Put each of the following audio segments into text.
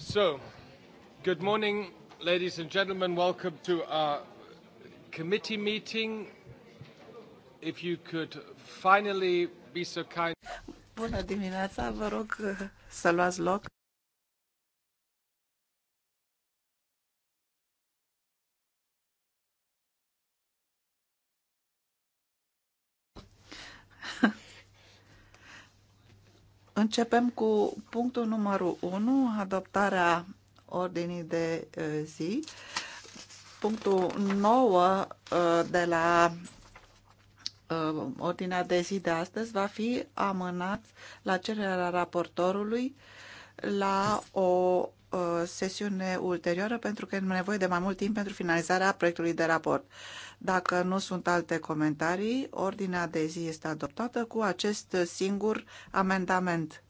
So, good morning, ladies and gentlemen. Welcome to our committee meeting. If you could finally be so kind. Bună dimineața, vă rog să luați loc. Începem cu punctul numărul 1, adoptarea ordinii de eh, zi. Punctul 9 eh, de la eh, ordinea de zi de astăzi va fi amânat la cererea raportorului la o sesiune ulterioară pentru că e nevoie de mai mult timp pentru finalizarea proiectului de raport. Dacă nu sunt alte comentarii, ordinea de zi este adoptată cu acest singur amendament.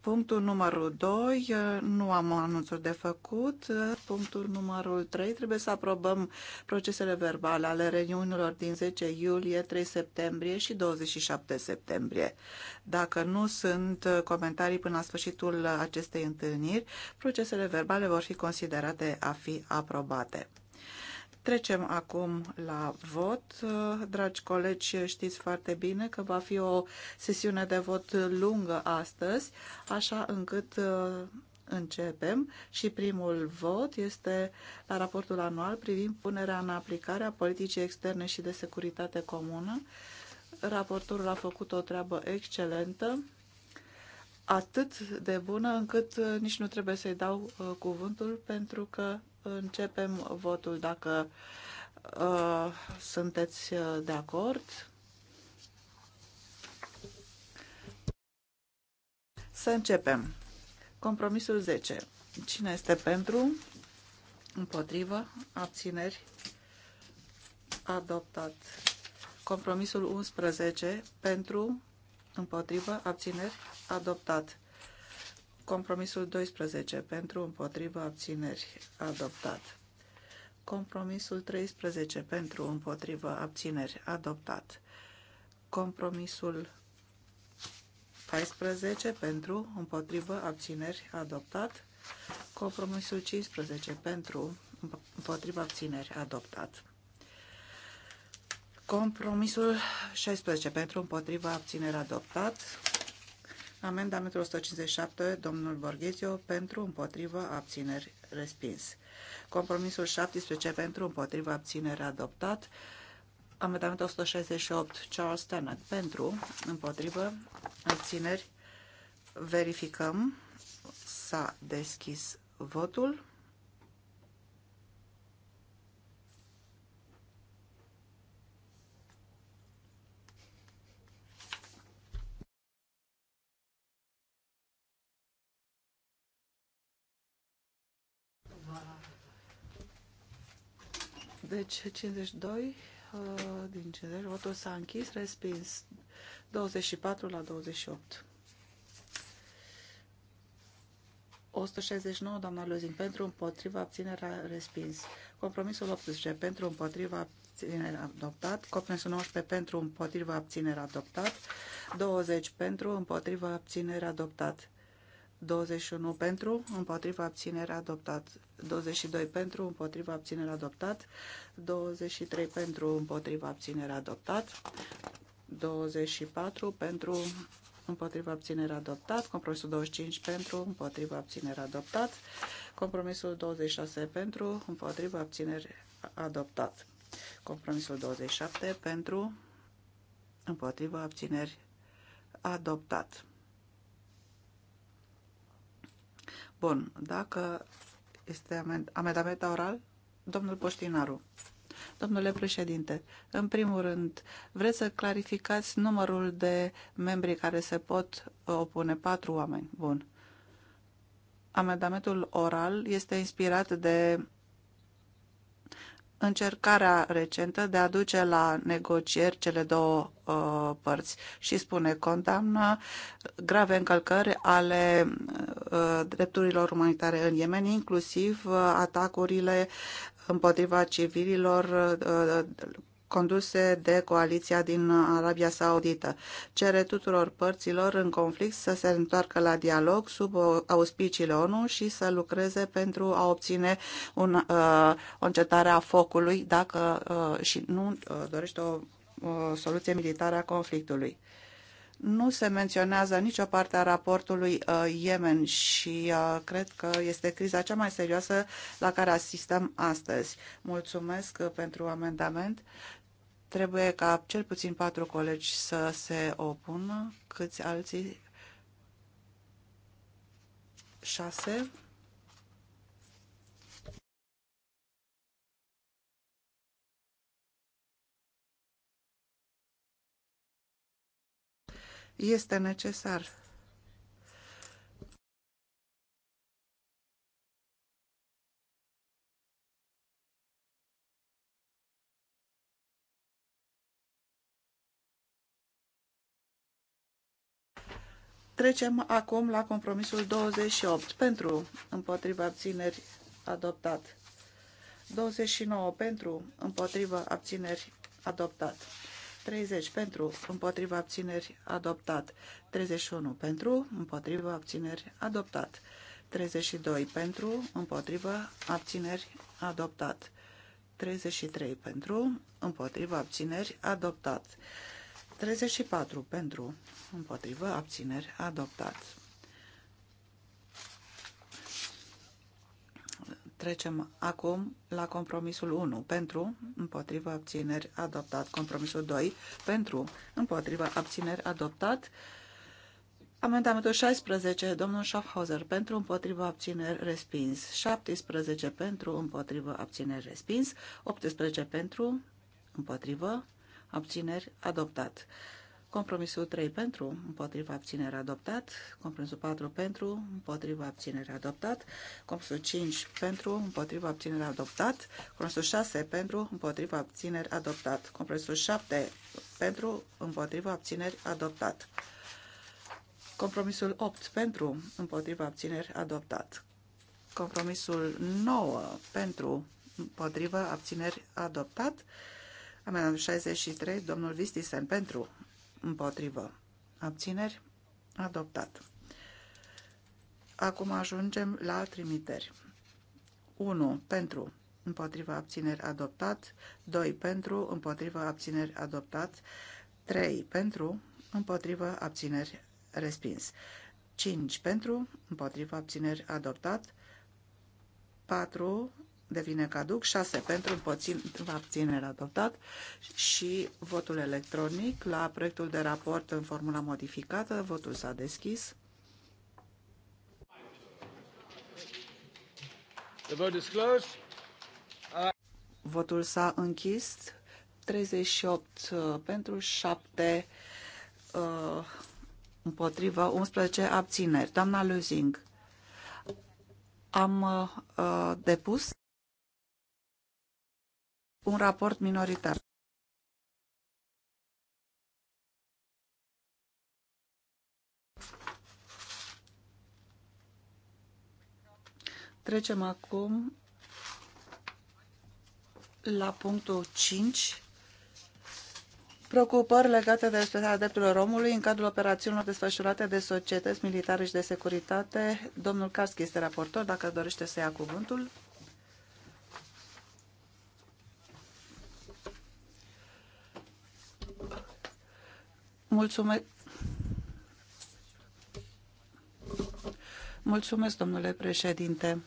Punctul numărul 2, uh, nu am anunțuri de făcut. Uh, punctul numărul 3, trebuie să aprobăm procesele verbale ale reuniunilor din 10 iulie, 3 septembrie și 27 septembrie. Dacă nu sunt uh, comentarii până la sfârșitul acestei întâlniri, procesele verbale vor fi considerate a fi aprobate. Trecem acum la vot. Dragi colegi, știți foarte bine că va fi o sesiune de vot lungă astăzi, așa încât uh, începem și primul vot este la raportul anual privind punerea în aplicare a politicii externe și de securitate comună. Raportorul a făcut o treabă excelentă, atât de bună încât uh, nici nu trebuie să-i dau uh, cuvântul pentru că începem votul dacă uh, sunteți uh, de acord. Să începem. Compromisul 10. Cine este pentru? Împotrivă? Abțineri? Adoptat. Compromisul 11. Pentru? Împotrivă? Abțineri? Adoptat. Compromisul 12 pentru împotriva abțineri adoptat. Compromisul 13 pentru împotriva abțineri adoptat. Compromisul 14 pentru împotriva abțineri adoptat. Compromisul 15 pentru împotriva abțineri adoptat. Compromisul 16 pentru împotriva abțineri adoptat. Amendamentul 157, domnul Borghezio, pentru, împotrivă, abțineri, respins. Compromisul 17, pentru, împotrivă, abțineri, adoptat. Amendamentul 168, Charles Tannock, pentru, împotrivă, abțineri, verificăm. S-a deschis votul. Deci 52 uh, din 50, votul s-a închis, respins 24 la 28. 169, doamna Luzin, pentru împotriva abținerea respins. Compromisul 18, pentru împotriva abținerea adoptat. Compromisul 19, pentru împotriva abținerea adoptat. 20, pentru împotriva abținerea adoptat. 21 pentru, împotriva abținere adoptat. 22 pentru, împotriva abținere adoptat. 23 pentru, împotriva abținere adoptat. 24 pentru, împotriva abținere adoptat. Compromisul 25 pentru, împotriva abținere adoptat. Compromisul 26 pentru, împotriva abținere adoptat. Compromisul 27 pentru, împotriva abțineri adoptat. Bun, dacă este amend amendament oral, domnul Poștinaru. Domnule președinte, în primul rând, vreți să clarificați numărul de membri care se pot opune? Patru oameni. Bun. Amendamentul oral este inspirat de încercarea recentă de a duce la negocieri cele două uh, părți și spune condamnă grave încălcări ale uh, drepturilor umanitare în Yemen, inclusiv uh, atacurile împotriva civililor, uh, conduse de coaliția din Arabia Saudită. Cere tuturor părților în conflict să se întoarcă la dialog sub auspiciile ONU și să lucreze pentru a obține un, uh, o încetare a focului dacă uh, și nu uh, dorește o o soluție militară a conflictului. Nu se menționează nicio parte a raportului uh, Yemen și uh, cred că este criza cea mai serioasă la care asistăm astăzi. Mulțumesc uh, pentru amendament Trebuie ca cel puțin patru colegi să se opună, câți alții? Șase? Este necesar Trecem acum la compromisul 28 pentru împotriva abțineri adoptat. 29 pentru împotriva abțineri adoptat. 30 pentru împotriva abțineri adoptat. 31 pentru împotriva abțineri adoptat. 32 pentru împotriva abțineri adoptat. 33 pentru împotriva abțineri adoptat. 34 pentru, împotrivă, abțineri, adoptat. Trecem acum la compromisul 1. Pentru, împotrivă, abțineri, adoptat. Compromisul 2. Pentru, împotrivă, abțineri, adoptat. Amendamentul 16, domnul Schaffhauser, pentru împotrivă abțineri respins, 17 pentru împotrivă abțineri respins, 18 pentru împotrivă abțineri, adoptat. Compromisul 3 pentru, împotriva abținere adoptat. Compromisul 4 pentru, împotriva abținere adoptat. Compromisul 5 pentru, împotriva abținere adoptat. Compromisul 6 pentru, împotriva abțineri adoptat. Compromisul 7 pentru, împotriva abțineri adoptat. Compromisul 8 pentru, împotriva abțineri adoptat. Compromisul 9 pentru, împotriva abțineri adoptat. Amendament 63, domnul Vistisen, pentru, împotrivă, abțineri, adoptat. Acum ajungem la trimiteri. 1. Pentru, împotrivă, abțineri, adoptat. 2. Pentru, împotrivă, abțineri, adoptat. 3. Pentru, împotrivă, abțineri, respins. 5. Pentru, împotrivă, abțineri, adoptat. 4 devine caduc, 6 pentru împotriva abținere adoptat și votul electronic la proiectul de raport în formula modificată. Votul s-a deschis. The vote is closed. Votul s-a închis. 38 uh, pentru 7 uh, împotrivă, 11 abțineri. Doamna Luzing, am uh, uh depus un raport minoritar. Trecem acum la punctul 5. Preocupări legate de respectarea drepturilor omului în cadrul operațiunilor desfășurate de societăți militare și de securitate. Domnul Karski este raportor, dacă dorește să ia cuvântul. Mulțumesc. Mulțumesc, domnule președinte.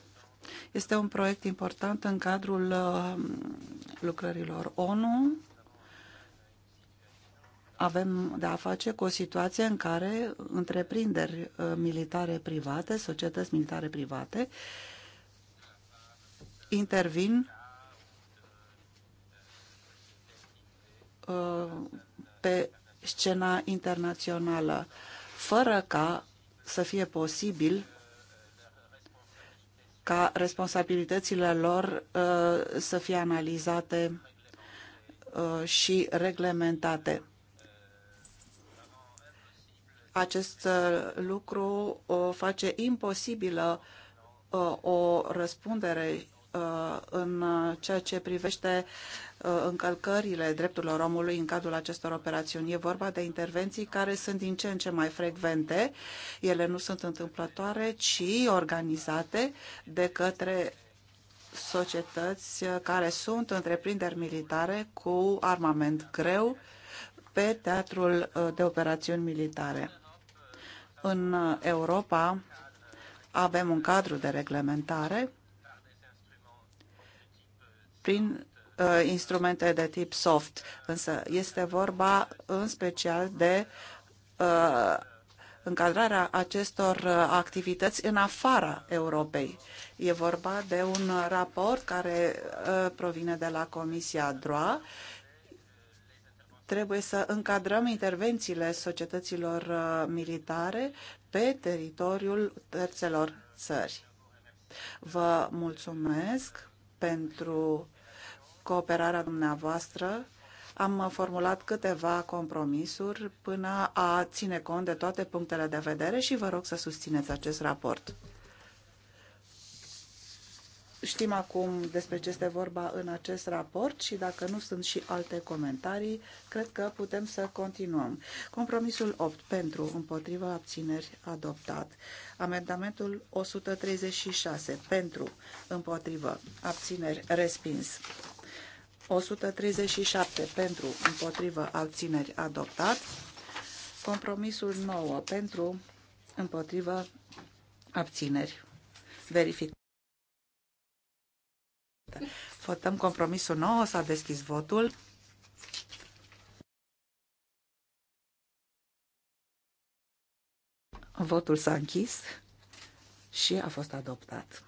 Este un proiect important în cadrul uh, lucrărilor ONU. Avem de a face cu o situație în care întreprinderi uh, militare private, societăți militare private, intervin uh, pe scena internațională, fără ca să fie posibil ca responsabilitățile lor uh, să fie analizate uh, și reglementate. Acest uh, lucru face imposibilă uh, o răspundere Uh, în ceea ce privește uh, încălcările drepturilor omului în cadrul acestor operațiuni. E vorba de intervenții care sunt din ce în ce mai frecvente. Ele nu sunt întâmplătoare, ci organizate de către societăți care sunt întreprinderi militare cu armament greu pe teatrul uh, de operațiuni militare. În Europa avem un cadru de reglementare prin uh, instrumente de tip soft, însă este vorba în special de uh, încadrarea acestor uh, activități în afara Europei. E vorba de un raport care uh, provine de la Comisia DROA. Trebuie să încadrăm intervențiile societăților uh, militare pe teritoriul terțelor țări. Vă mulțumesc! pentru cooperarea dumneavoastră. Am formulat câteva compromisuri până a ține cont de toate punctele de vedere și vă rog să susțineți acest raport. Știm acum despre ce este vorba în acest raport și dacă nu sunt și alte comentarii, cred că putem să continuăm. Compromisul 8 pentru, împotriva abțineri adoptat. Amendamentul 136 pentru, împotrivă, abțineri respins. 137 pentru, împotrivă, abțineri adoptat. Compromisul 9 pentru, împotrivă, abțineri. verificat. Votăm compromisul nou, s-a deschis votul. Votul s-a închis și a fost adoptat.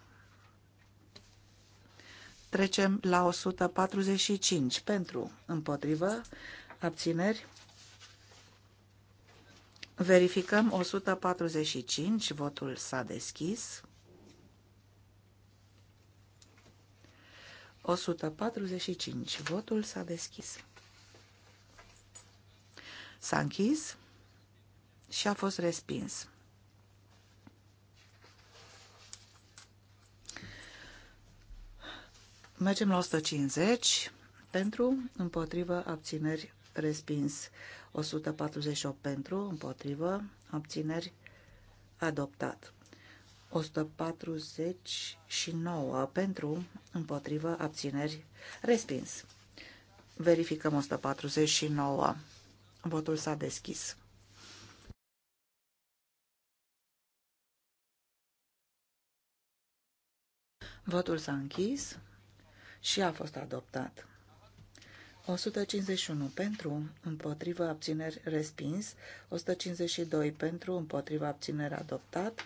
Trecem la 145 pentru împotrivă abțineri. Verificăm 145, votul s-a deschis. 145. Votul s-a deschis. S-a închis și a fost respins. Mergem la 150 pentru, împotrivă, abțineri, respins. 148 pentru, împotrivă, abțineri, adoptat. 149 pentru, împotrivă, abțineri, respins. Verificăm 149. Votul s-a deschis. Votul s-a închis și a fost adoptat. 151 pentru, împotriva abțineri respins, 152 pentru, împotriva abțineri adoptat,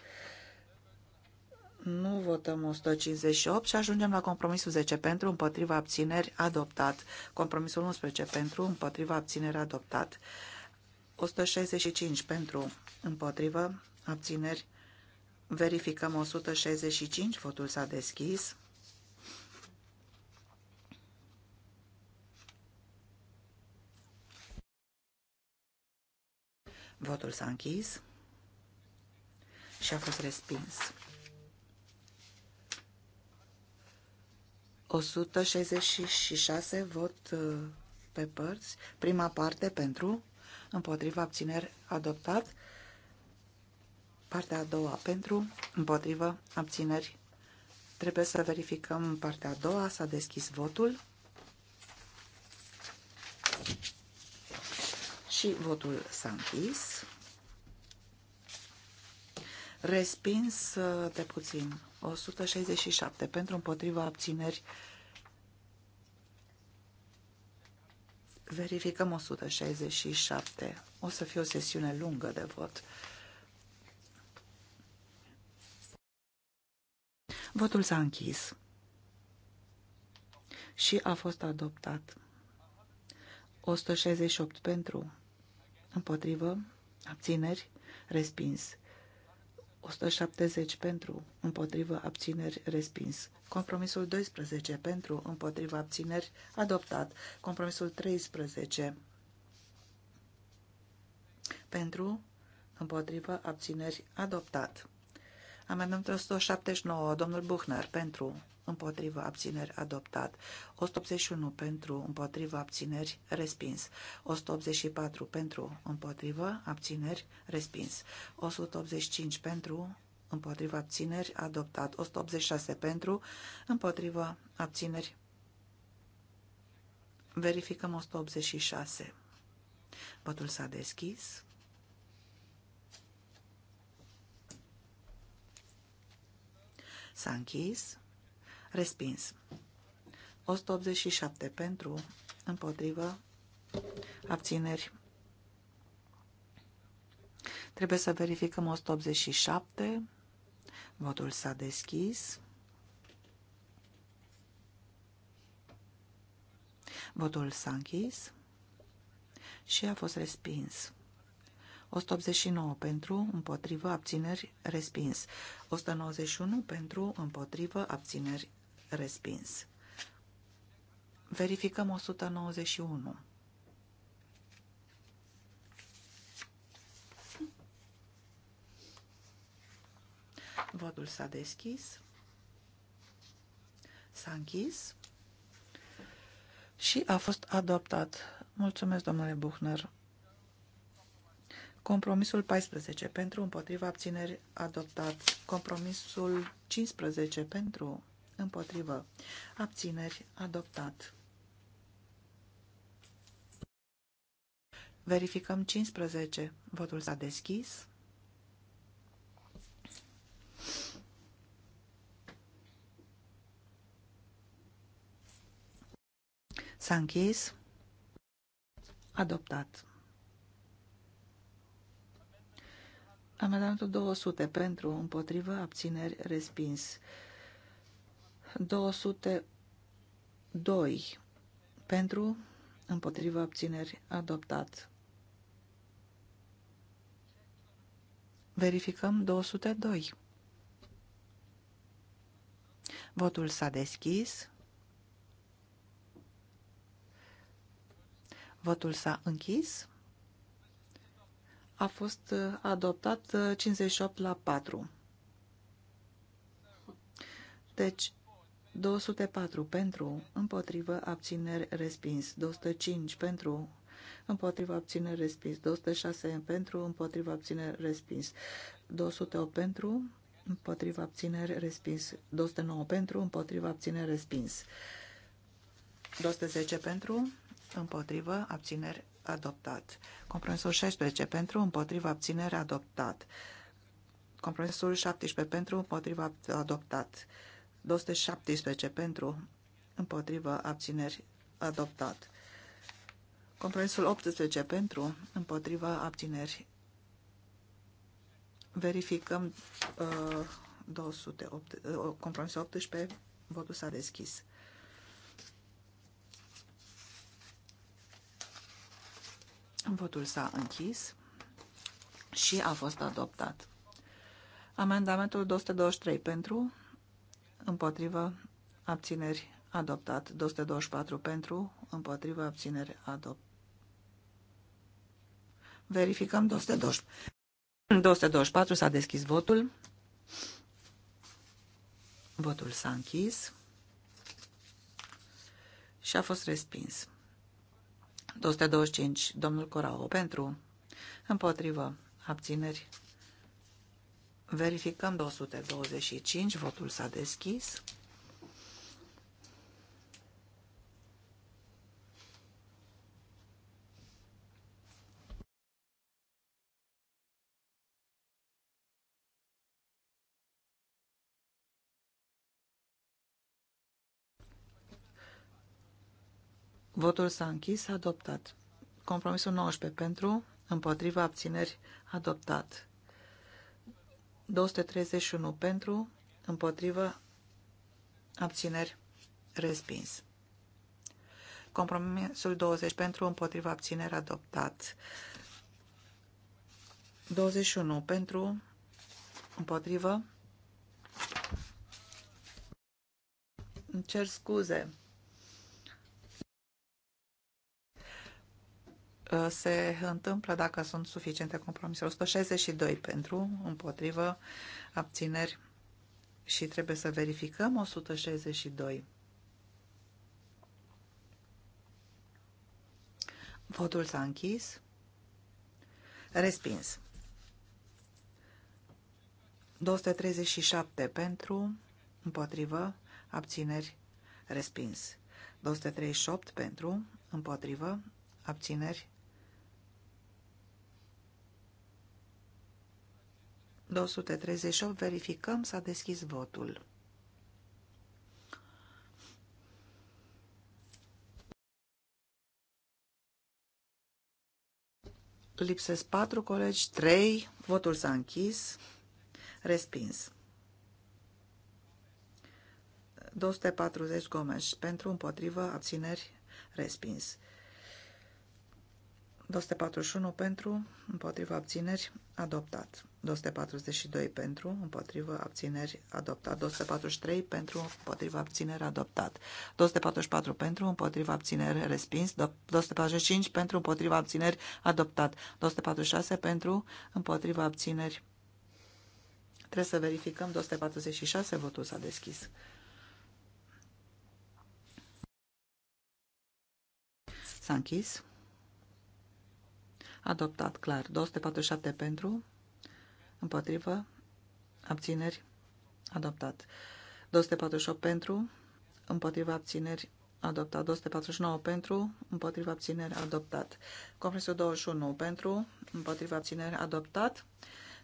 nu votăm 158 și ajungem la compromisul 10 pentru, împotriva abțineri, adoptat. Compromisul 11 pentru, împotriva abțineri, adoptat. 165 pentru, împotriva abțineri. Verificăm 165, votul s-a deschis. Votul s-a închis și a fost respins. 166 vot uh, pe părți. Prima parte pentru, împotriva abțineri adoptat. Partea a doua pentru, împotriva abțineri. Trebuie să verificăm partea a doua. S-a deschis votul. Și votul s-a închis. Respins uh, de puțin. 167 pentru împotriva abțineri. Verificăm 167. O să fie o sesiune lungă de vot. Votul s-a închis și a fost adoptat. 168 pentru, împotrivă, abțineri, respins. 170 pentru, împotrivă, abțineri, respins. Compromisul 12 pentru, împotrivă, abțineri, adoptat. Compromisul 13 pentru, împotrivă, abțineri, adoptat. Amendamentul 179, domnul Buchner, pentru, împotriva abțineri adoptat, 181 pentru împotriva abțineri respins, 184 pentru împotriva abțineri respins, 185 pentru împotriva abțineri adoptat, 186 pentru împotriva abțineri Verificăm 186. Votul s-a deschis. S-a închis. Respins. 187 pentru, împotrivă, abțineri. Trebuie să verificăm 187. Votul s-a deschis. Votul s-a închis și a fost respins. 189 pentru, împotrivă, abțineri, respins. 191 pentru, împotrivă, abțineri, respins. Verificăm 191. Votul s-a deschis, s-a închis și a fost adoptat. Mulțumesc, domnule Buchner. Compromisul 14 pentru, împotriva abțineri adoptat. Compromisul 15 pentru, împotrivă, abțineri, adoptat. Verificăm 15. Votul s-a deschis. S-a închis. Adoptat. Amendamentul 200 pentru, împotrivă, abțineri, respins. 202 pentru, împotriva abțineri, adoptat. Verificăm 202. Votul s-a deschis. Votul s-a închis. A fost uh, adoptat 58 uh, la 4. Deci, 204 pentru, împotrivă, abțineri, respins. 205 pentru, împotrivă, abțineri, respins. 206 pentru, împotrivă, abțineri, respins. 208 pentru, împotrivă, abțineri, respins. 209 pentru, împotrivă, abțineri, respins. 210 pentru, împotrivă, abțineri, adoptat. Compromisul 16 pentru, împotrivă, abțineri, adoptat. Compromisul 17 pentru, împotrivă, adoptat. 217 pentru, împotrivă, abțineri, adoptat. Compromisul 18 pentru, împotriva, abțineri. Verificăm uh, 208, uh, compromisul 18, votul s-a deschis. Votul s-a închis și a fost adoptat. Amendamentul 223 pentru, împotrivă, abțineri, adoptat. 224 pentru, împotrivă, abțineri, adoptat. Verificăm 220. 224 s-a deschis votul. Votul s-a închis și a fost respins. 225. Domnul Corao pentru, împotrivă, abțineri, Verificăm 225, votul s-a deschis. Votul s-a închis, adoptat. Compromisul 19 pentru, împotriva abțineri, adoptat. 231 pentru, împotrivă, abțineri, respins. Compromisul 20 pentru, împotrivă, abțineri, adoptat. 21 pentru, împotrivă, îmi cer scuze, Uh, se întâmplă dacă sunt suficiente compromisuri. 162 pentru, împotrivă, abțineri și trebuie să verificăm 162. Votul s-a închis. Respins. 237 pentru, împotrivă, abțineri, respins. 238 pentru, împotrivă, abțineri, 238. Verificăm. S-a deschis votul. Lipsesc 4 colegi, 3, votul s-a închis, respins. 240 Gomes, pentru, împotrivă, abțineri, respins. 241 pentru, împotrivă, abțineri, adoptat. 242 pentru, împotrivă, abțineri, adoptat. 243 pentru, împotrivă, abțineri, adoptat. 244 pentru, împotrivă, abțineri, respins. 245 pentru, împotrivă, abțineri, adoptat. 246 pentru, împotrivă, abțineri. Trebuie să verificăm. 246, votul s-a deschis. S-a închis. Adoptat, clar. 247 pentru, Împotrivă. Abțineri. Adoptat. 248 pentru. Împotrivă abțineri. Adoptat. 249 pentru. Împotrivă abțineri. Adoptat. Compromisul 21 pentru. Împotrivă abțineri. Adoptat.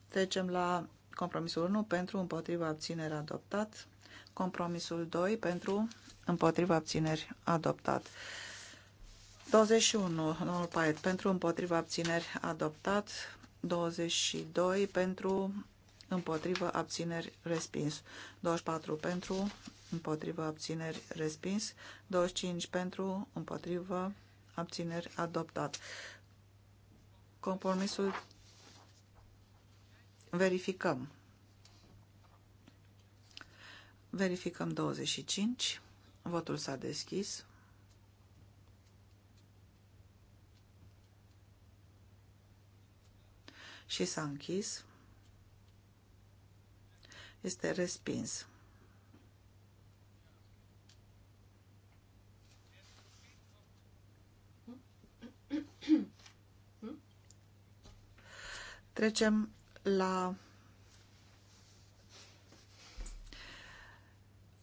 Trecem la compromisul 1 pentru. Împotrivă abțineri. Adoptat. Compromisul 2 pentru. Împotrivă abțineri. Adoptat. 21, domnul Paet, pentru împotriva abțineri adoptat, 22 pentru, împotrivă, abțineri, respins. 24 pentru, împotrivă, abțineri, respins. 25 pentru, împotrivă, abțineri, adoptat. Compromisul verificăm. Verificăm 25. Votul s-a deschis. și s-a închis. Este respins. Trecem la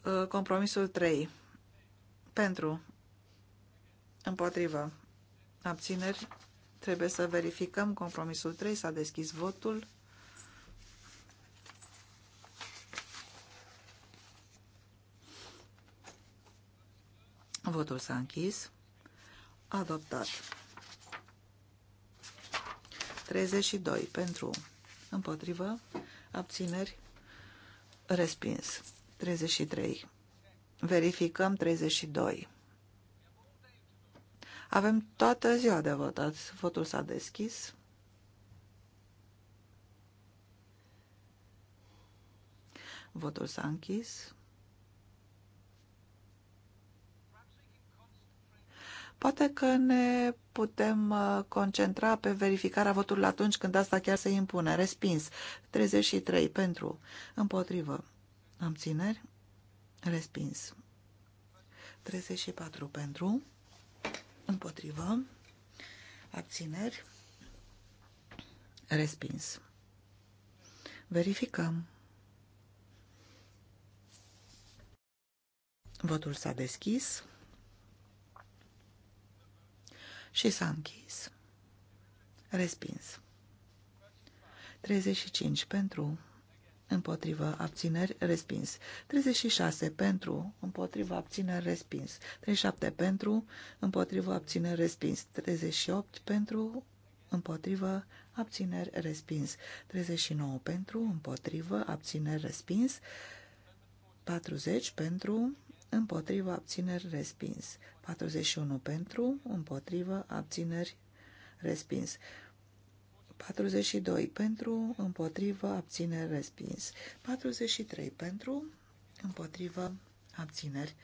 uh, compromisul 3. Pentru, împotrivă, abțineri, Trebuie să verificăm compromisul 3. S-a deschis votul. Votul s-a închis. Adoptat. 32 pentru împotrivă, abțineri, respins. 33. Verificăm 32. Avem toată ziua de votat. Votul s-a deschis. Votul s-a închis. Poate că ne putem uh, concentra pe verificarea votului atunci când asta chiar se impune. Respins. 33 pentru. Împotrivă. țineri. Respins. 34 pentru împotrivă, abțineri, respins. Verificăm. Votul s-a deschis și s-a închis. Respins. 35 pentru împotrivă, abțineri, respins. 36 pentru, împotrivă, abțineri, respins. 37 pentru, împotrivă, abțineri, respins. 38 pentru, împotrivă, abțineri, respins. 39 pentru, împotrivă, abțineri, respins. 40 pentru, împotrivă, abțineri, respins. 41 pentru, împotrivă, abțineri, respins. 42 pentru, împotrivă, abțineri, respins. 43 pentru, împotrivă, abțineri.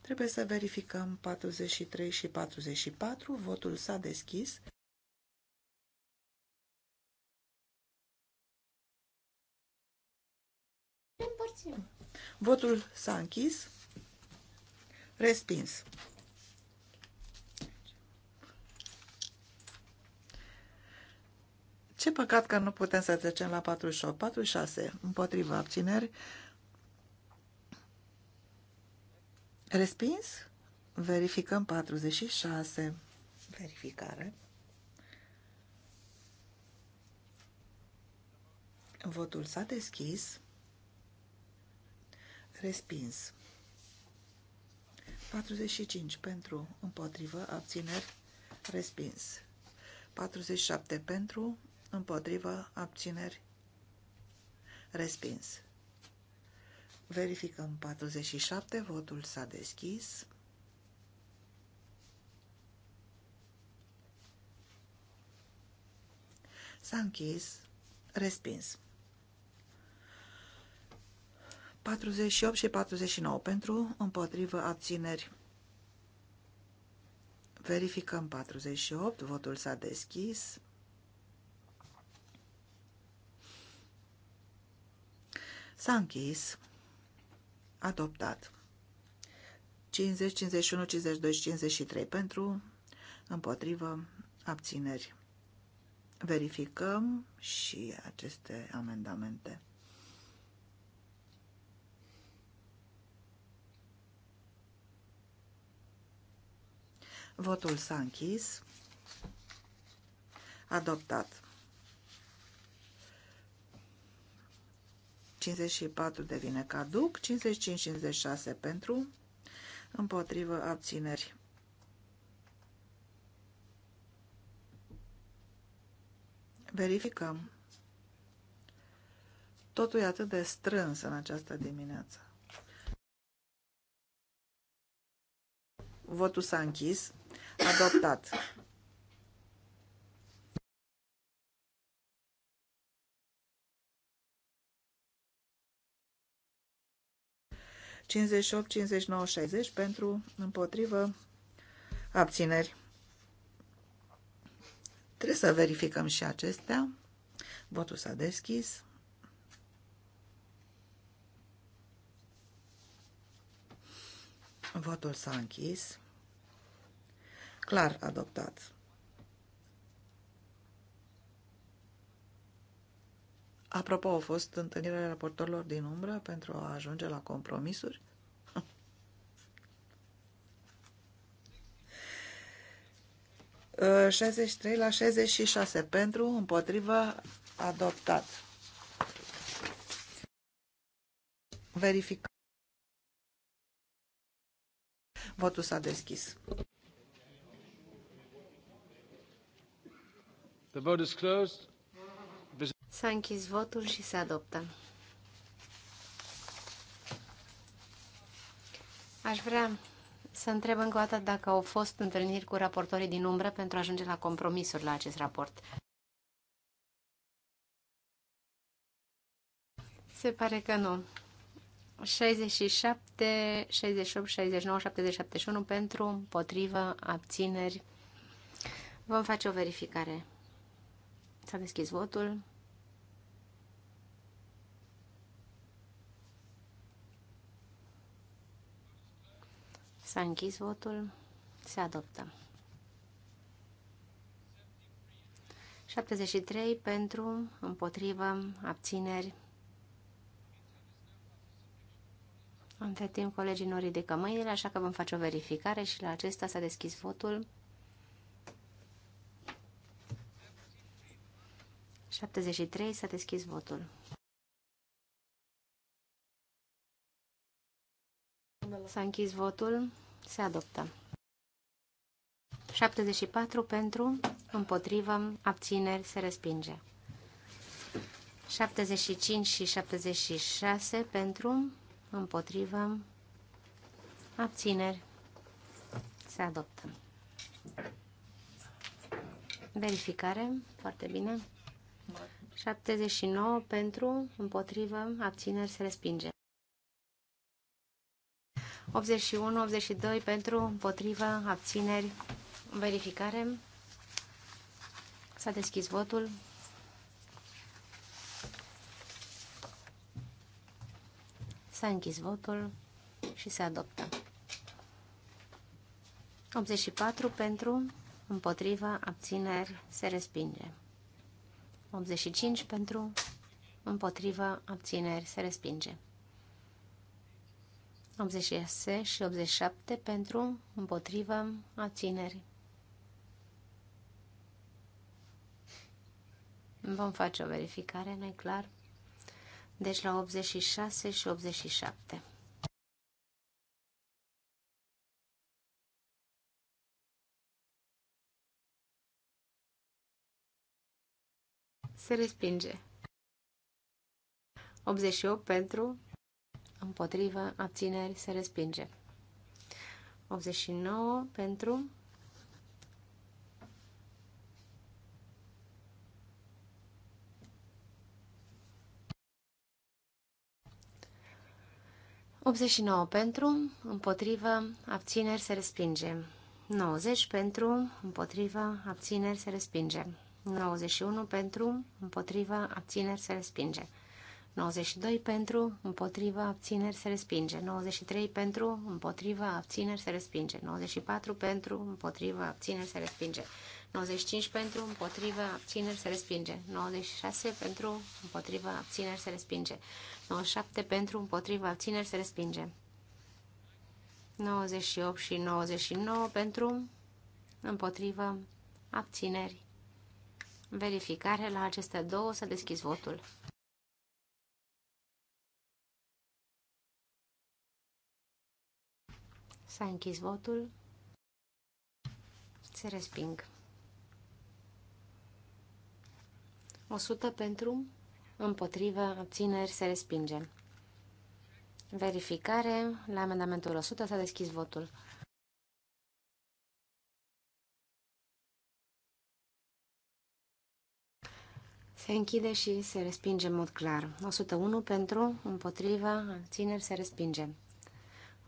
Trebuie să verificăm 43 și 44. Votul s-a deschis. Votul s-a închis. Respins. Ce păcat că nu putem să trecem la 48. 46. Împotriva abțineri. Respins? Verificăm 46. Verificare. Votul s-a deschis. Respins. 45 pentru, împotrivă, abțineri, respins. 47 pentru, împotrivă, abțineri, respins. Verificăm 47, votul s-a deschis. S-a închis, respins. 48 și 49 pentru, împotrivă, abțineri. Verificăm 48, votul s-a deschis. S-a închis. Adoptat. 50, 51, 52 și 53 pentru, împotrivă, abțineri. Verificăm și aceste amendamente. Votul s-a închis. Adoptat. 54 devine caduc, 55-56 pentru, împotrivă abțineri. Verificăm. Totul e atât de strâns în această dimineață. Votul s-a închis. Adoptat. 58, 59, 60 pentru împotrivă abțineri. Trebuie să verificăm și acestea. Votul s-a deschis. Votul s-a închis. Clar adoptat. Apropo, au fost întâlnirea raportorilor din umbră pentru a ajunge la compromisuri? Uh, 63 la 66 pentru, împotrivă, adoptat. Verificăm. Votul s-a deschis. The vote is closed. S-a închis votul și se adoptă. Aș vrea să întreb încă o dată dacă au fost întâlniri cu raportorii din umbră pentru a ajunge la compromisuri la acest raport. Se pare că nu. 67, 68, 69, 70, 71 pentru, împotrivă, abțineri. Vom face o verificare. S-a deschis votul. S-a închis votul. Se adoptă. 73 pentru, împotrivă, abțineri. Între timp, colegii nu ridică mâinile, așa că vom face o verificare și la acesta s-a deschis votul. 73 s-a deschis votul. S-a închis votul. Se adoptă. 74 pentru, împotrivă, abțineri, se respinge. 75 și 76 pentru, împotrivă, abțineri, se adoptă. Verificare, foarte bine. 79 pentru, împotrivă, abțineri, se respinge. 81, 82 pentru, împotrivă, abțineri, verificare. S-a deschis votul. S-a închis votul și se adoptă. 84 pentru, împotrivă, abțineri, se respinge. 85 pentru, împotrivă, abțineri, se respinge. 86 și 87 pentru, împotrivă, abțineri. Vom face o verificare, nu clar? Deci la 86 și 87. Se respinge. 88 pentru, împotrivă, abțineri, se respinge. 89 pentru, Optzeci pentru, împotrivă, abțineri se respinge. 90 pentru, împotrivă, abțineri se respinge. 91 pentru, împotrivă, abțineri se respinge. 92 pentru, împotriva, abțineri, se respinge. 93 pentru, împotriva, abțineri, se respinge. 94 pentru, împotriva, abțineri, se respinge. 95 pentru, împotriva, abțineri, se respinge. 96 pentru, împotriva, abțineri, se respinge. 97 pentru, împotriva, abțineri, se respinge. 98 și 99 pentru, împotriva, abțineri. Verificare la aceste două, să deschizi votul. S-a închis votul. Se resping. 100 pentru, împotrivă, abțineri, se respinge. Verificare. La amendamentul 100 s-a deschis votul. Se închide și se respinge în mod clar. 101 pentru, împotrivă, abțineri, se respinge.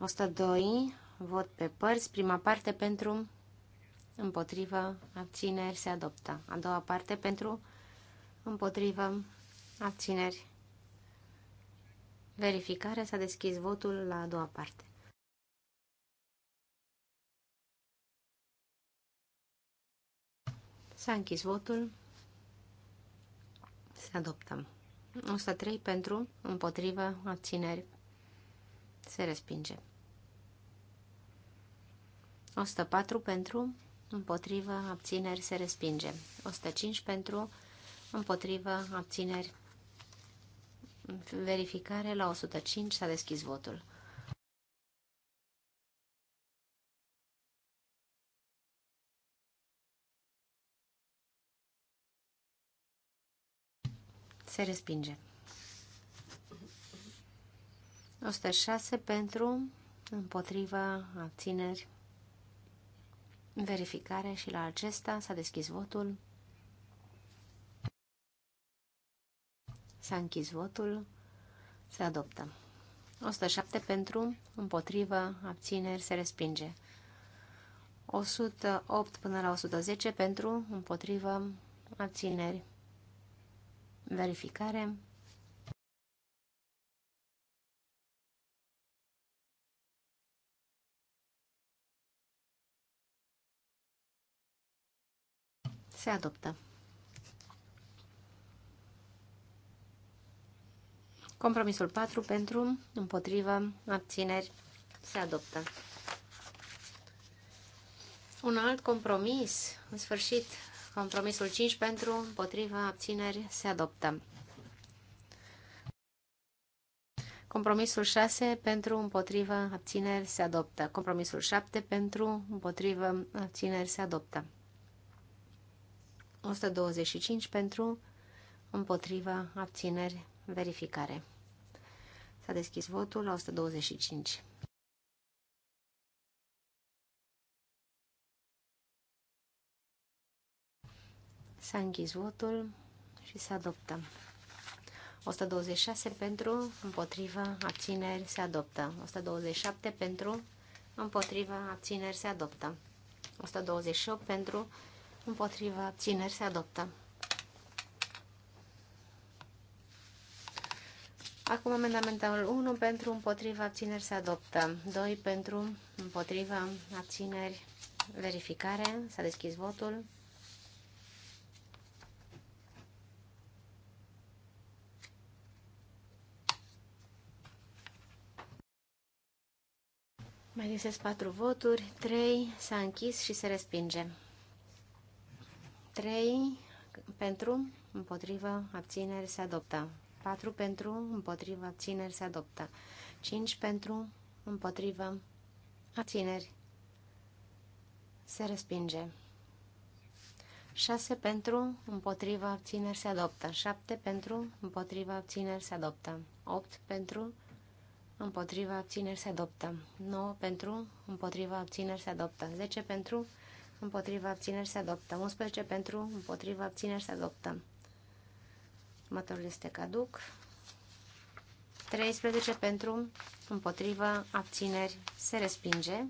102 vot pe părți. Prima parte pentru, împotrivă, abțineri, se adoptă. A doua parte pentru, împotrivă, abțineri. Verificare, s-a deschis votul la a doua parte. S-a închis votul. Se adoptă. 103 pentru, împotrivă, abțineri. Se respinge. 104 pentru, împotrivă, abțineri, se respinge. 105 pentru, împotrivă, abțineri, verificare la 105 s-a deschis votul. Se respinge. 106 pentru, împotriva, abțineri, verificare și la acesta s-a deschis votul. S-a închis votul. Se adoptă. 107 pentru, împotrivă, abțineri, se respinge. 108 până la 110 pentru, împotrivă, abțineri, verificare. Se adoptă. Compromisul 4 pentru, împotrivă, abțineri, se adoptă. Un alt compromis, în sfârșit, compromisul 5 pentru, împotrivă, abțineri, se adoptă. Compromisul 6 pentru, împotrivă, abțineri, se adoptă. Compromisul 7 pentru, împotrivă, abțineri, se adoptă. 125 pentru, împotriva, abțineri, verificare. S-a deschis votul la 125. S-a închis votul și se adoptă. 126 pentru, împotriva, abțineri, se adoptă. 127 pentru, împotriva, abțineri, se adoptă. 128 pentru, împotriva abțineri se adoptă. Acum amendamentul 1 pentru împotriva abțineri se adoptă. 2 pentru împotriva abțineri verificare. S-a deschis votul. Mai găsesc 4 voturi, 3 s-a închis și se respinge. 3 pentru, împotrivă, abțineri se adoptă. 4 pentru, împotrivă, abțineri se adoptă. 5 pentru, împotrivă, abțineri se respinge. 6 pentru, împotrivă, abțineri se adoptă. 7 pentru, împotrivă, abțineri se adoptă. 8 pentru, împotrivă, abțineri se adoptă. 9 pentru, împotrivă, abțineri se adoptă. 10 pentru, împotrivă, împotriva abțineri se adoptă. 11 pentru, împotriva abțineri se adoptă. Următorul este caduc. 13 pentru, împotriva abțineri se respinge.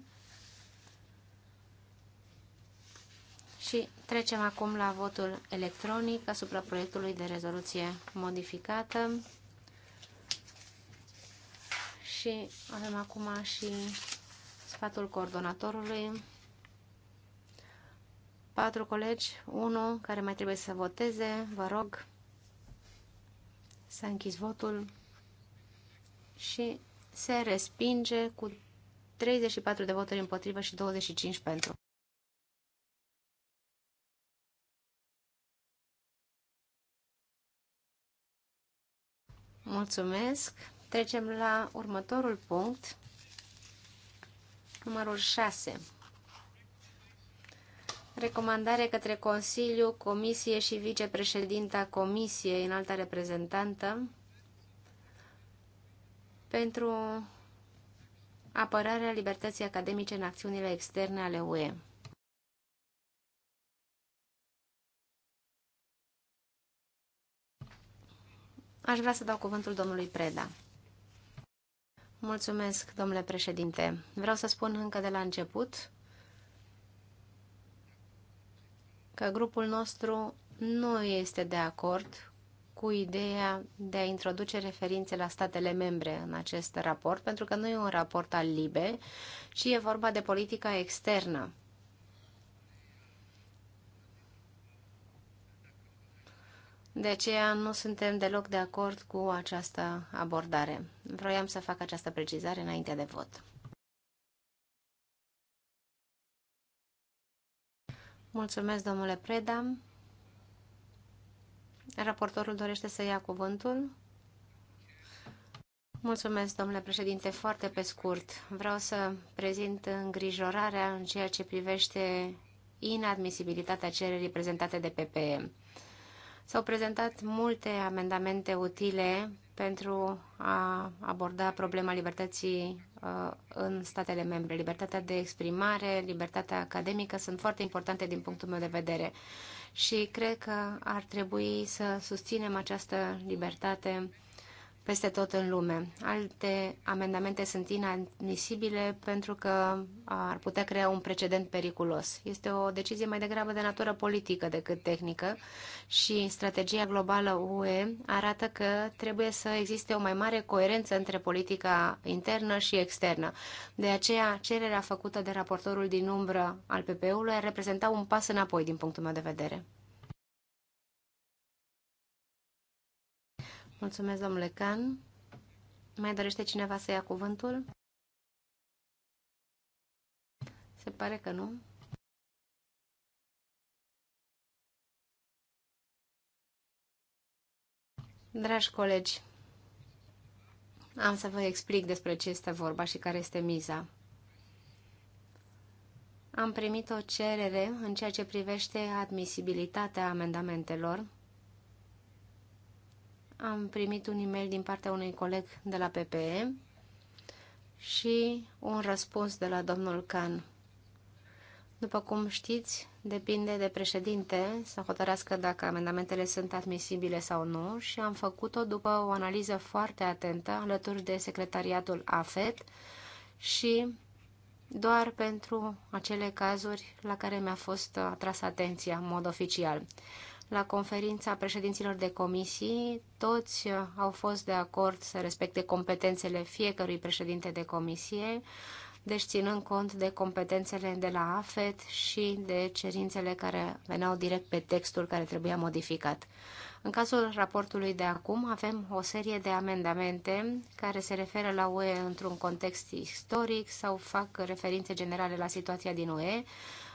Și trecem acum la votul electronic asupra proiectului de rezoluție modificată. Și avem acum și sfatul coordonatorului patru colegi, unul care mai trebuie să voteze, vă rog. să închizi închis votul și se respinge cu 34 de voturi împotrivă și 25 pentru. Mulțumesc. Trecem la următorul punct, numărul 6. Recomandare către Consiliu, Comisie și Vicepreședinta Comisiei, înalta reprezentantă, pentru apărarea libertății academice în acțiunile externe ale UE. Aș vrea să dau cuvântul domnului Preda. Mulțumesc, domnule președinte. Vreau să spun încă de la început că grupul nostru nu este de acord cu ideea de a introduce referințe la statele membre în acest raport, pentru că nu e un raport al LIBE, ci e vorba de politica externă. De aceea nu suntem deloc de acord cu această abordare. Vroiam să fac această precizare înainte de vot. Mulțumesc, domnule Preda. Raportorul dorește să ia cuvântul. Mulțumesc, domnule președinte, foarte pe scurt. Vreau să prezint îngrijorarea în ceea ce privește inadmisibilitatea cererii prezentate de PPM. S-au prezentat multe amendamente utile pentru a aborda problema libertății uh, în statele membre. Libertatea de exprimare, libertatea academică sunt foarte importante din punctul meu de vedere și cred că ar trebui să susținem această libertate peste tot în lume. Alte amendamente sunt inadmisibile pentru că ar putea crea un precedent periculos. Este o decizie mai degrabă de natură politică decât tehnică și strategia globală UE arată că trebuie să existe o mai mare coerență între politica internă și externă. De aceea, cererea făcută de raportorul din umbră al PPU-ului ar reprezenta un pas înapoi din punctul meu de vedere. Mulțumesc, domnule Can. Mai dorește cineva să ia cuvântul? Se pare că nu. Dragi colegi, am să vă explic despre ce este vorba și care este miza. Am primit o cerere în ceea ce privește admisibilitatea amendamentelor am primit un e-mail din partea unui coleg de la PPE și un răspuns de la domnul Can. După cum știți, depinde de președinte să hotărească dacă amendamentele sunt admisibile sau nu și am făcut-o după o analiză foarte atentă alături de secretariatul AFET și doar pentru acele cazuri la care mi-a fost atrasă atenția în mod oficial la conferința președinților de comisii, toți au fost de acord să respecte competențele fiecărui președinte de comisie, deci ținând cont de competențele de la AFET și de cerințele care veneau direct pe textul care trebuia modificat. În cazul raportului de acum avem o serie de amendamente care se referă la UE într-un context istoric sau fac referințe generale la situația din UE,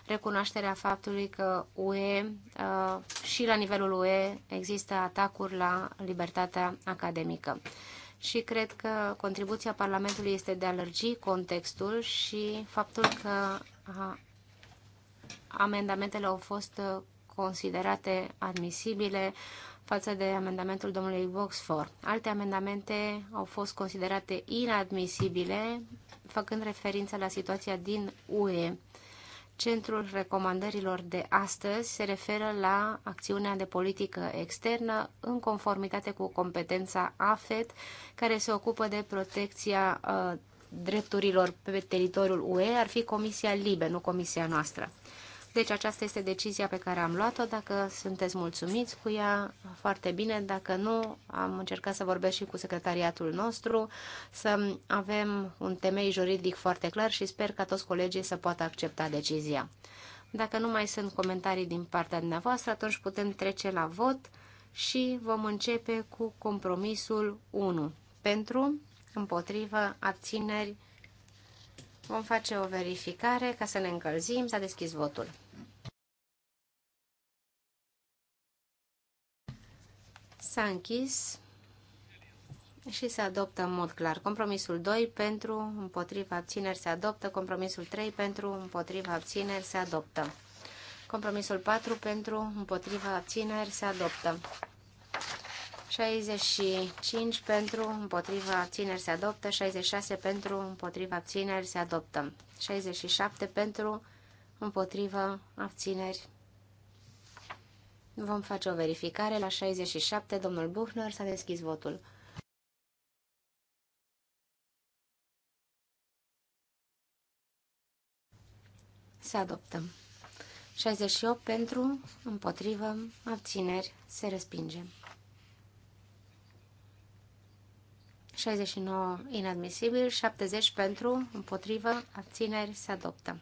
recunoașterea faptului că UE uh, și la nivelul UE există atacuri la libertatea academică. Și cred că contribuția Parlamentului este de a lărgi contextul și faptul că uh, amendamentele au fost uh, considerate admisibile față de amendamentul domnului Voxfor. Alte amendamente au fost considerate inadmisibile, făcând referință la situația din UE Centrul recomandărilor de astăzi se referă la acțiunea de politică externă în conformitate cu competența AFET, care se ocupă de protecția uh, drepturilor pe teritoriul UE, ar fi Comisia Libe, nu Comisia noastră. Deci aceasta este decizia pe care am luat-o. Dacă sunteți mulțumiți cu ea, foarte bine. Dacă nu, am încercat să vorbesc și cu secretariatul nostru, să avem un temei juridic foarte clar și sper ca toți colegii să poată accepta decizia. Dacă nu mai sunt comentarii din partea dumneavoastră, atunci putem trece la vot și vom începe cu compromisul 1. Pentru, împotrivă, abțineri, vom face o verificare ca să ne încălzim, s-a deschis votul. S-a închis și se adoptă în mod clar. Compromisul 2 pentru, împotriva abțineri se adoptă. Compromisul 3 pentru, împotriva abțineri se adoptă. Compromisul 4 pentru, împotriva abțineri se adoptă. 65 pentru, împotriva abțineri se adoptă. 66 pentru, împotriva abțineri se adoptă. 67 pentru, împotriva abțineri Vom face o verificare la 67. Domnul Buchner s-a deschis votul. Se adoptă. 68 pentru, împotrivă, abțineri, se respinge. 69 inadmisibil, 70 pentru, împotrivă, abțineri, se adoptă.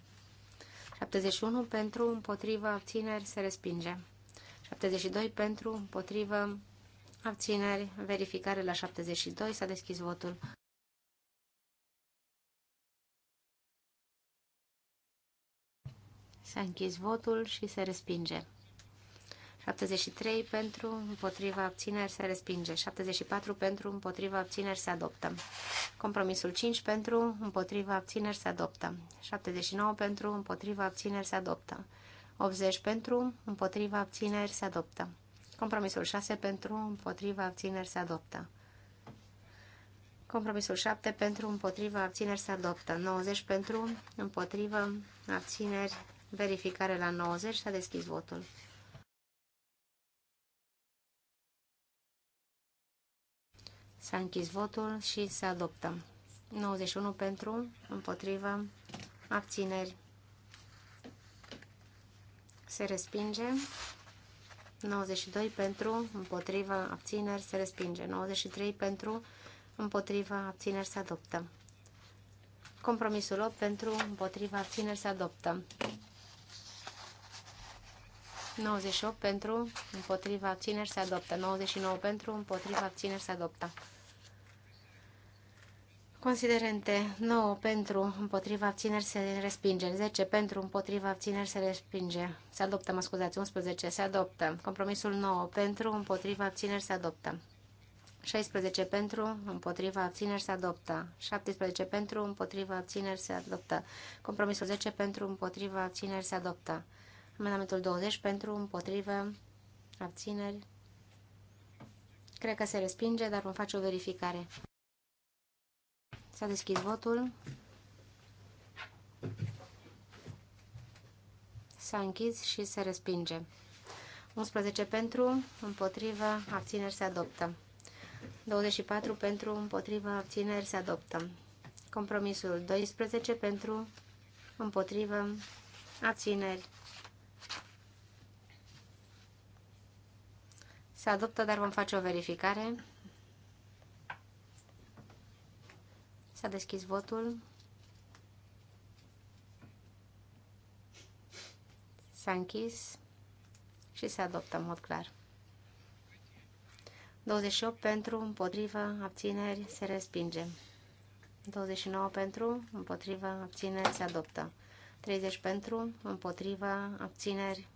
71 pentru, împotrivă, abțineri, se respinge. 72 pentru, împotrivă, abțineri, verificare la 72, s-a deschis votul. S-a închis votul și se respinge. 73 pentru, împotriva abțineri se respinge. 74 pentru, împotriva abțineri se adoptă. Compromisul 5 pentru, împotriva abțineri se adoptă. 79 pentru, împotriva abțineri se adoptă. 80 pentru, împotriva abțineri se adoptă. Compromisul 6 pentru, împotriva abțineri se adoptă. Compromisul 7 pentru, împotriva abțineri se adoptă. 90 pentru, împotriva abțineri, verificare la 90, s-a deschis votul. S-a închis votul și se adoptă. 91 pentru, împotriva, abțineri se respinge. 92 pentru, împotriva abțineri, se respinge. 93 pentru, împotriva abțineri, se adoptă. Compromisul 8 pentru, împotriva abțineri, se adoptă. 98 pentru, împotriva abțineri se adoptă. 99 pentru, împotriva abțineri se adoptă. Considerente 9 pentru, împotriva abțineri se respinge. 10 pentru, împotriva abțineri se respinge. Se adoptă, mă scuzați, 11 se adoptă. Compromisul 9 pentru, împotriva abțineri se adoptă. 16 pentru, împotriva abțineri se adoptă. 17 pentru, împotriva abțineri se adoptă. Compromisul 10 pentru, împotriva abțineri se adoptă. Amendamentul 20 pentru, împotriva abțineri. Cred că se respinge, dar vom face o verificare. S-a deschis votul. S-a închis și se respinge. 11 pentru, împotrivă, abțineri se adoptă. 24 pentru, împotrivă, abțineri se adoptă. Compromisul 12 pentru, împotrivă, abțineri. Se adoptă, dar vom face o verificare. S-a deschis votul. S-a închis și se adoptă în mod clar. 28 pentru, împotrivă, abțineri, se respinge. 29 pentru, împotrivă, abțineri, se adoptă. 30 pentru, împotrivă, abțineri,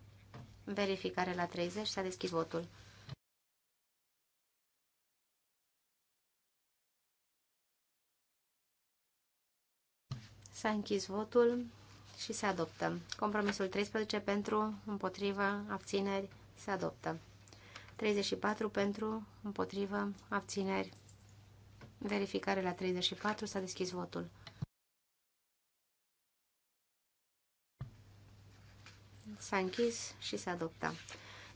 verificare la 30, s-a deschis votul. S-a închis votul și se adoptă. Compromisul 13 pentru, împotriva, abțineri, se adoptă. 34 pentru, împotriva, abțineri. Verificare la 34, s-a deschis votul. S-a închis și se adoptă.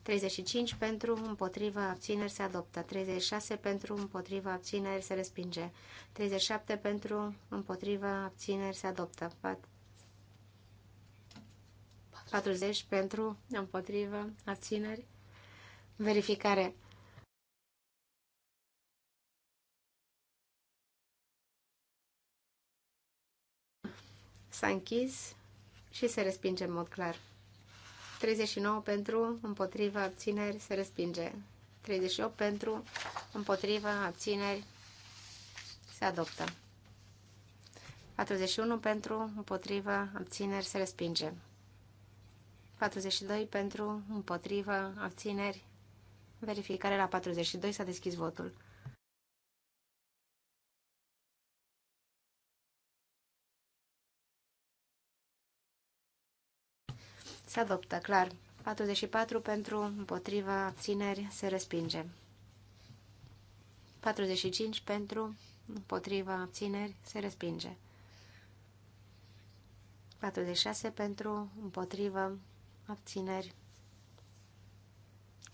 35 pentru, împotrivă, abțineri se adoptă. 36 pentru, împotrivă, abțineri se respinge. 37 pentru, împotrivă, abțineri se adoptă. 40 pentru, împotrivă, abțineri. Verificare. S-a închis și se respinge în mod clar. 39 pentru, împotriva, abțineri, se respinge. 38 pentru, împotriva, abțineri, se adoptă. 41 pentru, împotriva, abțineri, se respinge. 42 pentru, împotriva, abțineri. Verificare la 42 s-a deschis votul. Se adoptă, clar. 44 pentru, împotriva, abțineri, se respinge. 45 pentru, împotriva, abțineri, se respinge. 46 pentru, împotriva abțineri.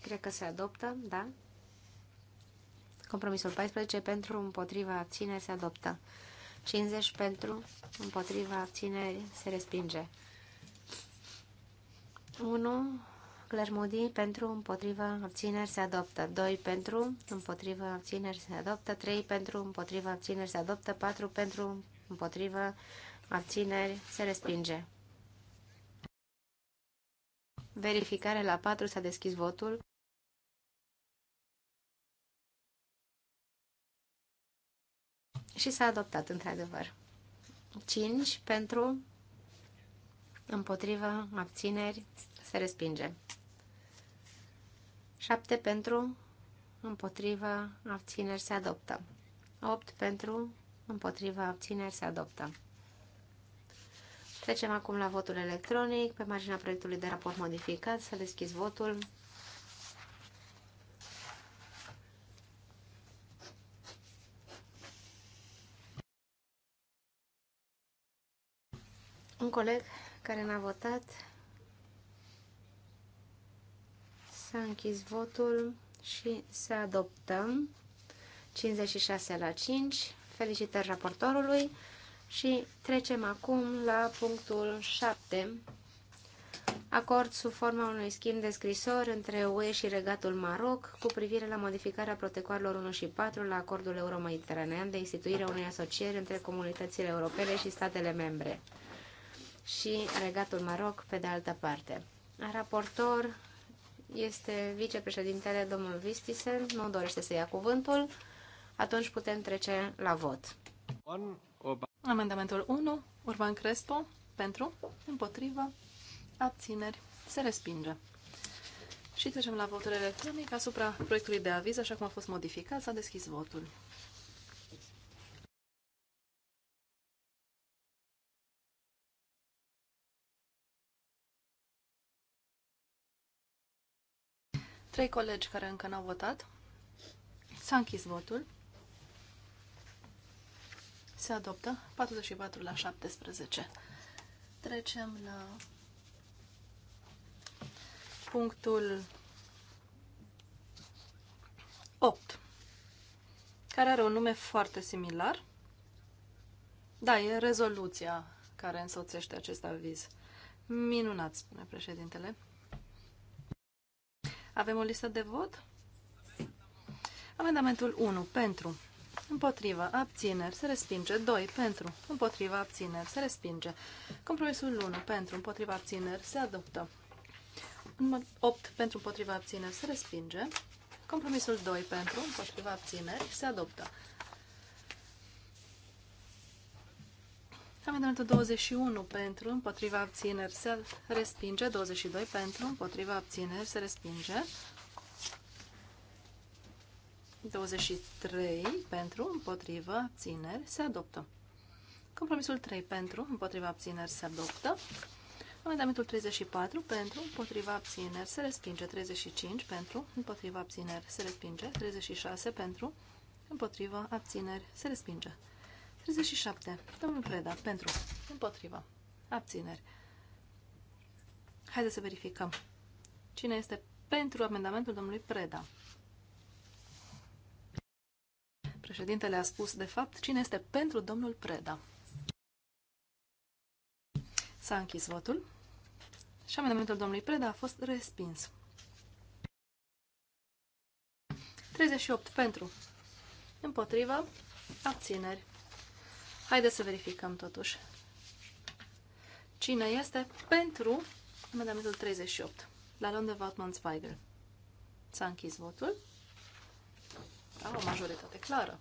Cred că se adoptă, da? Compromisul 14 pentru, împotriva, abțineri, se adoptă. 50 pentru, împotriva, abțineri, se respinge. 1 Clermudi pentru împotriva abțineri se adoptă. 2 pentru împotriva abțineri se adoptă. 3 pentru împotriva abțineri se adoptă. 4 pentru împotriva abțineri se respinge. Verificare la 4 s-a deschis votul. Și s-a adoptat într-adevăr. 5 pentru împotrivă, abțineri, se respinge. 7 pentru, împotrivă, abțineri, se adoptă. 8 pentru, împotrivă, abțineri, se adoptă. Trecem acum la votul electronic. Pe marginea proiectului de raport modificat, să deschizi votul. Un coleg care n-a votat. S-a închis votul și să adoptăm 56 la 5. Felicitări raportorului și trecem acum la punctul 7. Acord sub forma unui schimb de scrisori între UE și Regatul Maroc cu privire la modificarea protocolelor 1 și 4 la acordul euro-mediteranean de instituire unei asocieri între comunitățile europene și statele membre și Regatul Maroc pe de altă parte. Raportor este vicepreședintele domnul Vistisen, nu dorește să ia cuvântul, atunci putem trece la vot. Amendamentul 1, Urban Crespo, pentru, împotrivă, abțineri, se respinge. Și trecem la votul electronic asupra proiectului de aviz, așa cum a fost modificat, s-a deschis votul. Trei colegi care încă n-au votat. S-a închis votul. Se adoptă 44 la 17. Trecem la punctul 8, care are un nume foarte similar. Da, e rezoluția care însoțește acest aviz. Minunat, spune președintele. Avem o listă de vot? Amendamentul 1. Pentru. Împotrivă. Abțineri. Se respinge. 2. Pentru. Împotrivă. Abțineri. Se respinge. Compromisul 1. Pentru. Împotrivă. Abțineri. Se adoptă. 8. Pentru. Împotrivă. Abțineri. Se respinge. Compromisul 2. Pentru. Împotrivă. Abțineri. Se adoptă. Amendamentul 21 pentru, împotriva abțineri se respinge. 22 pentru, împotriva abțineri se respinge. 23 pentru, împotriva abțineri se adoptă. Compromisul 3 pentru, împotriva abțineri se adoptă. Amendamentul 34 pentru, împotriva abțineri se respinge. 35 pentru, împotriva abțineri se respinge. 36 pentru, împotriva abțineri se respinge. 37. Domnul Preda, pentru. Împotrivă. Abțineri. Haideți să verificăm. Cine este pentru amendamentul domnului Preda? Președintele a spus, de fapt, cine este pentru domnul Preda. S-a închis votul și amendamentul domnului Preda a fost respins. 38 pentru, împotriva, abțineri. Haideți să verificăm totuși. Cine este pentru amendamentul 38? La Londra de Vatman Zweigel. S-a închis votul. Da, o majoritate clară.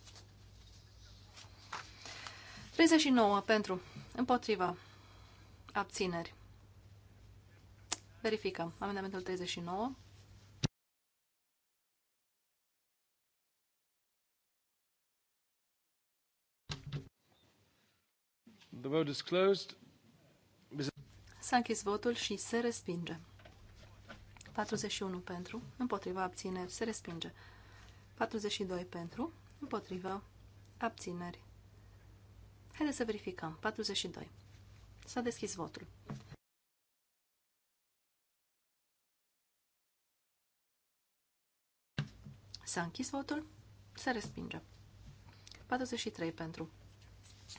39 pentru, împotriva, abțineri. Verificăm. Amendamentul 39. The vote is closed. S-a închis votul și se respinge. 41 pentru, împotriva abțineri, se respinge. 42 pentru, împotriva abțineri. Haideți să verificăm. 42. S-a deschis votul. S-a închis votul. Se respinge. 43 pentru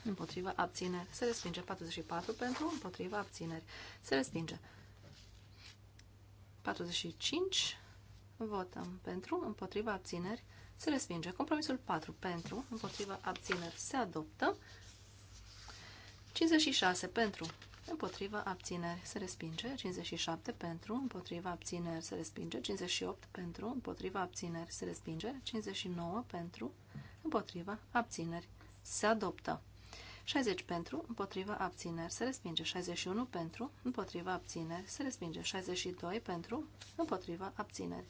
împotriva abțineri, se respinge 44 pentru, împotriva abțineri, se respinge 45, votăm pentru, împotriva abțineri, se respinge compromisul 4 pentru, împotriva abțineri, se adoptă 56 pentru, împotriva abțineri, se respinge 57 pentru, împotriva abțineri, se respinge 58 pentru, împotriva abțineri, se respinge 59 pentru, împotriva abțineri, se adoptă. 60 pentru, împotriva abțineri, se respinge. 61 pentru, împotriva abțineri, se respinge. 62 pentru, împotriva abțineri,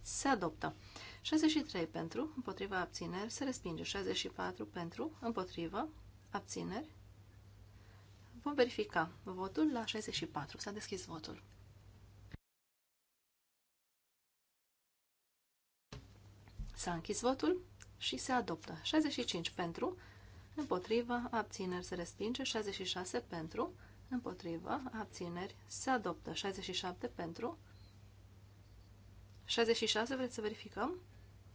se adoptă. 63 pentru, împotriva abțineri, se respinge. 64 pentru, împotriva abțineri. Vom verifica votul la 64. S-a deschis votul. S-a închis votul și se adoptă. 65 pentru, împotrivă, abțineri se respinge, 66 pentru, împotrivă, abțineri se adoptă, 67 pentru, 66 vreți să verificăm?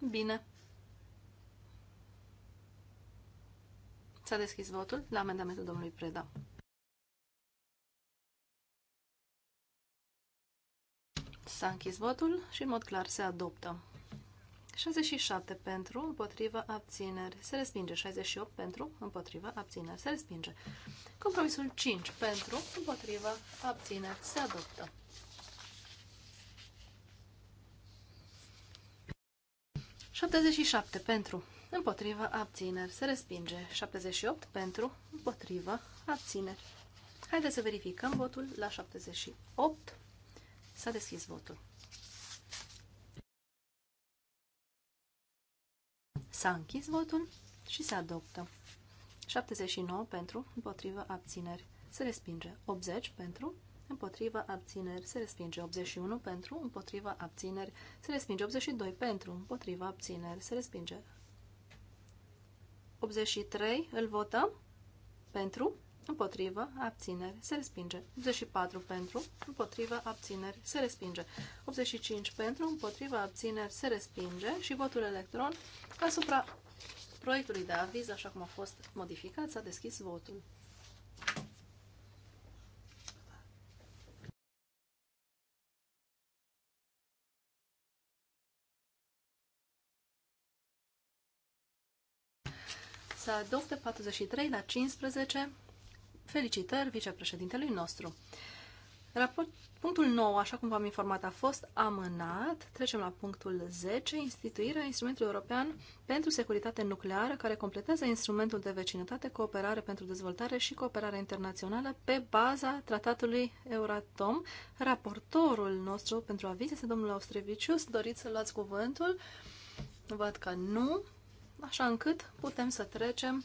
Bine. S-a deschis votul la amendamentul domnului Preda. S-a închis votul și în mod clar se adoptă. 67 pentru, împotriva, abțineri, se respinge. 68 pentru, împotriva, abțineri, se respinge. Compromisul 5 pentru, împotriva, abțineri, se adoptă. șapte pentru, împotriva, abțineri, se respinge. 78 pentru, împotriva, abțineri. Haideți să verificăm votul la 78. S-a deschis votul. S-a închis votul și se adoptă. 79 pentru, împotrivă, abțineri, se respinge. 80 pentru, împotrivă, abțineri, se respinge. 81 pentru, împotrivă, abțineri, se respinge. 82 pentru, împotrivă, abțineri, se respinge. 83 îl votăm pentru, împotrivă, abțineri, se respinge. 84 pentru, împotrivă, abțineri, se respinge. 85 pentru, împotrivă, abțineri, se respinge. Și votul electron Asupra proiectului de aviz, așa cum a fost modificat, s-a deschis votul. să adopte 43 la 15. Felicitări vicepreședintelui nostru. Raport, punctul 9, așa cum v-am informat, a fost amânat. Trecem la punctul 10, instituirea instrumentului european pentru securitate nucleară, care completează instrumentul de vecinătate, cooperare pentru dezvoltare și cooperare internațională pe baza tratatului Euratom. Raportorul nostru pentru aviz este domnul Austrevicius. Doriți să luați cuvântul? Văd că nu, așa încât putem să trecem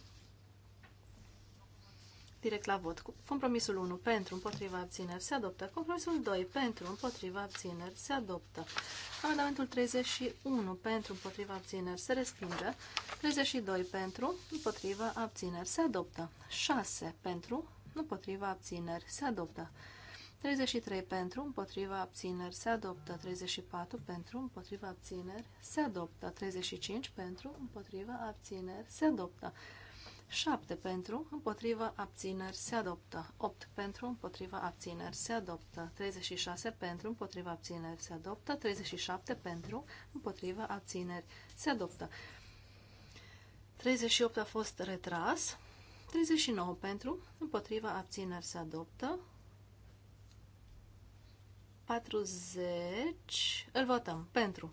direct la vot. Compromisul 1 pentru, împotriva abțineri se adoptă. Compromisul 2 pentru, împotriva abțineri se adoptă. Amendamentul 31 pentru, împotriva abțineri se respinge. 32 pentru, împotriva abțineri se adoptă. 6 pentru, împotriva abțineri se adoptă. 33 pentru, împotriva abțineri se adoptă. 34 pentru, împotriva abțineri se adoptă. 35 pentru, împotriva abțineri se adoptă. 7 pentru, împotrivă, abțineri, se adoptă. 8 pentru, împotrivă, abțineri, se adoptă. 36 pentru, împotrivă, abțineri, se adoptă. 37 pentru, împotrivă, abțineri, se adoptă. 38 a fost retras. 39 pentru, împotriva abțineri se adoptă. 40, îl votăm, pentru,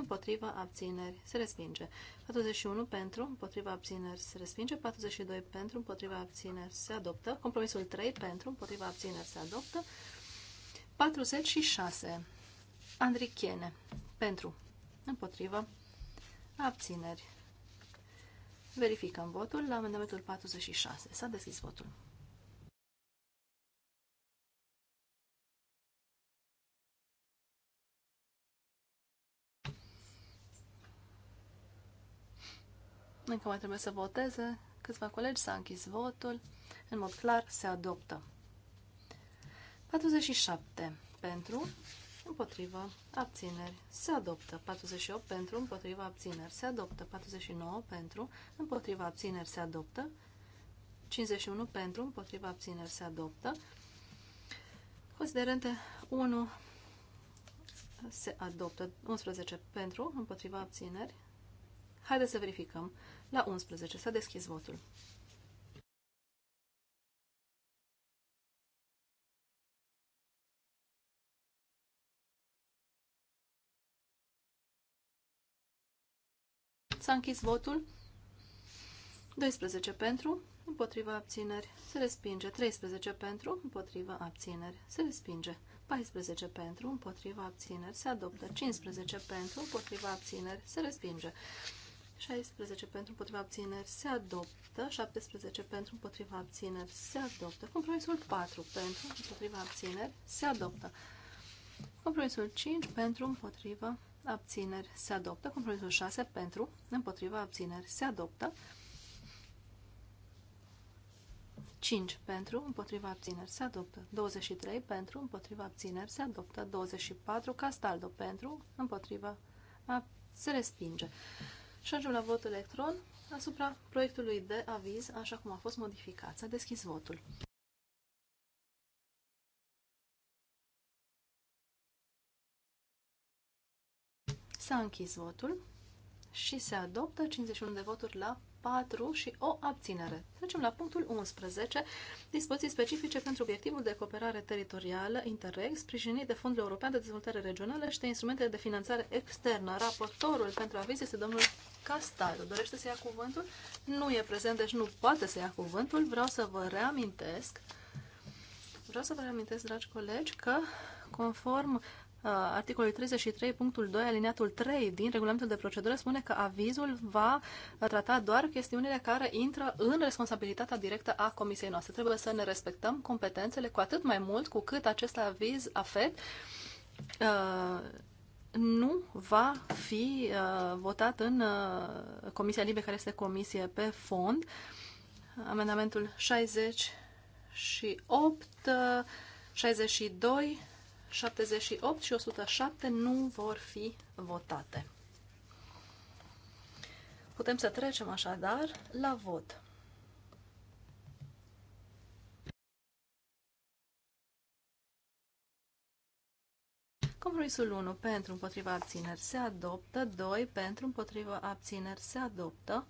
împotriva abțineri, se respinge. 41 pentru, împotriva abțineri, se respinge. 42 pentru, împotriva abțineri, se adoptă. Compromisul 3 pentru, împotriva abțineri, se adoptă. 46. Andrichiene. Pentru, împotriva abțineri. Verificăm votul la amendamentul 46. S-a deschis votul. Încă mai trebuie să voteze câțiva colegi, s-a închis votul. În mod clar, se adoptă. 47 pentru, împotrivă, abțineri, se adoptă. 48 pentru, împotrivă, abțineri, se adoptă. 49 pentru, împotrivă, abțineri, se adoptă. 51 pentru, împotrivă, abțineri, se adoptă. Considerente 1 se adoptă. 11 pentru, împotrivă, abțineri. Haideți să verificăm. La 11 s-a deschis votul. S-a închis votul. 12 pentru, împotriva abțineri, se respinge. 13 pentru, împotriva abțineri, se respinge. 14 pentru, împotriva abțineri, se adoptă. 15 pentru, împotriva abțineri, se respinge. 16 pentru împotriva abțineri se adoptă, 17 pentru împotriva abțineri se adoptă, compromisul 4 pentru împotriva abțineri se adoptă, compromisul 5 pentru împotriva abțineri se adoptă, compromisul 6 pentru împotriva abțineri se adoptă, 5 pentru împotriva abțineri se adoptă, 23 pentru împotriva abțineri se adoptă, 24 castaldo pentru împotriva se respinge. Și ajungem la votul electron asupra proiectului de aviz, așa cum a fost modificat. S-a deschis votul. S-a închis votul și se adoptă 51 de voturi la 4 și o abținere. Trecem la punctul 11, dispoziții specifice pentru obiectivul de cooperare teritorială Interreg, sprijinit de Fondul European de Dezvoltare Regională și de instrumentele de finanțare externă. Raportorul pentru aviz este domnul Castaldo. Dorește să ia cuvântul? Nu e prezent, deci nu poate să ia cuvântul. Vreau să vă reamintesc Vreau să vă reamintesc, dragi colegi, că conform Uh, articolului 33, punctul 2, alineatul 3 din regulamentul de procedură spune că avizul va trata doar chestiunile care intră în responsabilitatea directă a comisiei noastre. Trebuie să ne respectăm competențele cu atât mai mult cu cât acest aviz AFET uh, nu va fi uh, votat în uh, Comisia Libe, care este comisie pe fond. Amendamentul 68, 62, 78 și 107 nu vor fi votate. Putem să trecem așadar la vot. Compromisul 1 pentru împotriva abțineri se adoptă, 2 pentru împotriva abțineri se adoptă.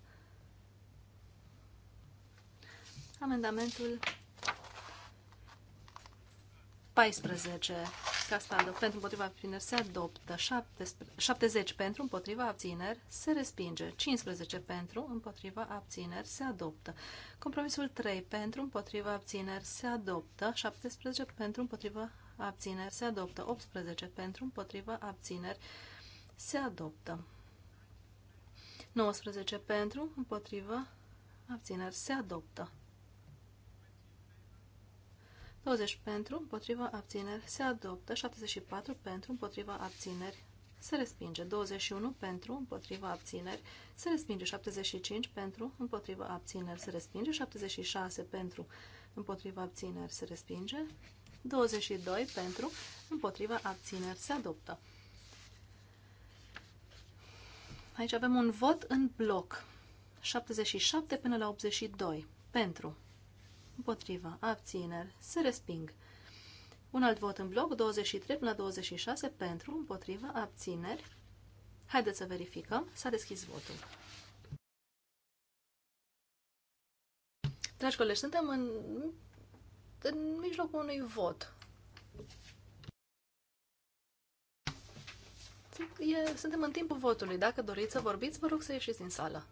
Amendamentul 14. Castaldo. Pentru împotriva abțineri se adoptă. 70 pentru împotriva abțineri se respinge. 15 pentru împotriva abțineri se adoptă. Compromisul 3 pentru împotriva abțineri se adoptă. 17 pentru împotriva abțineri se adoptă. 18 pentru împotriva abțineri se adoptă. 19 pentru împotriva abțineri se adoptă. 20 pentru, împotriva abțineri, se adoptă. 74 pentru, împotriva abțineri, se respinge. 21 pentru, împotriva abțineri, se respinge. 75 pentru, împotriva abțineri, se respinge. 76 pentru, împotriva abțineri, se respinge. 22 pentru, împotriva abțineri, se adoptă. Aici avem un vot în bloc. 77 până la 82. Pentru împotrivă, abțineri, se resping. Un alt vot în bloc, 23 până la 26, pentru, împotrivă, abțineri. Haideți să verificăm. S-a deschis votul. Dragi colegi, suntem în, în mijlocul unui vot. E, suntem în timpul votului. Dacă doriți să vorbiți, vă rog să ieșiți din sală.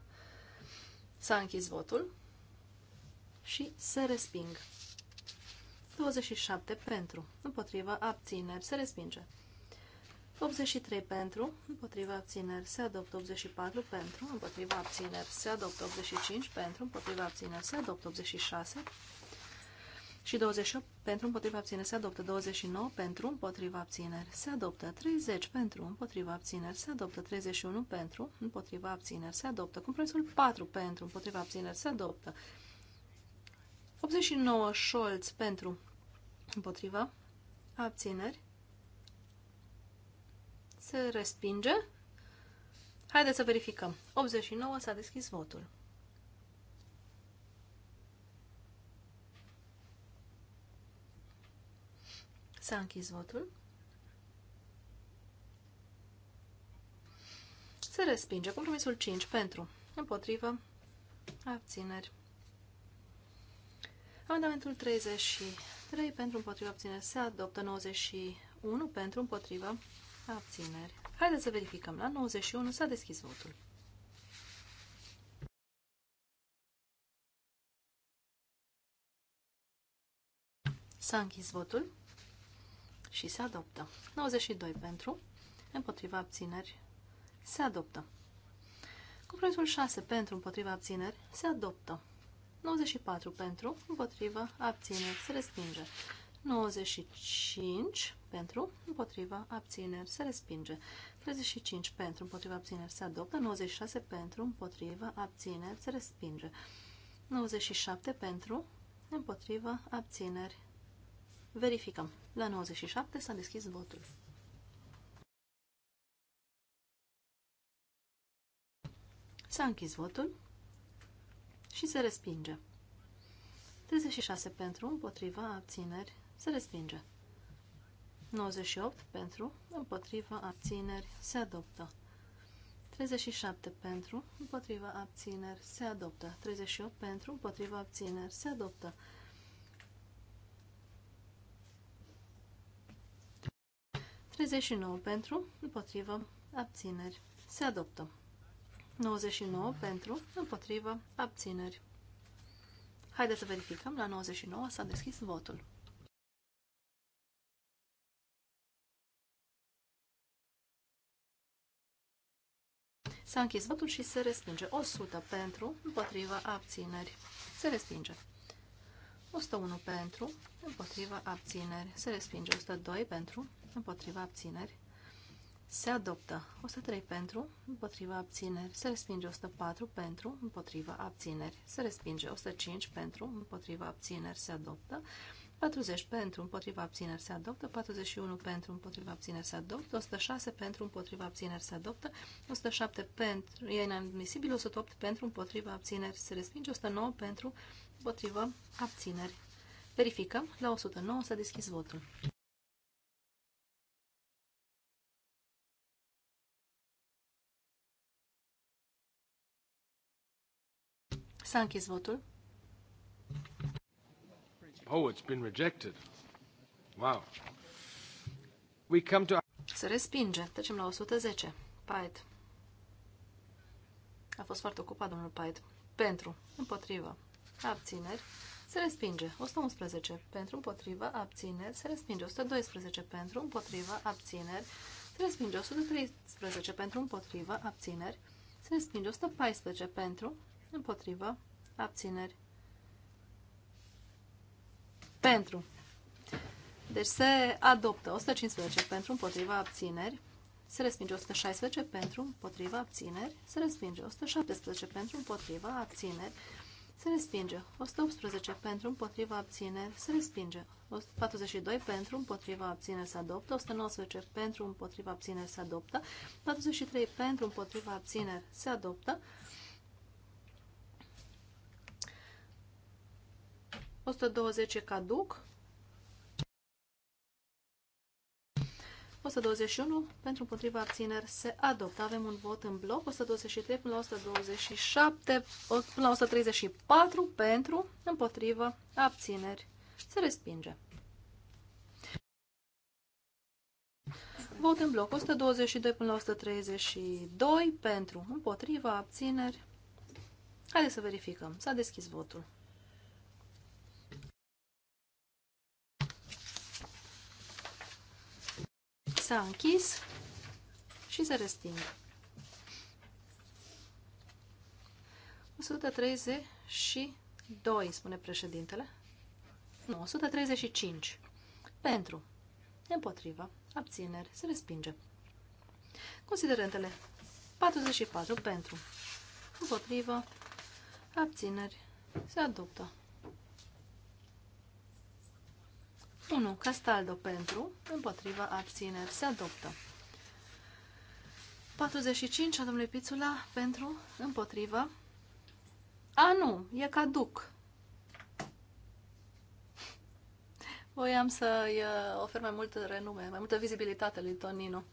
S-a închis votul și se resping. 27 pentru, împotriva abțineri, se respinge. 83 pentru, împotriva abțineri, se adoptă 84 pentru, împotriva abțineri, se adoptă 85 pentru, împotriva abțineri, se adoptă 86 și 28 pentru, împotriva abțineri, se adoptă 29 pentru, împotriva abțineri, se adoptă 30 pentru, împotriva abțineri, se adoptă 31 pentru, împotriva abțineri, se adoptă compromisul 4 pentru, împotriva abțineri, se adoptă 89 șolț pentru împotriva abțineri se respinge. Haideți să verificăm. 89 s-a deschis votul. S-a închis votul. Se respinge. Compromisul 5 pentru, împotriva abțineri. Amendamentul 33 pentru împotriva abțineri se adoptă 91 pentru împotriva abțineri. Haideți să verificăm. La 91 s-a deschis votul. S-a închis votul și se adoptă. 92 pentru, împotriva abțineri, se adoptă. Compromisul 6 pentru, împotriva abțineri, se adoptă. 94 pentru, împotriva, abțineri, se respinge. 95 pentru, împotriva, abțineri, se respinge. 35 pentru, împotriva, abțineri, se adoptă. 96 pentru, împotriva, abțineri, se respinge. 97 pentru, împotriva, abțineri. Verificăm. La 97 s-a deschis votul. S-a închis votul și se respinge. 36 pentru, împotriva, abțineri, se respinge. 98 pentru, împotriva, abțineri, se adoptă. 37 pentru, împotriva, abțineri, se adoptă. 38 pentru, împotriva, abțineri, se adoptă. 39 pentru, împotrivă, abțineri. Se adoptă. 99 pentru, împotrivă, abțineri. Haideți să verificăm. La 99 s-a deschis votul. S-a închis votul și se respinge. 100 pentru, împotriva, abțineri. Se respinge. 101 pentru, împotriva, abțineri. Se respinge. 102 pentru, împotriva, abțineri se adoptă. 103 pentru, împotriva abțineri, se respinge 104 pentru, împotriva abțineri, se respinge 105 pentru, împotriva abțineri, se adoptă. 40 pentru, împotriva abțineri se adoptă, 41 pentru, împotriva abțineri se adoptă, 106 pentru, împotriva abțineri se adoptă, 107 pentru, e inadmisibil, 108 pentru, împotriva abțineri se respinge, 109 pentru, împotriva abțineri. Verificăm, la 109 s-a deschis votul. S-a închis votul. Oh, it's been rejected. Wow. We come to... Se respinge. Trecem la 110. Paet. A fost foarte ocupat domnul Paet. Pentru. Împotrivă. Abțineri. Se respinge. 111. Pentru. Împotrivă. Abțineri. Se respinge. 112. Pentru. Împotrivă. Abțineri. Se respinge. 113. Pentru. Împotrivă. Abțineri. Se respinge. 114. Pentru împotrivă, abțineri, pentru. Deci se adoptă 115 pentru, împotriva, abțineri, se respinge 116 pentru, împotriva, abțineri, se respinge 117 pentru, împotriva, abțineri, se respinge 118 pentru, împotriva, abțineri, se respinge 42 pentru, împotriva, abțineri, se adoptă 119 pentru, împotriva, abțineri, se adoptă 43 pentru, împotriva, abțineri, se adoptă 120 caduc. 121 pentru împotriva abțineri se adoptă. Avem un vot în bloc. 123 până la 127 până la 134 pentru împotriva abțineri se respinge. Vot în bloc 122 până la 132 pentru împotriva abțineri. Haideți să verificăm. S-a deschis votul. s-a închis și se resting. 132, spune președintele. Nu, 135. Pentru. Împotriva. Abțineri. Se respinge. Considerentele. 44. Pentru. Împotriva. Abțineri. Se adoptă. 1. Castaldo pentru, împotriva, abțineri, se adoptă. 45 a domnului Pițula pentru, împotriva. A, nu, e caduc. Voiam să-i uh, ofer mai mult renume, mai multă vizibilitate lui Tonino.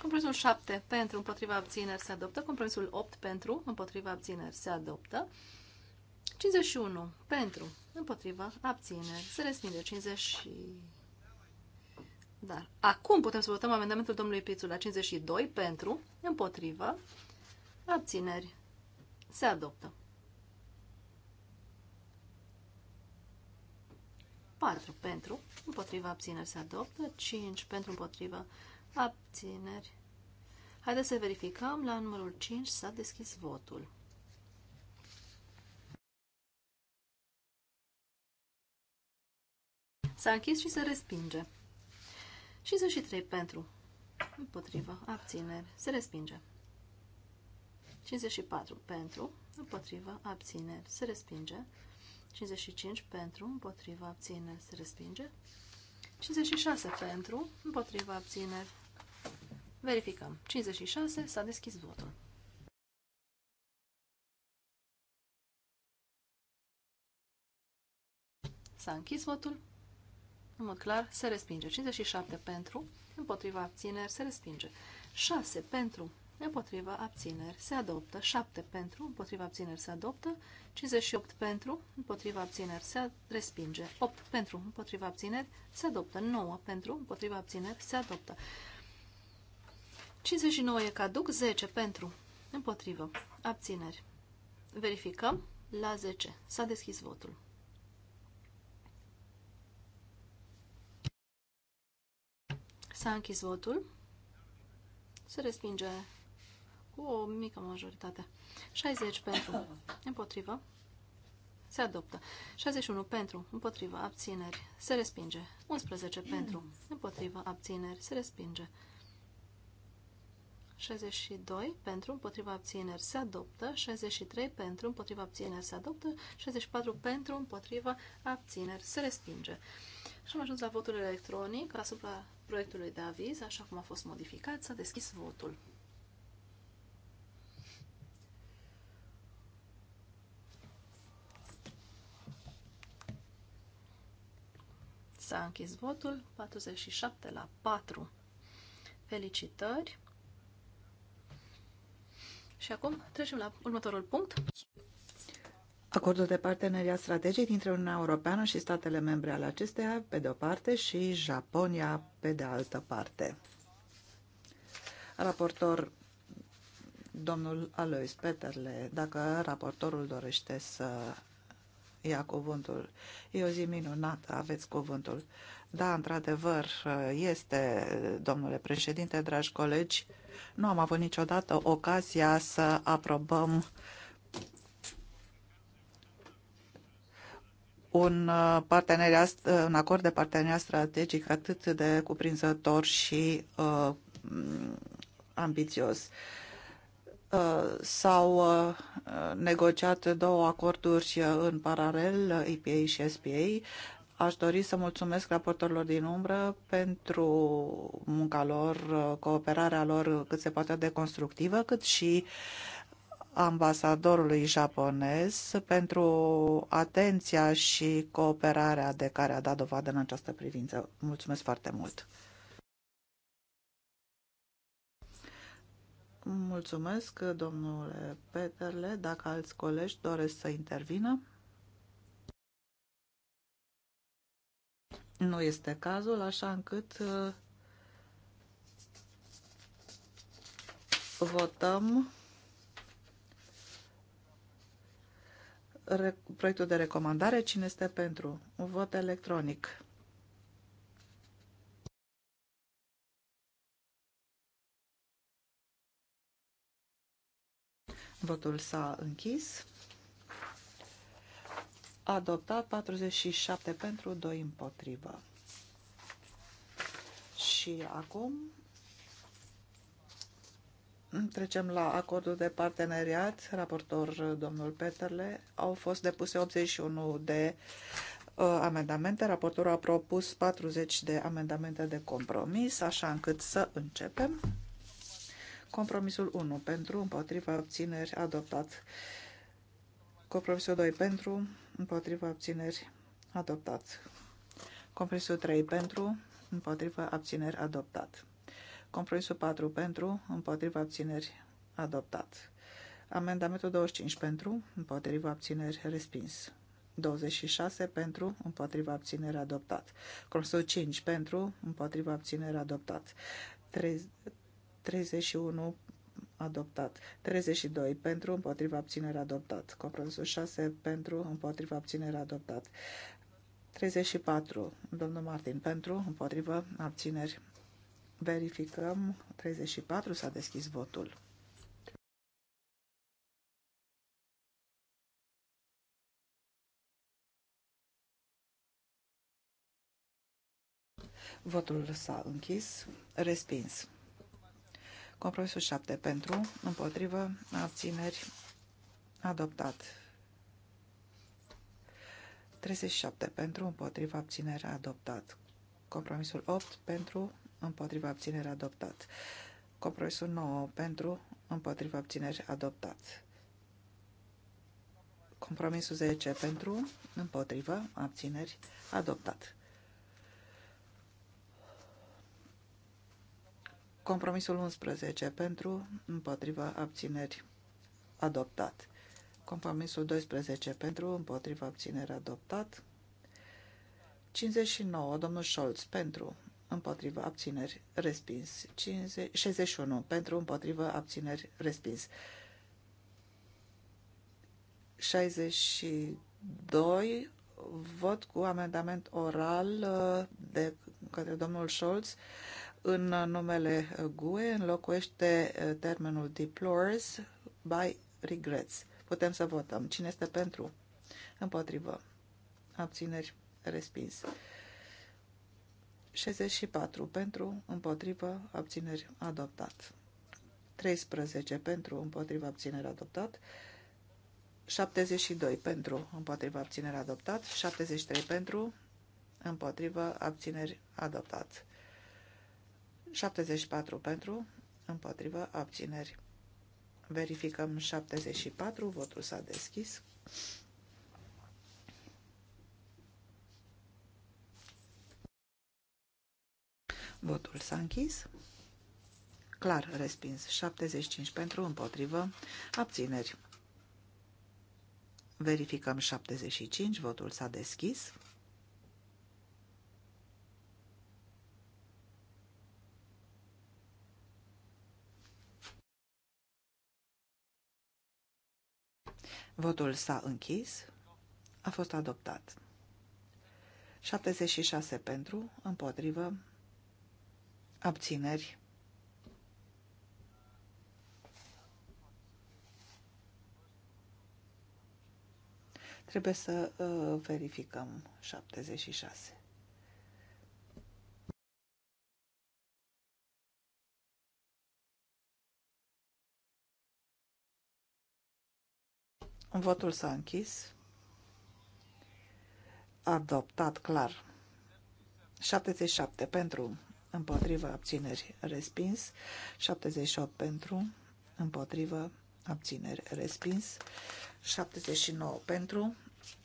Compromisul 7 pentru, împotriva abțineri se adoptă. Compromisul 8 pentru, împotriva abțineri se adoptă. 51 pentru, Împotriva, Abțineri. Se respinge. 50 și... Dar acum putem să votăm amendamentul domnului Pițu la 52 pentru, împotrivă, abțineri. Se adoptă. 4 pentru, împotriva abțineri se adoptă, 5 pentru împotriva abțineri. Haideți să verificăm, la numărul 5 s-a deschis votul. S-a închis și se respinge. 53 pentru. Împotrivă. abține Se respinge. 54 pentru. Împotrivă. abține Se respinge. 55 pentru. Împotrivă. abține Se respinge. 56 pentru. Împotrivă. abține. Verificăm. 56. S-a deschis votul. S-a închis votul în mod clar, se respinge. 57 pentru, împotriva abțineri, se respinge. 6 pentru, împotriva abțineri, se adoptă. 7 pentru, împotriva abțineri, se adoptă. 58 pentru, împotriva abțineri, se respinge. 8 pentru, împotriva abțineri, se adoptă. 9 pentru, împotriva abțineri, se adoptă. 59 e caduc, 10 pentru, împotrivă, abțineri. Verificăm la 10. S-a deschis votul. S-a închis votul. Se respinge cu o mică majoritate. 60 pentru, împotrivă. Se adoptă. 61 pentru, împotrivă, abțineri, se respinge. 11 pentru, împotrivă, abțineri, se respinge. 62 pentru, împotriva abțineri se adoptă, 63 pentru, împotriva abțineri se adoptă, 64 pentru, împotriva abțineri se respinge. Și am ajuns la votul electronic asupra proiectului de aviz, așa cum a fost modificat, s-a deschis votul. S-a închis votul, 47 la 4. Felicitări! Și acum trecem la următorul punct. Acordul de parteneriat strategic dintre Uniunea Europeană și statele membre ale acesteia, pe de-o parte, și Japonia, pe de altă parte. Raportor domnul Alois Peterle, dacă raportorul dorește să ia cuvântul. E o zi minunată, aveți cuvântul. Da, într-adevăr, este, domnule președinte, dragi colegi, nu am avut niciodată ocazia să aprobăm uh, un, uh, parteneriat, uh, un acord de parteneriat strategic atât de cuprinzător și uh, mm, ambițios. Uh, S-au uh, negociat două acorduri uh, în paralel, EPA și SPA. Aș dori să mulțumesc raportorilor din umbră pentru munca lor, cooperarea lor cât se poate de constructivă, cât și uh, ambasadorului japonez pentru atenția și cooperarea de care a dat dovadă în această privință. Mulțumesc foarte mult! Mulțumesc, domnule Peterle. Dacă alți colegi doresc să intervină. Nu este cazul, așa încât uh, votăm proiectul de recomandare. Cine este pentru? Un vot electronic. Votul s-a închis. Adoptat 47 pentru, 2 împotrivă. Și acum Trecem la acordul de parteneriat, raportor domnul Peterle. Au fost depuse 81 de uh, amendamente. Raportorul a propus 40 de amendamente de compromis, așa încât să începem. Compromisul 1 pentru, împotriva obțineri, adoptat. Compromisul 2 pentru, împotriva obțineri, adoptat. Compromisul 3 pentru, împotriva abțineri, adoptat. Compromisul 4 pentru, împotriva abțineri adoptat. Amendamentul 25 pentru, împotriva abțineri respins. 26 pentru, împotriva abțineri, adoptat. Compromisul 5 pentru, împotriva abțineri, adoptat. 31 adoptat. 32 pentru, împotriva abțineri, adoptat. Compromisul 6 pentru, împotriva abțineri, adoptat. 34, domnul Martin, pentru, împotriva abțineri Verificăm 34, s-a deschis votul. Votul s-a închis, respins. Compromisul 7 pentru, împotrivă, abțineri, adoptat. 37 pentru, împotrivă, abțineri, adoptat. Compromisul 8 pentru, împotriva abțineri adoptat. Compromisul 9 pentru, împotriva abțineri adoptat. Compromisul 10 pentru, împotriva abțineri adoptat. Compromisul 11 pentru, împotriva abțineri adoptat. Compromisul 12 pentru, împotriva abțineri adoptat. 59, domnul Scholz, pentru, împotrivă, abțineri, respins. 50, 61 pentru, împotrivă, abțineri, respins. 62 vot cu amendament oral uh, de către domnul Scholz în numele GUE înlocuiește uh, termenul deplores by regrets. Putem să votăm. Cine este pentru? Împotrivă. Abțineri respins. 64 pentru, împotrivă, abțineri, adoptat. 13 pentru, împotrivă, abțineri, adoptat. 72 pentru, împotrivă, abțineri, adoptat. 73 pentru, împotrivă, abțineri, adoptat. 74 pentru, împotrivă, abțineri. Verificăm 74, votul s-a deschis. Votul s-a închis. Clar respins. 75 pentru, împotrivă, abțineri. Verificăm 75, votul s-a deschis. Votul s-a închis. A fost adoptat. 76 pentru, împotrivă, abțineri. Trebuie să uh, verificăm 76. Votul s-a închis. Adoptat clar. 77 pentru împotrivă, abțineri, respins, 78 pentru, împotrivă, abțineri, respins, 79 pentru,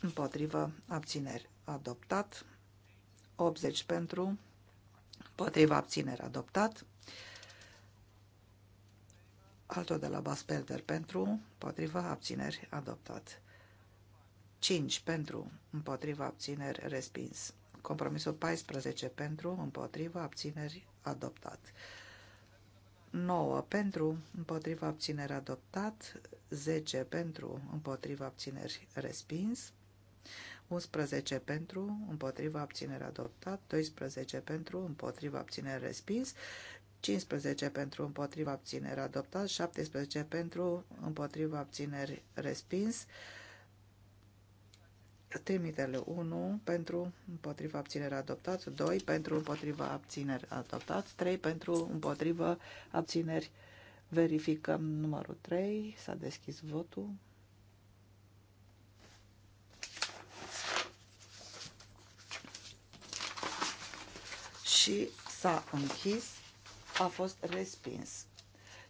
împotrivă, abțineri, adoptat, 80 pentru, împotrivă, abțineri, adoptat, altul de la Basperder pentru, împotrivă, abțineri, adoptat, 5 pentru, împotrivă, abțineri, respins, Compromisul 14 pentru, împotriva, abțineri, adoptat. 9 pentru, împotriva, abțineri, adoptat. 10 pentru, împotriva, abțineri, respins. 11 pentru, împotriva abțineri, adoptat, 12 pentru, împotriva abțineri, respins, 15 pentru împotriva abțineri adoptat, 17 pentru împotriva abțineri respins, trimitele 1 pentru împotriva abținere adoptat, 2 pentru împotriva abțineri adoptat, 3 pentru împotriva abțineri verificăm numărul 3, s-a deschis votul. Și s-a închis, a fost respins.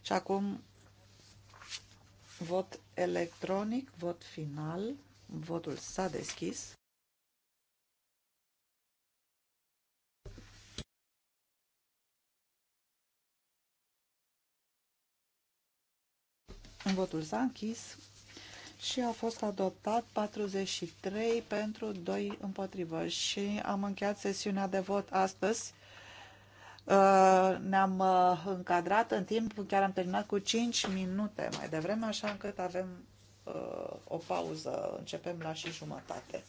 Și acum vot electronic, vot final. Votul s-a deschis. Votul s-a închis și a fost adoptat 43 pentru 2 împotrivă și am încheiat sesiunea de vot astăzi. Uh, ne-am uh, încadrat în timp, chiar am terminat cu 5 minute mai devreme, așa încât avem Uh, o pauză. Începem la și jumătate.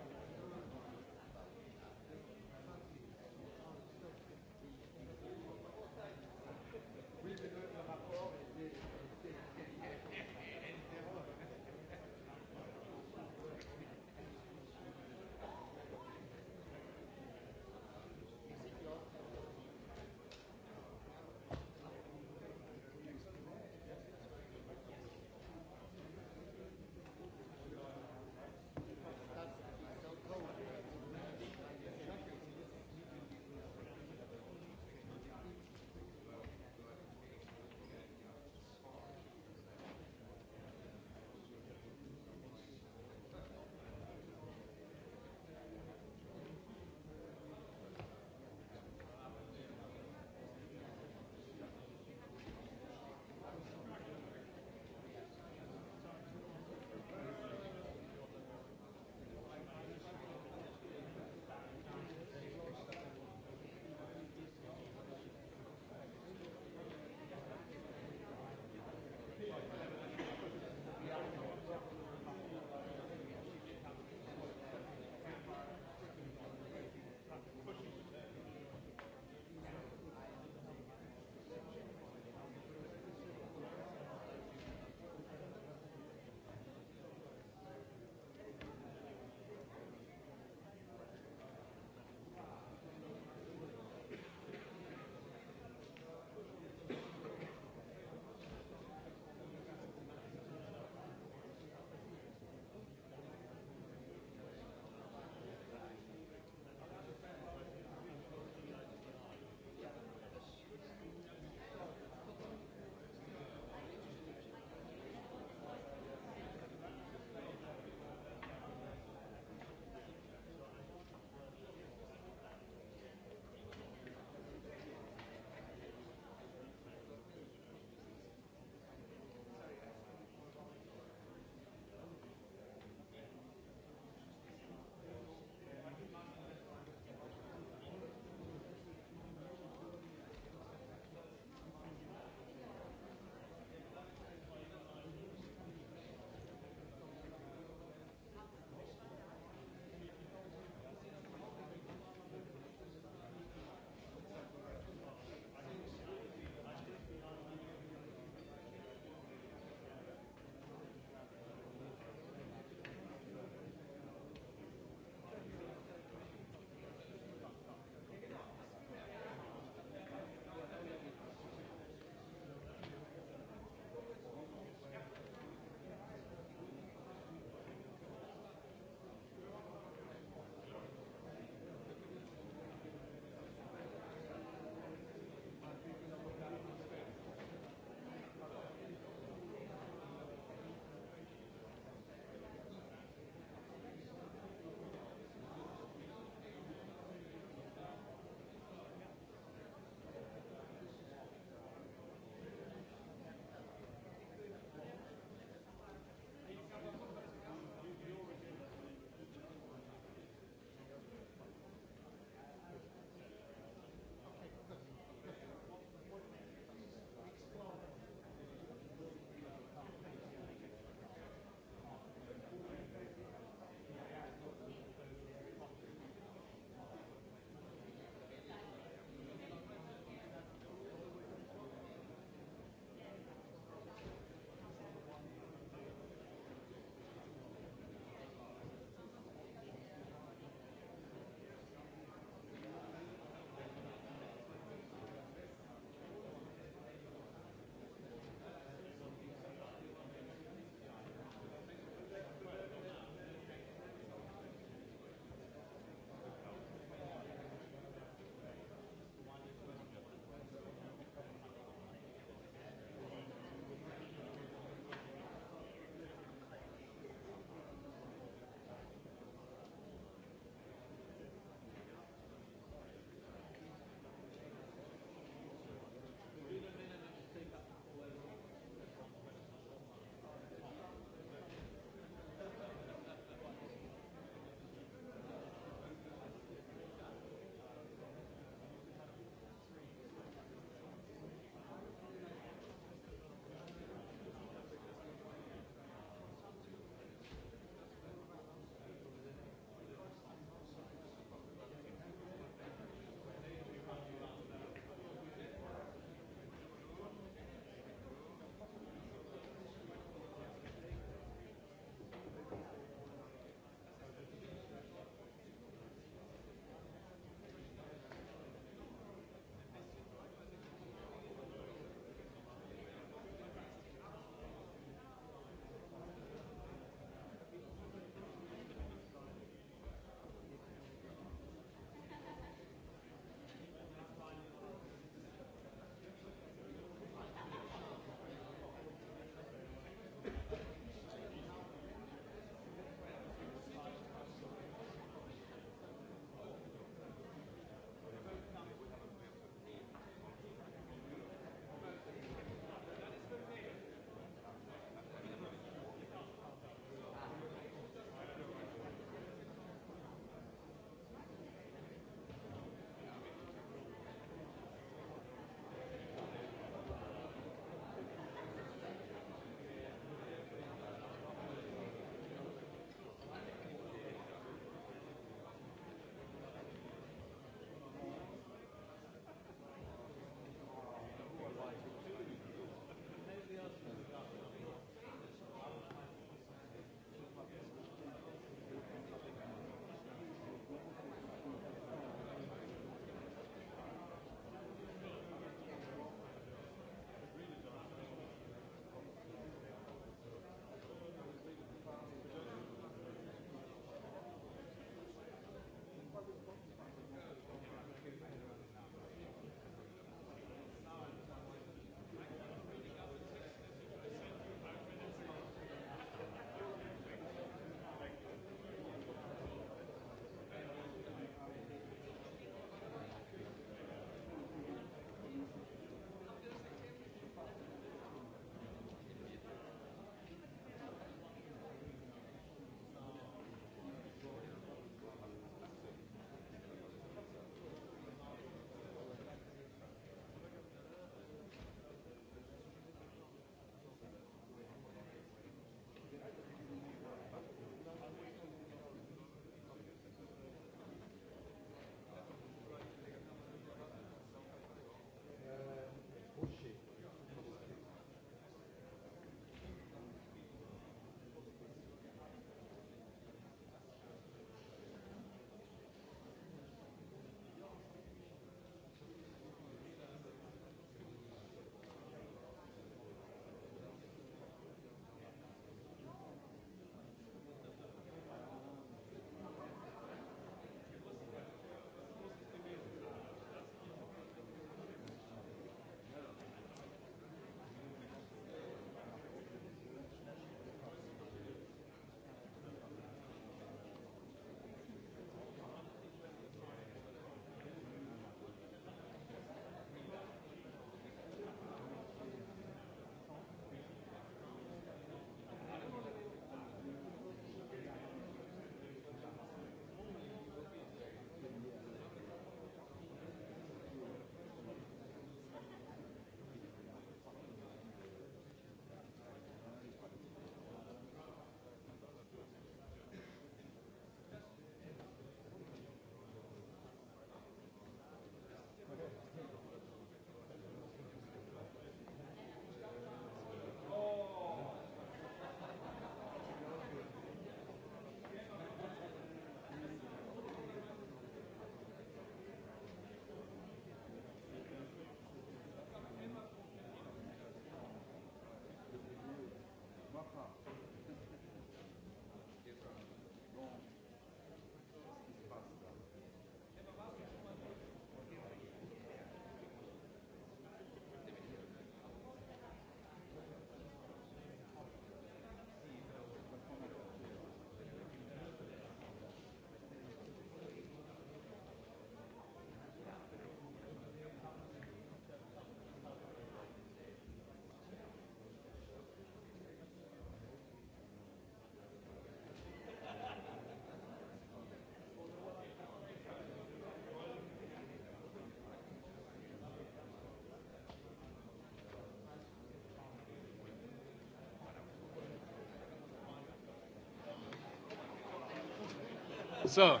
So.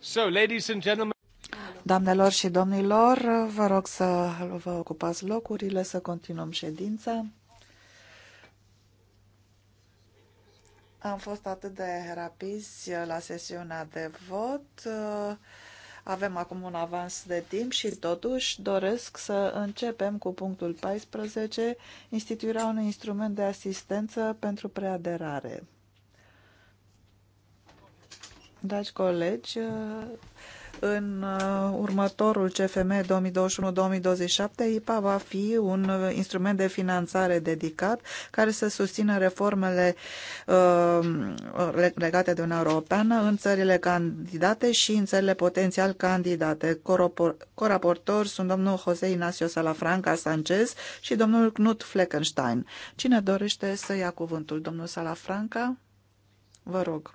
So, ladies and gentlemen. Doamnelor și domnilor, vă rog să vă ocupați locurile, să continuăm ședința. am fost atât de rapizi la sesiunea de vot. Avem acum un avans de timp și totuși doresc să începem cu punctul 14, instituirea unui instrument de asistență pentru preaderare. Dragi colegi, în uh, următorul CFM 2021-2027, IPA va fi un uh, instrument de finanțare dedicat care să susțină reformele uh, legate de Uniunea Europeană în țările candidate și în țările potențial candidate. Coraportori sunt domnul José Ignacio Salafranca Sanchez și domnul Knut Fleckenstein. Cine dorește să ia cuvântul? Domnul Salafranca? Vă rog.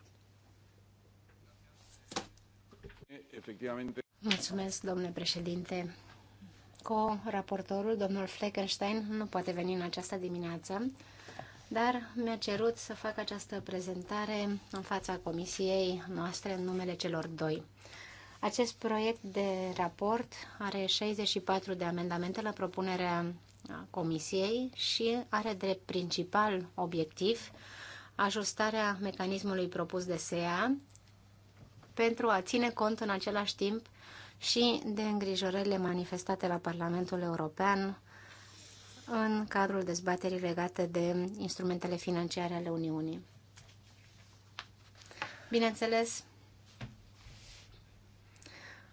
efectivamente. Mulțumesc, domnule președinte. Co-raportorul, domnul Fleckenstein, nu poate veni în această dimineață, dar mi-a cerut să fac această prezentare în fața comisiei noastre în numele celor doi. Acest proiect de raport are 64 de amendamente la propunerea Comisiei și are drept principal obiectiv ajustarea mecanismului propus de SEA pentru a ține cont în același timp și de îngrijorările manifestate la Parlamentul European în cadrul dezbaterii legate de instrumentele financiare ale Uniunii. Bineînțeles,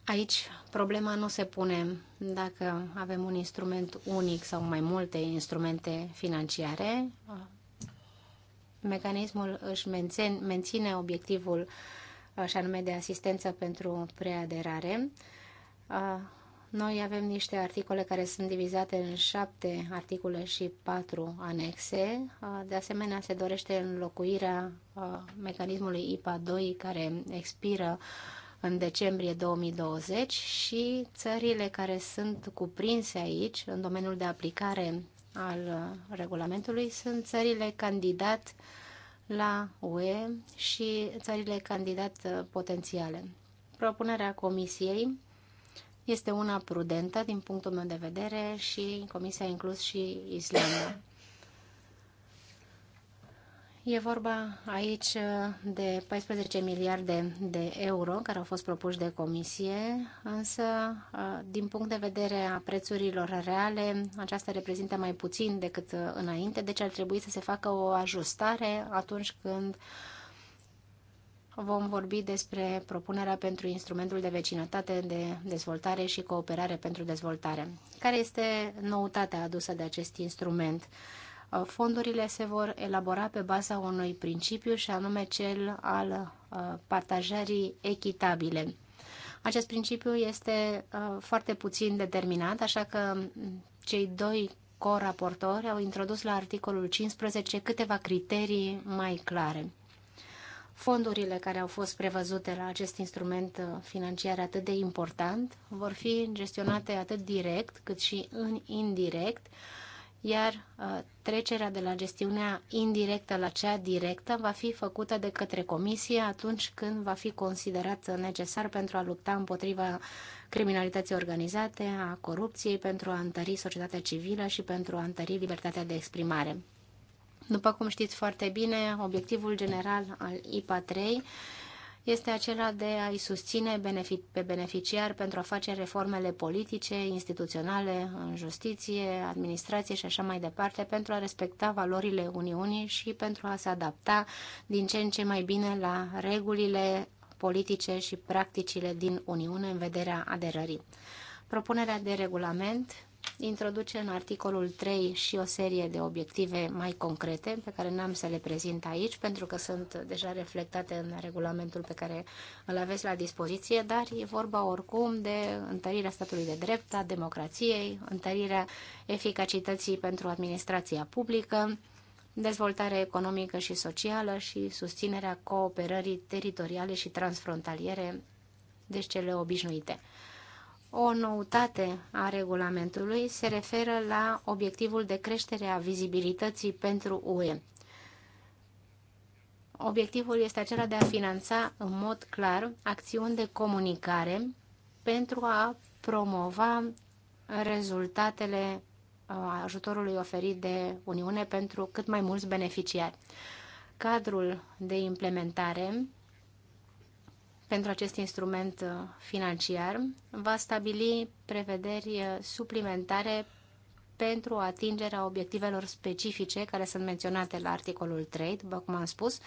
aici problema nu se pune dacă avem un instrument unic sau mai multe instrumente financiare. Mecanismul își menține obiectivul uh, și anume de asistență pentru preaderare. Noi avem niște articole care sunt divizate în șapte articole și patru anexe. De asemenea, se dorește înlocuirea mecanismului IPA 2 care expiră în decembrie 2020 și țările care sunt cuprinse aici, în domeniul de aplicare al uh, regulamentului, sunt țările candidat uh, la UE și țările candidat uh, potențiale. Propunerea Comisiei este una prudentă din punctul meu de vedere și Comisia a inclus și Islanda. E vorba aici uh, de 14 miliarde de euro care au fost propuși de comisie, însă uh, din punct de vedere a prețurilor reale, aceasta reprezintă mai puțin decât uh, înainte, deci ar trebui să se facă o ajustare atunci când vom vorbi despre propunerea pentru instrumentul de vecinătate de dezvoltare și cooperare pentru dezvoltare. Care este noutatea adusă de acest instrument? Uh, fondurile se vor elabora pe baza unui principiu și anume cel al uh, partajării echitabile. Acest principiu este uh, foarte puțin determinat, așa că cei doi coraportori au introdus la articolul 15 câteva criterii mai clare. Fondurile care au fost prevăzute la acest instrument financiar atât de important vor fi gestionate atât direct cât și în indirect, iar uh, trecerea de la gestiunea indirectă la cea directă va fi făcută de către comisie atunci când va fi considerat necesar pentru a lupta împotriva criminalității organizate, a corupției, pentru a întări societatea civilă și pentru a întări libertatea de exprimare. După cum știți foarte bine, obiectivul general al IPA 3 este acela de a-i susține pe beneficiar pentru a face reformele politice, instituționale, în justiție, administrație și așa mai departe, pentru a respecta valorile Uniunii și pentru a se adapta din ce în ce mai bine la regulile politice și practicile din Uniune în vederea aderării. Propunerea de regulament introduce în articolul 3 și o serie de obiective mai concrete pe care n-am să le prezint aici pentru că sunt deja reflectate în regulamentul pe care îl aveți la dispoziție, dar e vorba oricum de întărirea statului de drept, a democrației, întărirea eficacității pentru administrația publică, dezvoltare economică și socială și susținerea cooperării teritoriale și transfrontaliere, deci cele obișnuite. O noutate a regulamentului se referă la obiectivul de creștere a vizibilității pentru UE. Obiectivul este acela de a finanța în mod clar acțiuni de comunicare pentru a promova rezultatele uh, ajutorului oferit de Uniune pentru cât mai mulți beneficiari. Cadrul de implementare pentru acest instrument uh, financiar va stabili prevederi uh, suplimentare pentru atingerea obiectivelor specifice care sunt menționate la articolul 3, după cum am spus,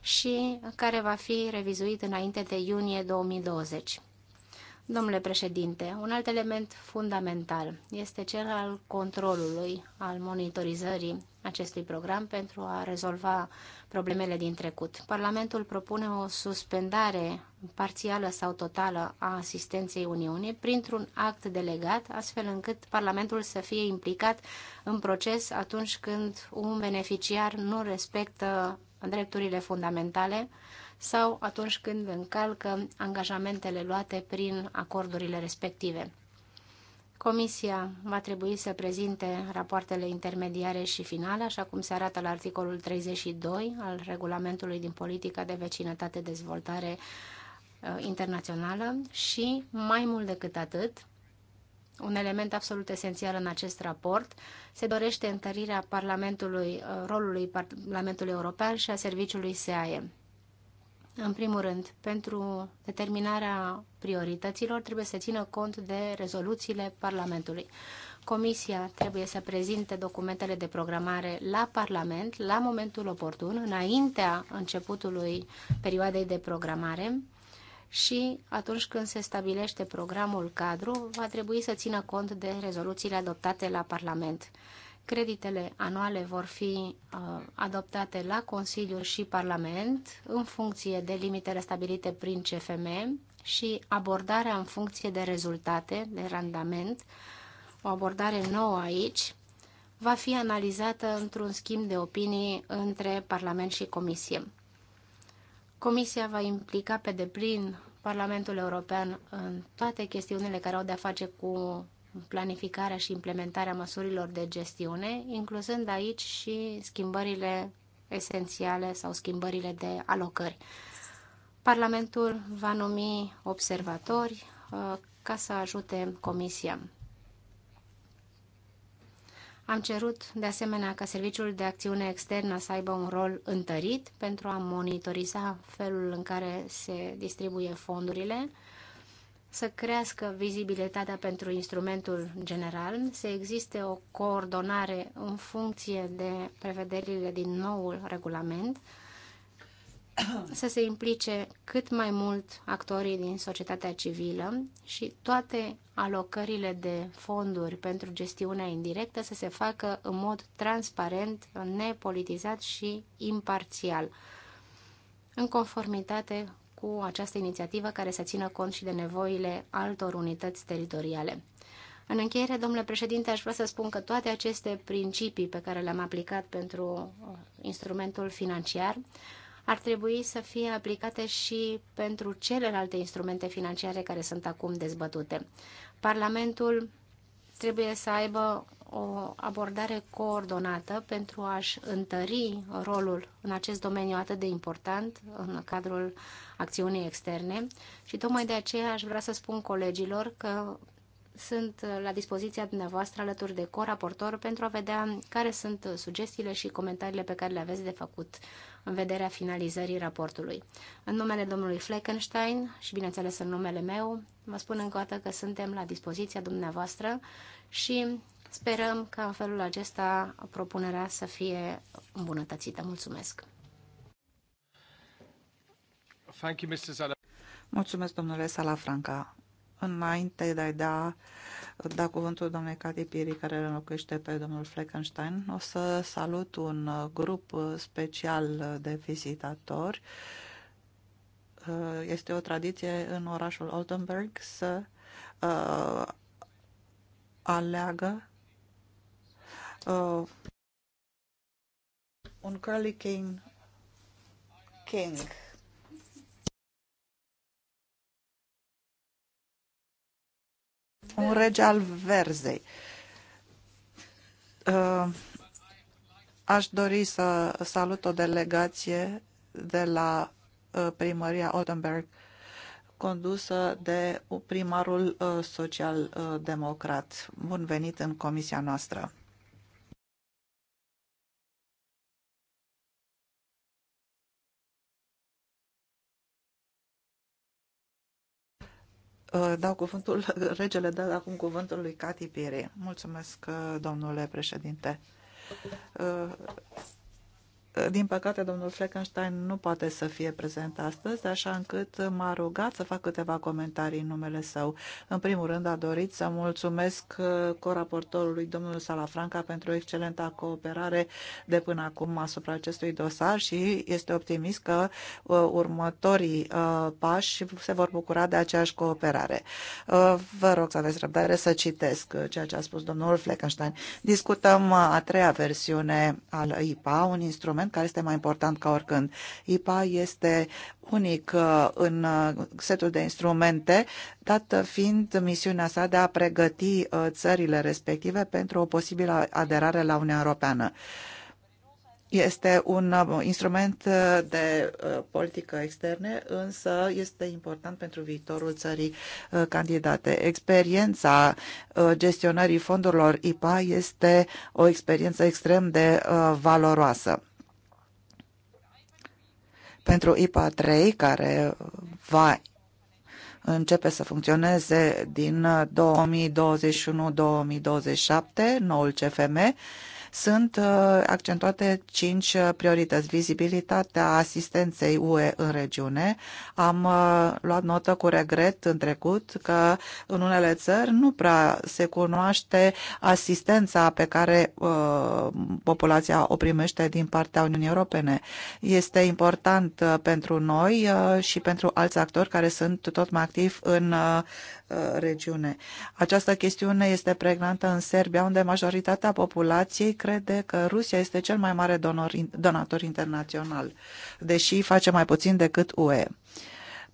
și care va fi revizuit înainte de iunie 2020. Domnule președinte, un alt element fundamental este cel al controlului, al monitorizării acestui program pentru a rezolva problemele din trecut. Parlamentul propune o suspendare parțială sau totală a asistenței Uniunii printr-un act delegat, astfel încât Parlamentul să fie implicat în proces atunci când un beneficiar nu respectă drepturile fundamentale sau atunci când încalcă angajamentele luate prin acordurile respective. Comisia va trebui să prezinte rapoartele intermediare și finale, așa cum se arată la articolul 32 al regulamentului din politica de vecinătate dezvoltare uh, internațională și, mai mult decât atât, un element absolut esențial în acest raport, se dorește întărirea Parlamentului, uh, rolului Parlamentului European și a serviciului SAE. În primul rând, pentru determinarea priorităților trebuie să țină cont de rezoluțiile Parlamentului. Comisia trebuie să prezinte documentele de programare la Parlament la momentul oportun, înaintea începutului perioadei de programare și atunci când se stabilește programul cadru, va trebui să țină cont de rezoluțiile adoptate la Parlament. Creditele anuale vor fi uh, adoptate la Consiliu și Parlament în funcție de limitele stabilite prin CFM și abordarea în funcție de rezultate, de randament, o abordare nouă aici, va fi analizată într-un schimb de opinii între Parlament și Comisie. Comisia va implica pe deplin Parlamentul European în toate chestiunile care au de-a face cu planificarea și implementarea măsurilor de gestiune, incluzând aici și schimbările esențiale sau schimbările de alocări. Parlamentul va numi observatori uh, ca să ajute Comisia. Am cerut de asemenea ca Serviciul de Acțiune Externă să aibă un rol întărit pentru a monitoriza felul în care se distribuie fondurile, să crească vizibilitatea pentru instrumentul general, să existe o coordonare în funcție de prevederile din noul regulament, să se implice cât mai mult actorii din societatea civilă și toate alocările de fonduri pentru gestiunea indirectă să se facă în mod transparent, nepolitizat și imparțial, în conformitate cu această inițiativă care să țină cont și de nevoile altor unități teritoriale. În încheiere, domnule președinte, aș vrea să spun că toate aceste principii pe care le-am aplicat pentru uh, instrumentul financiar ar trebui să fie aplicate și pentru celelalte instrumente financiare care sunt acum dezbătute. Parlamentul trebuie să aibă o abordare coordonată pentru a-și întări rolul în acest domeniu atât de important în cadrul acțiunii externe și tocmai de aceea aș vrea să spun colegilor că sunt la dispoziția dumneavoastră alături de coraportor pentru a vedea care sunt sugestiile și comentariile pe care le aveți de făcut în vederea finalizării raportului. În numele domnului Fleckenstein și, bineînțeles, în numele meu, vă spun încă o dată că suntem la dispoziția dumneavoastră și Sperăm ca în felul acesta propunerea să fie îmbunătățită. Mulțumesc! Thank you, Mr. Mulțumesc, domnule Salafranca. Înainte de a da, da cuvântul domnului Cati Piri, care înlocuiește pe domnul Fleckenstein, o să salut un grup special de vizitatori. Este o tradiție în orașul Oldenburg să uh, aleagă uh, un Curly King King. Un rege al verzei. Uh, aș dori să salut o delegație de la uh, primăria Oldenburg condusă de primarul uh, social-democrat. Uh, Bun venit în comisia noastră. Uh, dau cuvântul, regele dă acum cuvântul lui Cati Piri. Mulțumesc, uh, domnule președinte. Uh, din păcate, domnul Fleckenstein nu poate să fie prezent astăzi, așa încât m-a rugat să fac câteva comentarii în numele său. În primul rând, a dorit să mulțumesc uh, coraportorului domnul Salafranca pentru excelenta cooperare de până acum asupra acestui dosar și este optimist că uh, următorii uh, pași se vor bucura de aceeași cooperare. Vă rog să aveți răbdare să citesc ceea ce a spus domnul Fleckenstein. Discutăm a treia versiune al IPA, un instrument moment care este mai important ca oricând. IPA este unic uh, în uh, setul de instrumente, dată fiind misiunea sa de a pregăti uh, țările respective pentru o posibilă aderare la Uniunea Europeană. Este un instrument de politică externe, însă este important pentru viitorul țării candidate. Experiența gestionării fondurilor IPA este o experiență extrem de valoroasă. Pentru IPA 3, care va începe să funcționeze din 2021-2027, noul CFM, sunt uh, accentuate cinci uh, priorități. Vizibilitatea asistenței UE în regiune. Am uh, luat notă cu regret în trecut că în unele țări nu prea se cunoaște asistența pe care populația o primește din partea Uniunii Europene. Este important pentru noi și pentru alți actori care sunt tot mai activi în regiune. Această chestiune este pregnantă în Serbia, unde majoritatea populației crede că Rusia este cel mai mare donor, donator internațional, deși face mai puțin decât UE.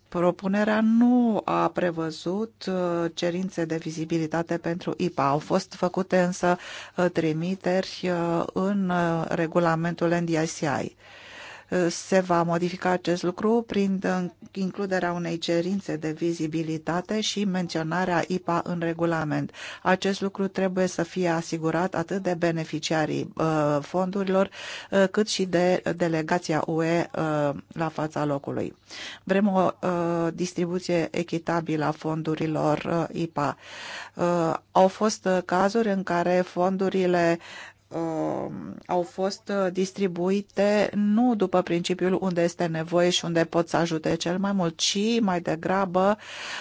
Propunerea nu a prevăzut uh, cerințe de vizibilitate pentru IPA. Au fost făcute însă uh, trimiteri uh, în regulamentul NDICI se va modifica acest lucru prin includerea unei cerințe de vizibilitate și menționarea IPA în regulament. Acest lucru trebuie să fie asigurat atât de beneficiarii uh, fondurilor, uh, cât și de delegația UE uh, la fața locului. Vrem o distribuție echitabilă a fondurilor IPA. Au fost cazuri în care fondurile Um, au fost uh, distribuite nu după principiul unde este nevoie și unde pot să ajute cel mai mult, ci mai degrabă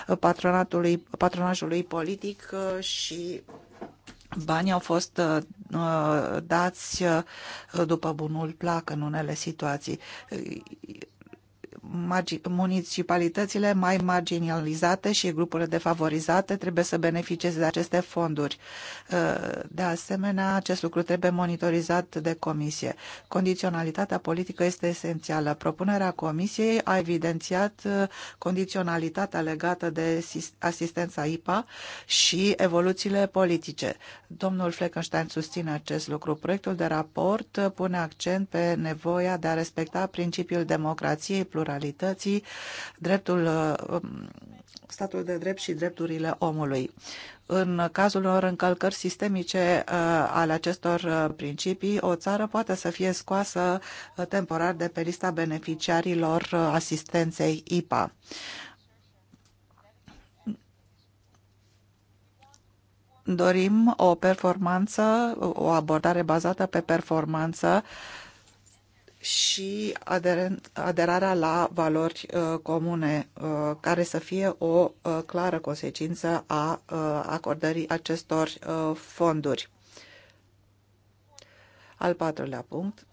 uh, patronatului, patronajului politic uh, și banii au fost dați după bunul plac în unele situații municipalitățile mai marginalizate și grupurile defavorizate trebuie să beneficieze de aceste fonduri. Uh, de asemenea, acest lucru trebuie monitorizat de comisie. Condiționalitatea politică este esențială. Propunerea comisiei a evidențiat uh, condiționalitatea legată de asistența IPA și evoluțiile politice. Domnul Fleckenstein susține acest lucru. Proiectul de raport uh, pune accent pe nevoia de a respecta principiul democrației, pluralității criminalității, dreptul, uh, statul de drept și drepturile omului. În cazul unor încălcări sistemice uh, ale acestor uh, principii, o țară poate să fie scoasă temporar de pe lista beneficiarilor asistenței IPA. dorim o performanță, o abordare bazată pe performanță și aderarea la valori uh, comune, uh, care să fie o uh, clară consecință a acordării acestor fonduri. Al patrulea punct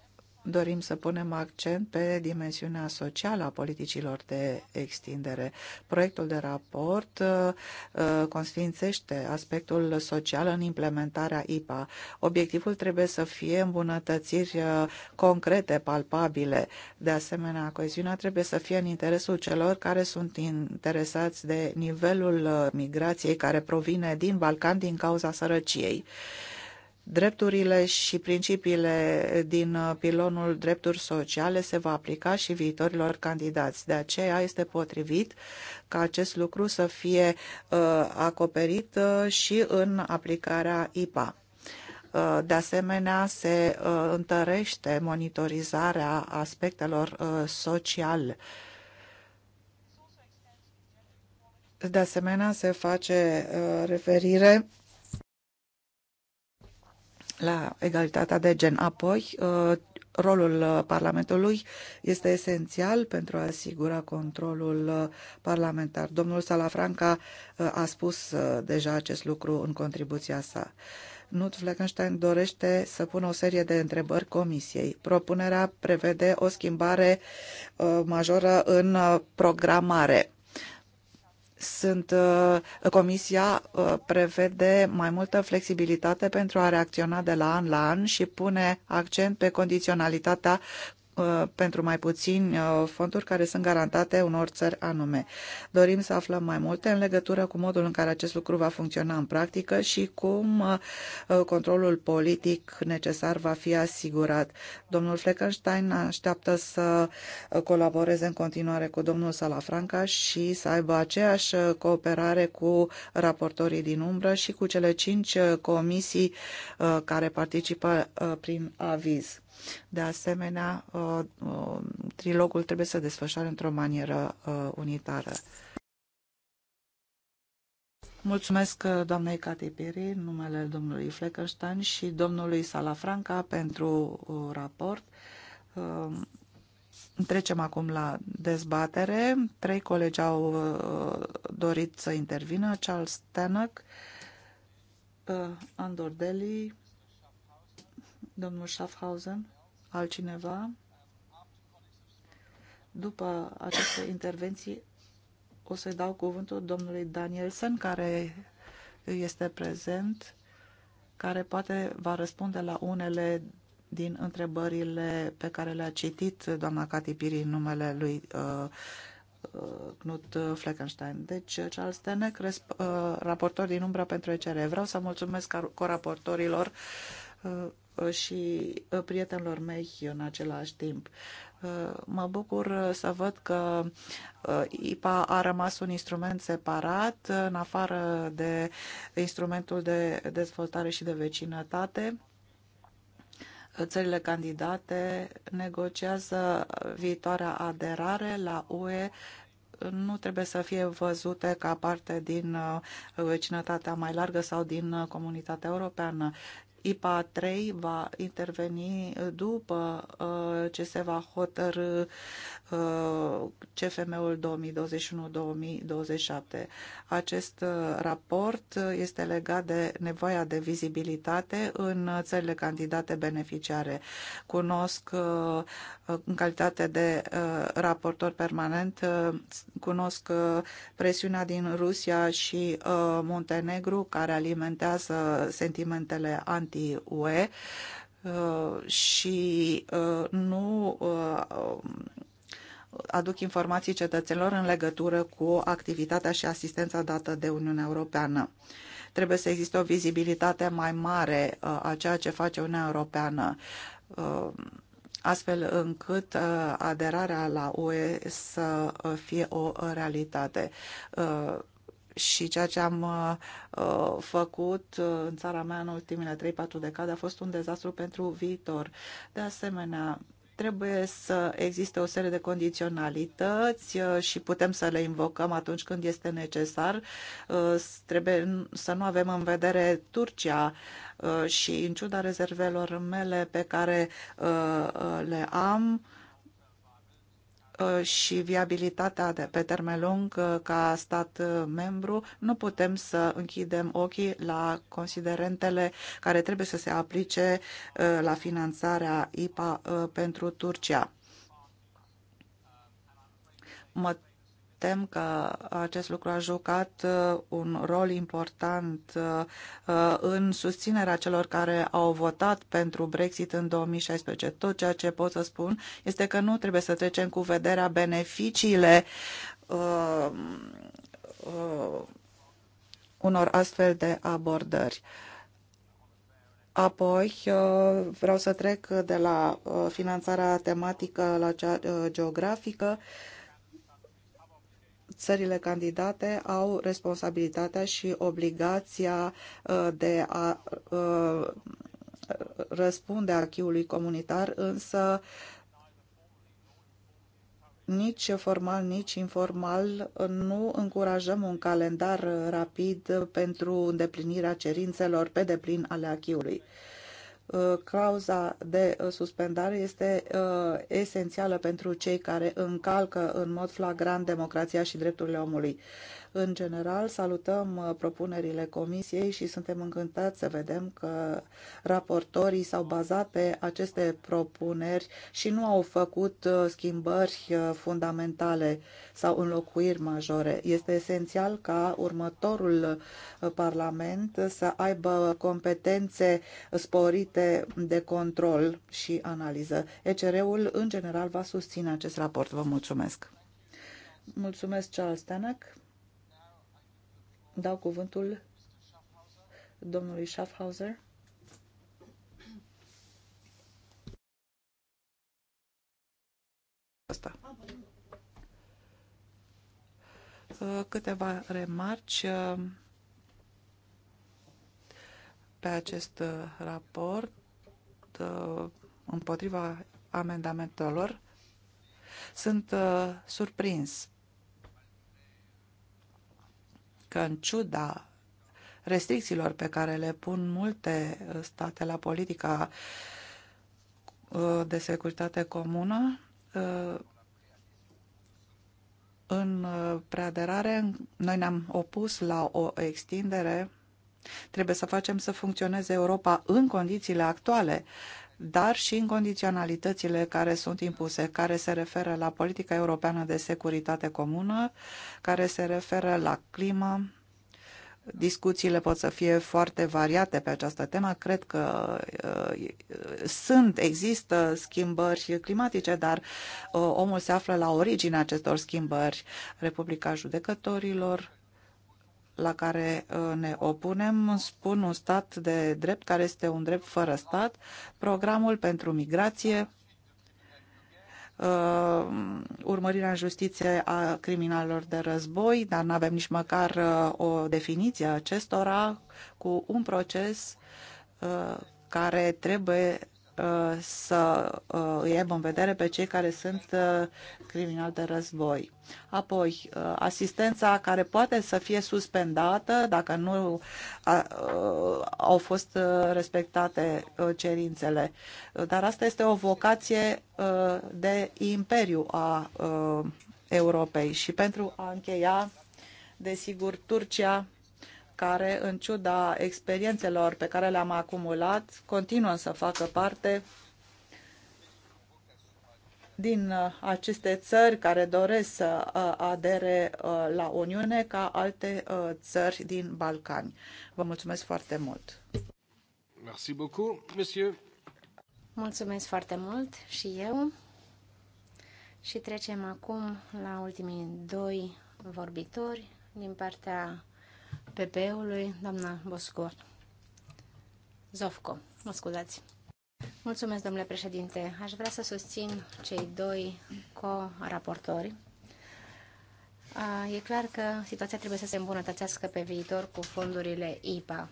dorim să punem accent pe dimensiunea socială a politicilor de extindere. Proiectul de raport uh, uh, consfințește aspectul social în implementarea IPA. Obiectivul trebuie să fie îmbunătățiri uh, concrete, palpabile. De asemenea, coeziunea trebuie să fie în interesul celor care sunt interesați de nivelul migrației care provine din Balcan din cauza sărăciei. Drepturile și principiile din pilonul drepturi sociale se va aplica și viitorilor candidați. De aceea este potrivit ca acest lucru să fie uh, acoperit uh, și în aplicarea IPA. Uh, de asemenea, se întărește monitorizarea aspectelor sociale. De asemenea, se face referire la egalitatea de gen. Apoi, uh, rolul uh, Parlamentului este esențial pentru a asigura controlul uh, parlamentar. Domnul Salafranca a spus deja acest lucru în contribuția sa. Nut Fleckenstein dorește să pună o serie de întrebări comisiei. Propunerea prevede o schimbare majoră în programare sunt uh, comisia uh, prevede mai multă flexibilitate pentru a reacționa de la an la an și pune accent pe condiționalitatea Uh, pentru mai puțini uh, fonduri care sunt garantate unor țări anume. Dorim să aflăm mai multe în legătură cu modul în care acest lucru va funcționa în practică și cum uh, controlul politic necesar va fi asigurat. Domnul Fleckenstein așteaptă să colaboreze în continuare cu domnul Salafranca și să aibă aceeași cooperare cu raportorii din umbră și cu cele cinci comisii care participă prin aviz. De asemenea, uh, uh, trilogul trebuie să desfășoare într-o manieră uh, unitară. Mulțumesc doamnei Catipiri, numele domnului Fleckenstein și domnului Salafranca pentru raport. Trecem acum la dezbatere. Trei colegi au dorit să intervină. Charles Stanek, Andor Deli domnul Schaffhausen, altcineva. După aceste intervenții o să-i dau cuvântul domnului Danielsen, care este prezent, care poate va răspunde la unele din întrebările pe care le-a citit doamna Cati Piri în numele lui uh, uh Knut Fleckenstein. Deci, Charles Tenec, uh, raportor din Umbra pentru ECR. Vreau să mulțumesc coraportorilor uh, și uh, prietenilor mei în același timp. Uh, mă bucur să văd că uh, IPA a rămas un instrument separat, în afară de instrumentul de dezvoltare și de vecinătate țările candidate negociază viitoarea aderare la UE nu trebuie să fie văzute ca parte din vecinătatea mai largă sau din comunitatea europeană. IPA 3 va interveni după uh, ce se va hotărâ uh, CFM-ul 2021-2027. Acest uh, raport este legat de nevoia de vizibilitate în țările candidate beneficiare. Cunosc în calitate de raportor permanent, cunosc presiunea din Rusia și Muntenegru care alimentează sentimentele anti anti-UE uh, și uh, nu uh, aduc informații cetățenilor în legătură cu activitatea și asistența dată de Uniunea Europeană. Trebuie să existe o vizibilitate mai mare a ceea ce face Uniunea Europeană astfel încât aderarea la UE să fie o realitate și ceea ce am uh, uh făcut uh, în țara mea în ultimele 3-4 decade a fost un dezastru pentru viitor. De asemenea, trebuie să existe o serie de condiționalități uh, și putem să le invocăm atunci când este necesar. Trebuie să nu avem în vedere Turcia și în ciuda rezervelor mele pe care le am, Uh, și viabilitatea de pe termen lung uh, ca stat uh, membru, nu putem să închidem ochii la considerentele care trebuie să se aplice la finanțarea IPA pentru Turcia. Mă tem că acest lucru a jucat uh, un rol important uh, uh, în susținerea celor care au votat pentru Brexit în 2016. Tot ceea ce pot să spun este că nu trebuie să trecem cu vederea beneficiile unor astfel de abordări. Apoi vreau să trec de la finanțarea tematică la cea geografică țările candidate au responsabilitatea și obligația uh, de a uh, răspunde achiului comunitar, însă nici formal, nici informal nu încurajăm un calendar rapid pentru îndeplinirea cerințelor pe deplin ale achiului. ului Uh, clauza de uh, suspendare este uh, esențială pentru cei care încalcă în mod flagrant democrația și drepturile omului. În general, salutăm uh, propunerile comisiei și suntem încântați să vedem că raportorii s-au bazat pe aceste propuneri și nu au făcut uh, schimbări uh, fundamentale sau înlocuiri majore. Este esențial ca următorul Parlament să aibă competențe sporite de control și analiză. ECR-ul, în general, va susține acest raport. Vă mulțumesc! Mulțumesc, Charles Tanak dau cuvântul domnului Schaffhauser. Asta. Uh, câteva remarci uh, pe acest uh, raport împotriva amendamentelor. Sunt surprins că în ciuda restricțiilor pe care le pun multe uh, state la politica uh, de securitate comună, uh, în preaderare, noi ne-am opus la o extindere. Trebuie să facem să funcționeze Europa în condițiile actuale dar și în condiționalitățile care sunt impuse, care se referă la politica europeană de securitate comună, care se referă la climă. Discuțiile pot să fie foarte variate pe această temă. Cred că uh, sunt, există schimbări climatice, dar uh, omul se află la originea acestor schimbări. Republica Judecătorilor, la care uh, ne opunem spun un stat de drept care este un drept fără stat, programul pentru migrație, uh, urmărirea în justiție a criminalilor de război, dar nu avem nici măcar uh, o definiție a acestora, cu un proces care trebuie Uh, să uh, îi aibă în vedere pe cei care sunt uh, criminali de război. Apoi, asistența care poate să fie suspendată dacă nu au fost respectate cerințele. Dar asta este o vocație de imperiu a Europei. Și pentru a încheia, desigur, Turcia care, în ciuda experiențelor pe care le-am acumulat, continuă să facă parte din uh, aceste țări care doresc să uh, adere uh, la Uniune ca alte țări din Balcani. Vă mulțumesc foarte mult! Merci beaucoup, monsieur. Mulțumesc foarte mult și eu. Și trecem acum la ultimii doi vorbitori din partea PP-ului, doamna Boscor. Zofco, mă scuzați. Mulțumesc, domnule președinte. Aș vrea să susțin cei doi co-raportori. E clar că situația trebuie să se îmbunătățească pe viitor cu fondurile IPA.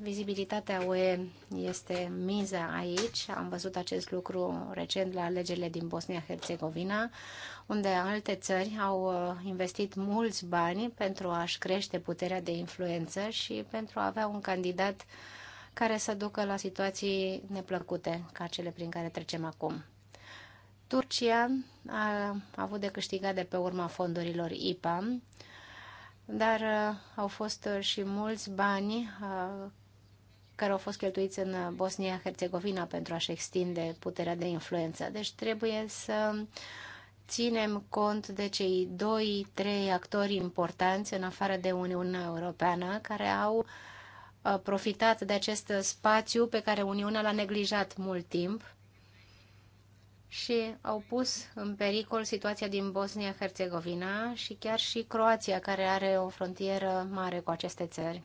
Vizibilitatea UE este miza aici. Am văzut acest lucru recent la alegerile din Bosnia-Herzegovina, unde alte țări au uh, investit mulți bani pentru a-și crește puterea de influență și pentru a avea un candidat care să ducă la situații neplăcute ca cele prin care trecem acum. Turcia a avut de câștigat de pe urma fondurilor IPA, dar uh, au fost uh, și mulți bani care au fost cheltuiți în Bosnia-Herzegovina pentru a-și extinde puterea de influență. Deci trebuie să ținem cont de cei doi, trei actori importanți în afară de Uniunea Europeană care au uh, profitat de acest spațiu pe care Uniunea l-a neglijat mult timp și au pus în pericol situația din Bosnia-Herzegovina și chiar și Croația, care are o frontieră mare cu aceste țări.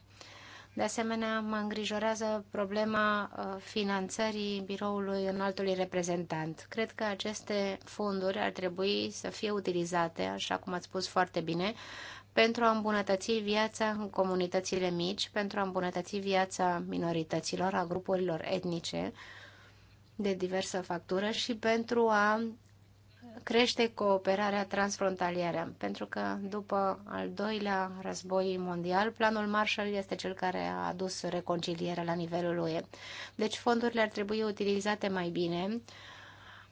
De asemenea, mă îngrijorează problema uh, finanțării biroului înaltului reprezentant. Cred că aceste fonduri ar trebui să fie utilizate, așa cum ați spus foarte bine, pentru a îmbunătăți viața în comunitățile mici, pentru a îmbunătăți viața minorităților, a grupurilor etnice de diversă factură și pentru a crește cooperarea transfrontalieră, pentru că după al doilea război mondial, planul Marshall este cel care a adus reconcilierea la nivelul UE. Deci fondurile ar trebui utilizate mai bine,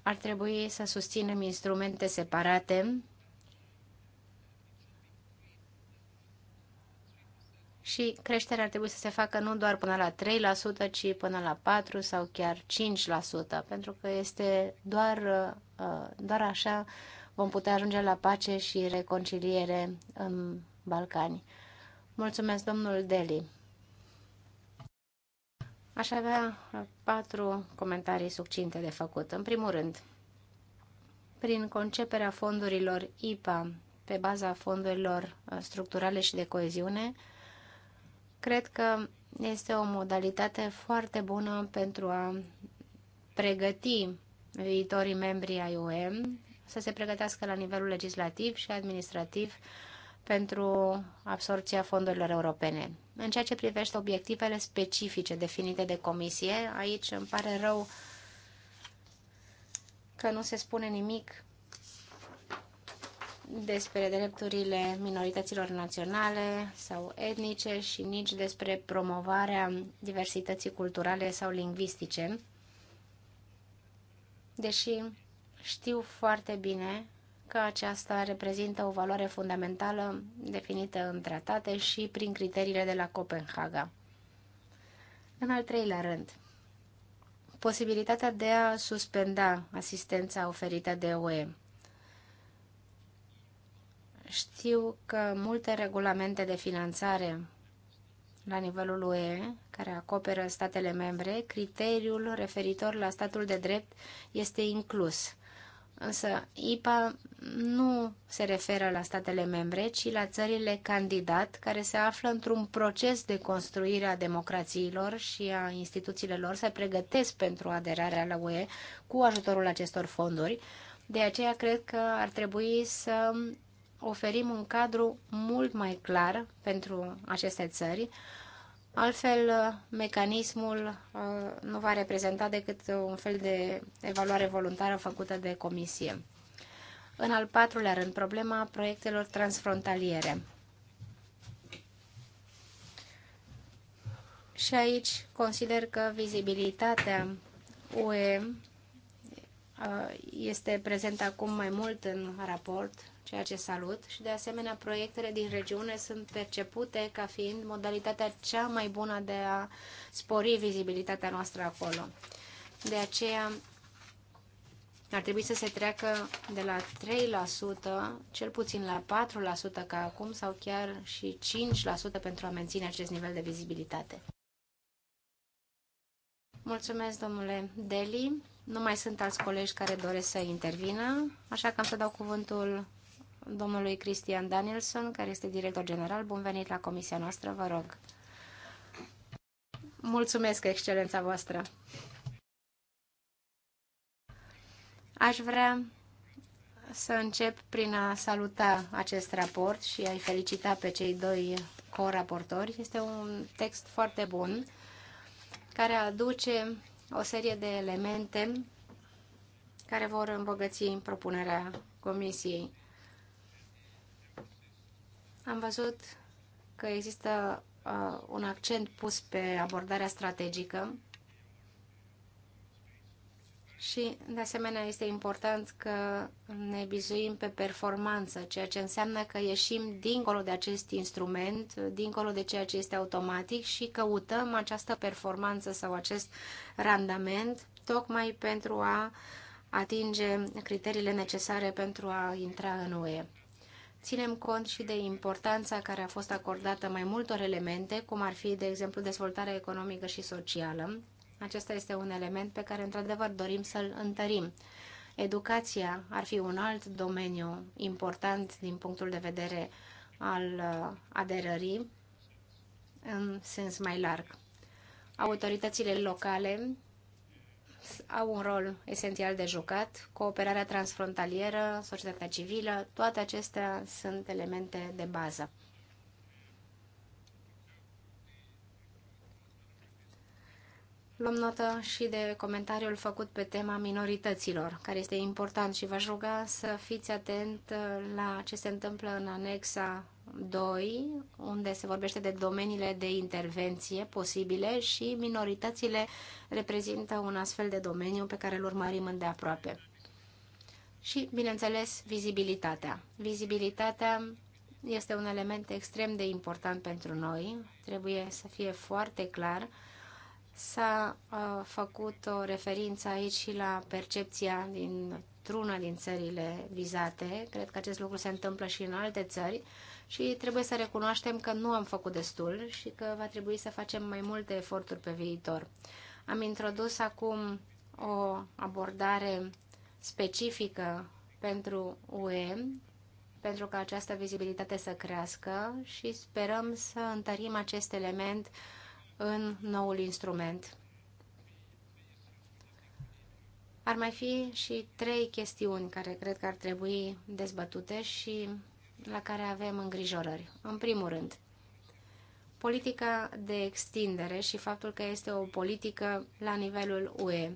ar trebui să susținem instrumente separate și creșterea ar trebui să se facă nu doar până la 3%, ci până la 4% sau chiar 5%, pentru că este doar, uh, doar așa vom putea ajunge la pace și reconciliere în Balcani. Mulțumesc, domnul Deli. Aș avea patru comentarii succinte de făcut. În primul rând, prin conceperea fondurilor IPA pe baza fondurilor uh, structurale și de coeziune, Cred că este o modalitate foarte bună pentru a pregăti viitorii membri ai UE să se pregătească la nivelul legislativ și administrativ pentru absorpția fondurilor europene. În ceea ce privește obiectivele specifice definite de comisie, aici îmi pare rău că nu se spune nimic despre drepturile minorităților naționale sau etnice și nici despre promovarea diversității culturale sau lingvistice, deși știu foarte bine că aceasta reprezintă o valoare fundamentală definită în tratate și prin criteriile de la Copenhaga. În al treilea rând, posibilitatea de a suspenda asistența oferită de OE. Știu că multe regulamente de finanțare la nivelul UE, care acoperă statele membre, criteriul referitor la statul de drept este inclus. Însă IPA nu se referă la statele membre, ci la țările candidat care se află într-un proces de construire a democrațiilor și a instituțiilor lor, se pregătesc pentru aderarea la UE cu ajutorul acestor fonduri. De aceea cred că ar trebui să oferim un cadru mult mai clar pentru aceste țări, altfel mecanismul uh, nu va reprezenta decât un fel de evaluare voluntară făcută de comisie. În al patrulea rând, problema proiectelor transfrontaliere. Și aici consider că vizibilitatea UE uh, este prezentă acum mai mult în raport ceea ce salut, și de asemenea proiectele din regiune sunt percepute ca fiind modalitatea cea mai bună de a spori vizibilitatea noastră acolo. De aceea ar trebui să se treacă de la 3%, cel puțin la 4% ca acum, sau chiar și 5% pentru a menține acest nivel de vizibilitate. Mulțumesc, domnule Deli. Nu mai sunt alți colegi care doresc să intervină, așa că am să dau cuvântul domnului Cristian Danielson, care este director general. Bun venit la comisia noastră, vă rog. Mulțumesc, excelența voastră. Aș vrea să încep prin a saluta acest raport și a-i felicita pe cei doi co-raportori. Este un text foarte bun care aduce o serie de elemente care vor îmbogăți propunerea Comisiei am văzut că există uh, un accent pus pe abordarea strategică și, de asemenea, este important că ne bizuim pe performanță, ceea ce înseamnă că ieșim dincolo de acest instrument, dincolo de ceea ce este automatic și căutăm această performanță sau acest randament tocmai pentru a atinge criteriile necesare pentru a intra în UE ținem cont și de importanța care a fost acordată mai multor elemente, cum ar fi, de exemplu, dezvoltarea economică și socială. Acesta este un element pe care, într-adevăr, dorim să-l întărim. Educația ar fi un alt domeniu important din punctul de vedere al uh, aderării în sens mai larg. Autoritățile locale au un rol esențial de jucat, cooperarea transfrontalieră, societatea civilă, toate acestea sunt elemente de bază. Luăm notă și de comentariul făcut pe tema minorităților, care este important și v-aș ruga să fiți atent uh, la ce se întâmplă în anexa 2, unde se vorbește de domeniile de intervenție posibile și minoritățile reprezintă un astfel de domeniu pe care îl urmărim îndeaproape. Și, bineînțeles, vizibilitatea. Vizibilitatea este un element extrem de important pentru noi, trebuie să fie foarte clar S-a uh, făcut o referință aici și la percepția din truna din țările vizate. Cred că acest lucru se întâmplă și în alte țări și trebuie să recunoaștem că nu am făcut destul și că va trebui să facem mai multe eforturi pe viitor. Am introdus acum o abordare specifică pentru UE, pentru ca această vizibilitate să crească și sperăm să întărim acest element uh, în noul instrument. Ar mai fi și trei chestiuni care cred că ar trebui dezbătute și la care avem îngrijorări. În primul rând, politica de extindere și faptul că este o politică la nivelul UE.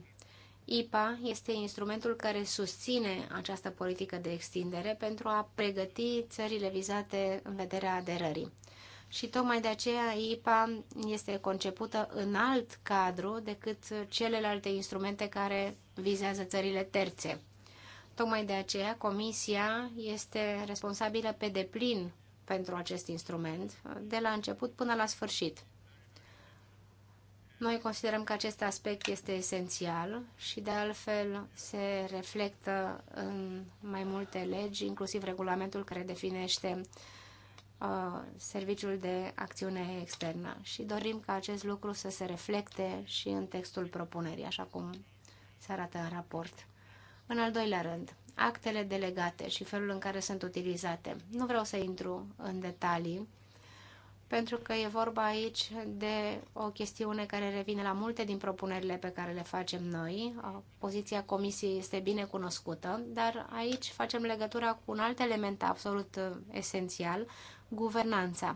IPA este instrumentul care susține această politică de extindere pentru a pregăti țările vizate în vederea aderării și tocmai de aceea IPA este concepută în alt cadru decât celelalte instrumente care vizează țările terțe. Tocmai de aceea Comisia este responsabilă pe deplin pentru acest instrument, de la început până la sfârșit. Noi considerăm că acest aspect este esențial și de altfel se reflectă în mai multe legi, inclusiv regulamentul care definește uh, Uh, Serviciul de Acțiune Externă și dorim ca acest lucru să se reflecte și în textul propunerii, așa cum se arată în raport. În al doilea rând, actele delegate și felul în care sunt utilizate. Nu vreau să intru în detalii, pentru că e vorba aici de o chestiune care revine la multe din propunerile pe care le facem noi. Poziția comisiei este bine cunoscută, dar aici facem legătura cu un alt element absolut uh, esențial, guvernanța.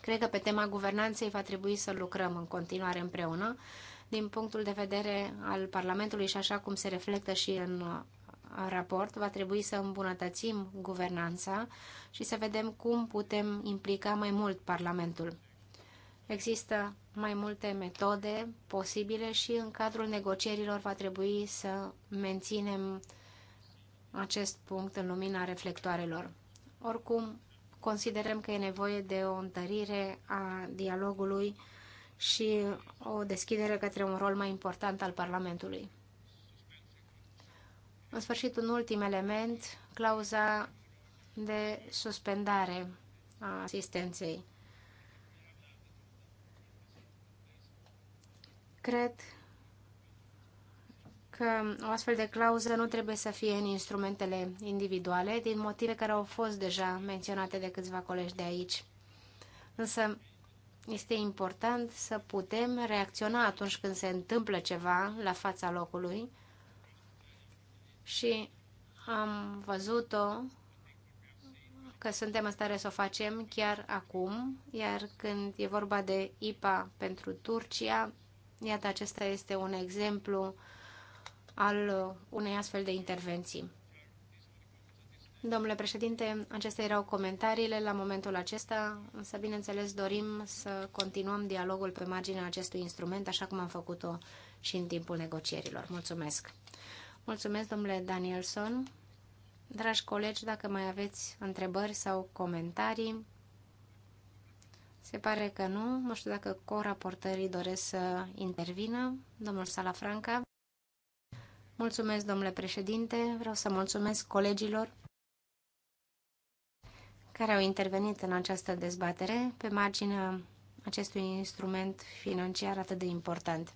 Cred că pe tema guvernanței va trebui să lucrăm în continuare împreună din punctul de vedere al Parlamentului și așa cum se reflectă și în uh, raport, va trebui să îmbunătățim guvernanța și să vedem cum putem implica mai mult Parlamentul. Există mai multe metode posibile și în cadrul negocierilor va trebui să menținem acest punct în lumina reflectoarelor. Oricum, considerăm că e nevoie de o întărire a dialogului și o deschidere către un rol mai important al Parlamentului. În sfârșit, un ultim element, clauza de suspendare a asistenței. Cred că o astfel de clauză nu trebuie să fie în instrumentele individuale, din motive care au fost deja menționate de câțiva colegi de aici. Însă este important să putem reacționa atunci când se întâmplă ceva la fața locului și am văzut-o că suntem în stare să o facem chiar acum, iar când e vorba de IPA pentru Turcia, iată acesta este un exemplu al uh, unei astfel de intervenții. Domnule președinte, acestea erau comentariile la momentul acesta, însă, bineînțeles, dorim să continuăm dialogul pe marginea acestui instrument, așa cum am făcut-o și în timpul negocierilor. Mulțumesc! Mulțumesc, domnule Danielson. Dragi colegi, dacă mai aveți întrebări sau comentarii, se pare că nu. Nu știu dacă coraportării doresc să intervină. Domnul Salafranca. Mulțumesc, domnule președinte. Vreau să mulțumesc colegilor care au intervenit în această dezbatere pe marginea acestui instrument financiar atât de important.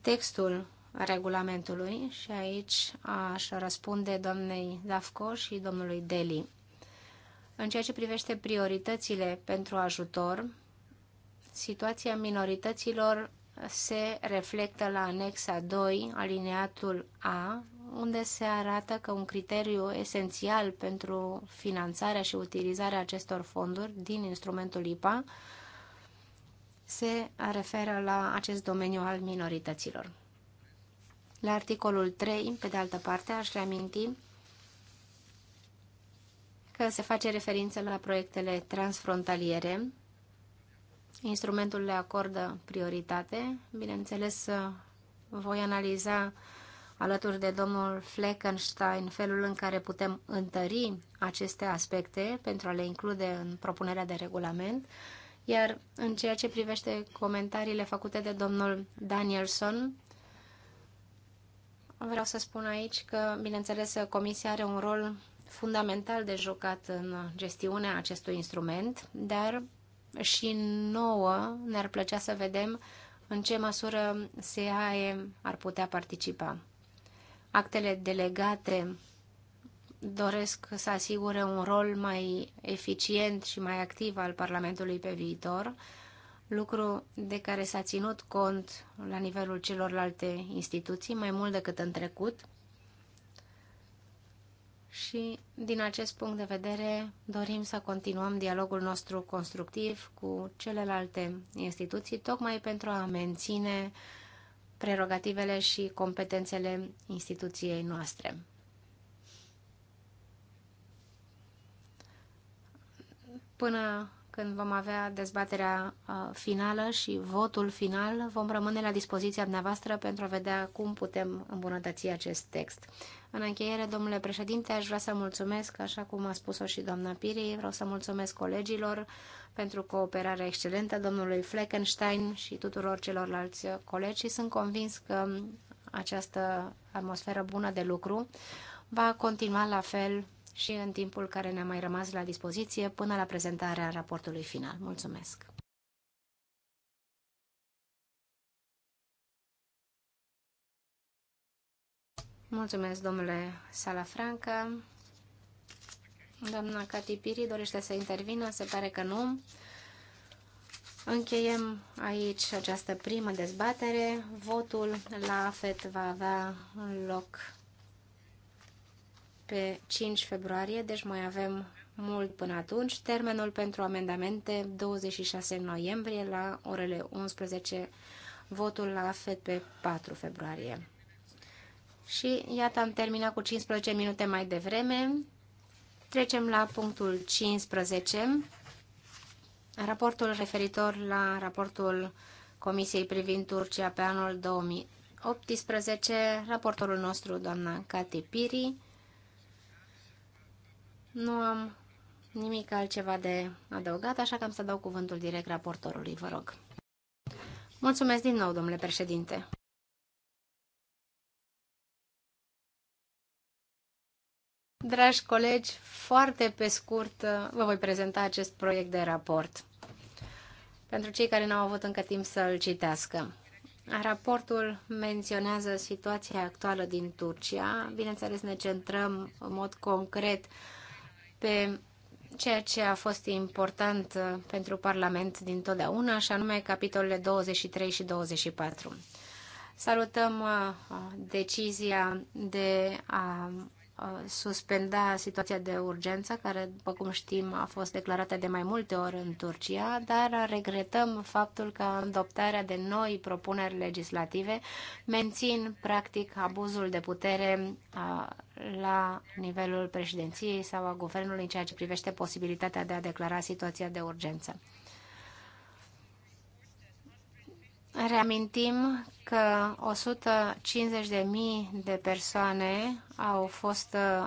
Textul regulamentului și aici aș răspunde doamnei Dafco și domnului Deli. În ceea ce privește prioritățile pentru ajutor, situația minorităților se reflectă la anexa 2, alineatul A, unde se arată că un criteriu esențial pentru finanțarea și utilizarea acestor fonduri din instrumentul IPA se referă la acest domeniu al minorităților. La articolul 3, pe de altă parte, aș reaminti că se face referință la proiectele transfrontaliere Instrumentul le acordă prioritate. Bineînțeles, voi analiza alături de domnul Fleckenstein felul în care putem întări aceste aspecte pentru a le include în propunerea de regulament. Iar în ceea ce privește comentariile făcute de domnul Danielson, vreau să spun aici că, bineînțeles, Comisia are un rol fundamental de jucat în gestiunea acestui instrument, dar și nouă ne-ar plăcea să vedem în ce măsură SEAE ar putea participa. Actele delegate doresc să asigure un rol mai eficient și mai activ al Parlamentului pe viitor, lucru de care s-a ținut cont la nivelul celorlalte instituții mai mult decât în trecut și, din acest punct de vedere, dorim să continuăm dialogul nostru constructiv cu celelalte instituții, tocmai pentru a menține prerogativele și competențele instituției noastre. Până când vom avea dezbaterea uh, finală și votul final, vom rămâne la dispoziția dumneavoastră pentru a vedea cum putem îmbunătăți acest text. În încheiere, domnule președinte, aș vrea să mulțumesc, așa cum a spus-o și doamna Piri, vreau să mulțumesc colegilor pentru cooperarea excelentă, domnului Fleckenstein și tuturor celorlalți colegi și sunt convins că această atmosferă bună de lucru va continua la fel și în timpul care ne-a mai rămas la dispoziție până la prezentarea raportului final. Mulțumesc! Mulțumesc, domnule Salafranca. Doamna Catipiri dorește să intervină? Se pare că nu. Încheiem aici această primă dezbatere. Votul la AFET va avea loc pe 5 februarie, deci mai avem mult până atunci. Termenul pentru amendamente 26 noiembrie la orele 11, votul la AFET pe 4 februarie. Și iată, am terminat cu 15 minute mai devreme. Trecem la punctul 15, raportul referitor la raportul Comisiei privind Turcia pe anul 2018, raportorul nostru, doamna Cate Piri. Nu am nimic altceva de adăugat, așa că am să dau cuvântul direct raportorului, vă rog. Mulțumesc din nou, domnule președinte. Dragi colegi, foarte pe scurt uh, vă voi prezenta acest proiect de raport. Pentru cei care n-au avut încă timp să-l citească. Raportul menționează situația actuală din Turcia. Bineînțeles, ne centrăm în mod concret pe ceea ce a fost important uh, pentru Parlament din totdeauna, și anume capitolele 23 și 24. Salutăm uh, decizia de a suspenda situația de urgență, care, după cum știm, a fost declarată de mai multe ori în Turcia, dar regretăm faptul că adoptarea de noi propuneri legislative mențin, practic, abuzul de putere la nivelul președinției sau a guvernului în ceea ce privește posibilitatea de a declara situația de urgență. Reamintim că 150.000 de persoane au fost uh,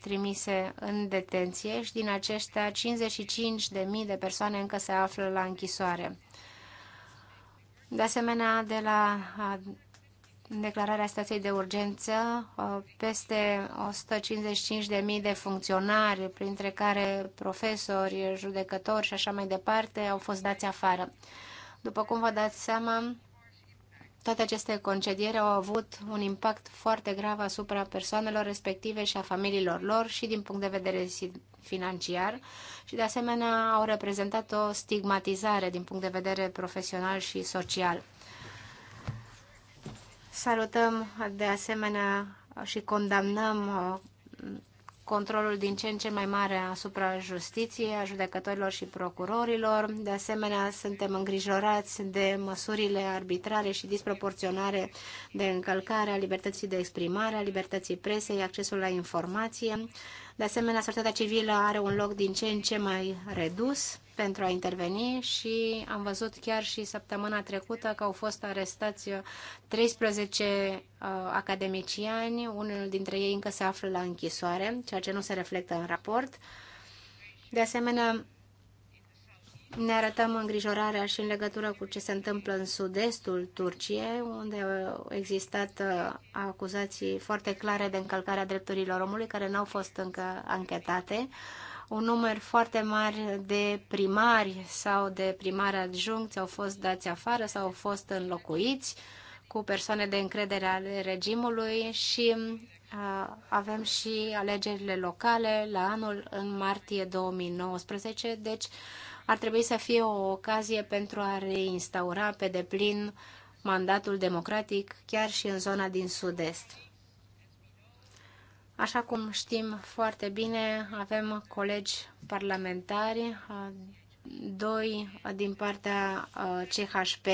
trimise în detenție și din aceștia 55.000 de persoane încă se află la închisoare. De asemenea, de la uh, declararea stației de urgență, uh, peste 155.000 de funcționari, printre care profesori, judecători și așa mai departe, au fost dați afară. După cum vă dați seama, toate aceste concedieri au avut un impact foarte grav asupra persoanelor respective și a familiilor lor și din punct de vedere financiar și de asemenea au reprezentat o stigmatizare din punct de vedere profesional și social. Salutăm de asemenea și condamnăm controlul din ce în ce mai mare asupra justiției, a judecătorilor și procurorilor. De asemenea, suntem îngrijorați de măsurile arbitrare și disproporționare de încălcare a libertății de exprimare, a libertății presei, accesul la informație, de asemenea, societatea civilă are un loc din ce în ce mai redus pentru a interveni și am văzut chiar și săptămâna trecută că au fost arestați 13 uh, academiciani, unul dintre ei încă se află la închisoare, ceea ce nu se reflectă în raport. De asemenea, ne arătăm îngrijorarea și în legătură cu ce se întâmplă în sud-estul Turciei, unde au existat uh, acuzații foarte clare de încălcarea drepturilor omului, care n-au fost încă anchetate. Un număr foarte mare de primari sau de primari adjuncți au fost dați afară sau au fost înlocuiți cu persoane de încredere ale regimului și uh, avem și alegerile locale la anul în martie 2019, deci ar trebui să fie o ocazie pentru a reinstaura pe deplin mandatul democratic chiar și în zona din sud-est. Așa cum știm foarte bine, avem colegi parlamentari, doi din partea CHP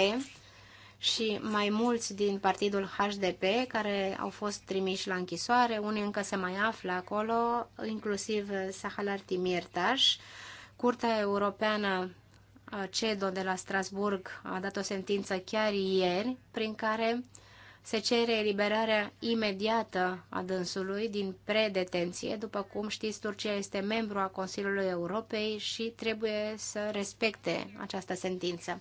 și mai mulți din partidul HDP care au fost trimiși la închisoare, unii încă se mai află acolo, inclusiv Sahalar Timirtaș, Curtea Europeană CEDO de la Strasburg a dat o sentință chiar ieri prin care se cere eliberarea imediată a dânsului din predetenție. După cum știți, Turcia este membru a Consiliului Europei și trebuie să respecte această sentință.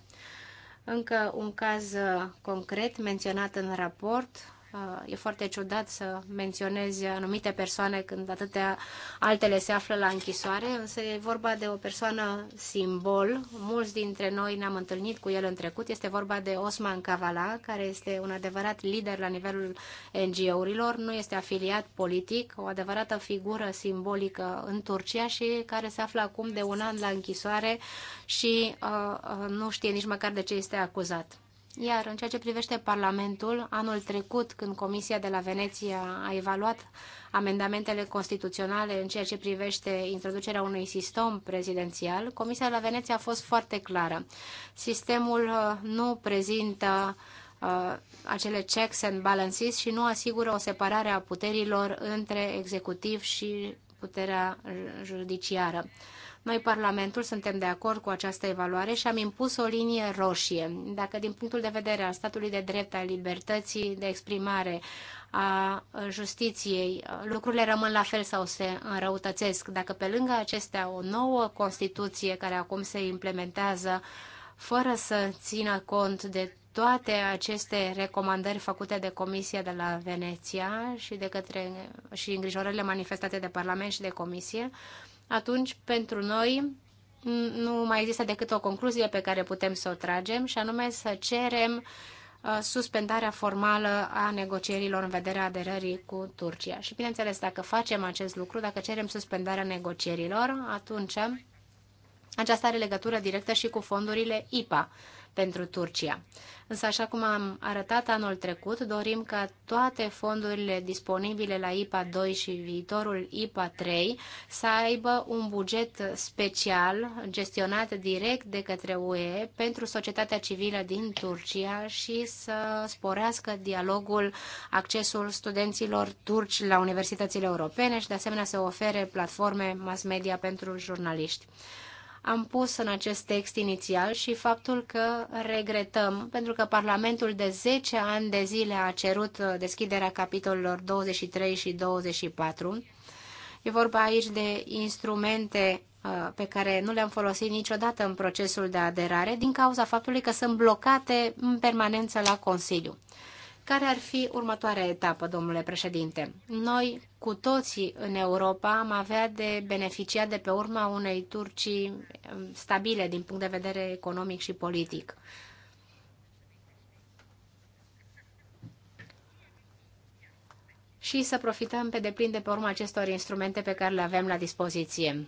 Încă un caz concret menționat în raport, Uh, e foarte ciudat să menționezi anumite persoane când atâtea altele se află la închisoare, însă e vorba de o persoană simbol. Mulți dintre noi ne-am întâlnit cu el în trecut. Este vorba de Osman Kavala, care este un adevărat lider la nivelul NGO-urilor, nu este afiliat politic, o adevărată figură simbolică în Turcia și care se află acum de un an la închisoare și uh, uh nu știe nici măcar de ce este acuzat. Iar în ceea ce privește Parlamentul, anul trecut, când Comisia de la Veneția a evaluat amendamentele constituționale în ceea ce privește introducerea unui sistem prezidențial, Comisia de la Veneția a fost foarte clară. Sistemul uh, nu prezintă uh, acele checks and balances și nu asigură o separare a puterilor între executiv și puterea judiciară. Noi, Parlamentul, suntem de acord cu această evaluare și am impus o linie roșie. Dacă din punctul de vedere al statului de drept, al libertății de exprimare, a justiției, lucrurile rămân la fel sau se înrăutățesc. Dacă pe lângă acestea o nouă Constituție care acum se implementează fără să țină cont de toate aceste recomandări făcute de Comisia de la Veneția și, de către, și îngrijorările manifestate de Parlament și de Comisie, uh, atunci pentru noi nu mai există decât o concluzie pe care putem să o tragem și anume să cerem uh, suspendarea formală a negocierilor în vederea aderării cu Turcia. Și bineînțeles, dacă facem acest lucru, dacă cerem suspendarea negocierilor, atunci aceasta are legătură directă și cu fondurile IPA pentru Turcia. Însă, așa cum am arătat anul trecut, dorim ca toate fondurile disponibile la IPA 2 și viitorul IPA 3 să aibă un buget special gestionat direct de către UE pentru societatea civilă din Turcia și să sporească dialogul, accesul studenților turci la universitățile europene și, de asemenea, să ofere platforme mass media pentru jurnaliști am pus în acest text inițial și faptul că regretăm, pentru că Parlamentul de 10 ani de zile a cerut uh, deschiderea capitolelor 23 și 24. E vorba aici de instrumente uh, pe care nu le-am folosit niciodată în procesul de aderare din cauza faptului că sunt blocate în permanență la Consiliu. Care ar fi următoarea etapă, domnule președinte? Noi, cu toții în Europa, am avea de beneficiat de pe urma unei Turcii um, stabile din punct de vedere economic și politic. și să profităm pe deplin de pe urma acestor instrumente pe care le avem la dispoziție.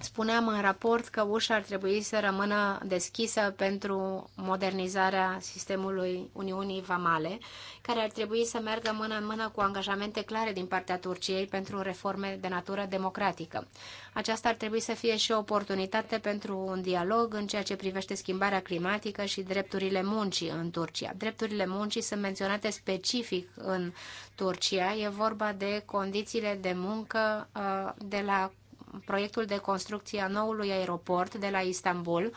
Spuneam în raport că ușa ar trebui să rămână deschisă pentru modernizarea sistemului Uniunii Vamale, care ar trebui să meargă mână în mână cu angajamente clare din partea Turciei pentru reforme de natură democratică. Aceasta ar trebui să fie și o oportunitate pentru un dialog în ceea ce privește schimbarea climatică și drepturile muncii în Turcia. Drepturile muncii sunt menționate specific în Turcia. E vorba de condițiile de muncă uh, de la proiectul de construcție a noului aeroport de la Istanbul,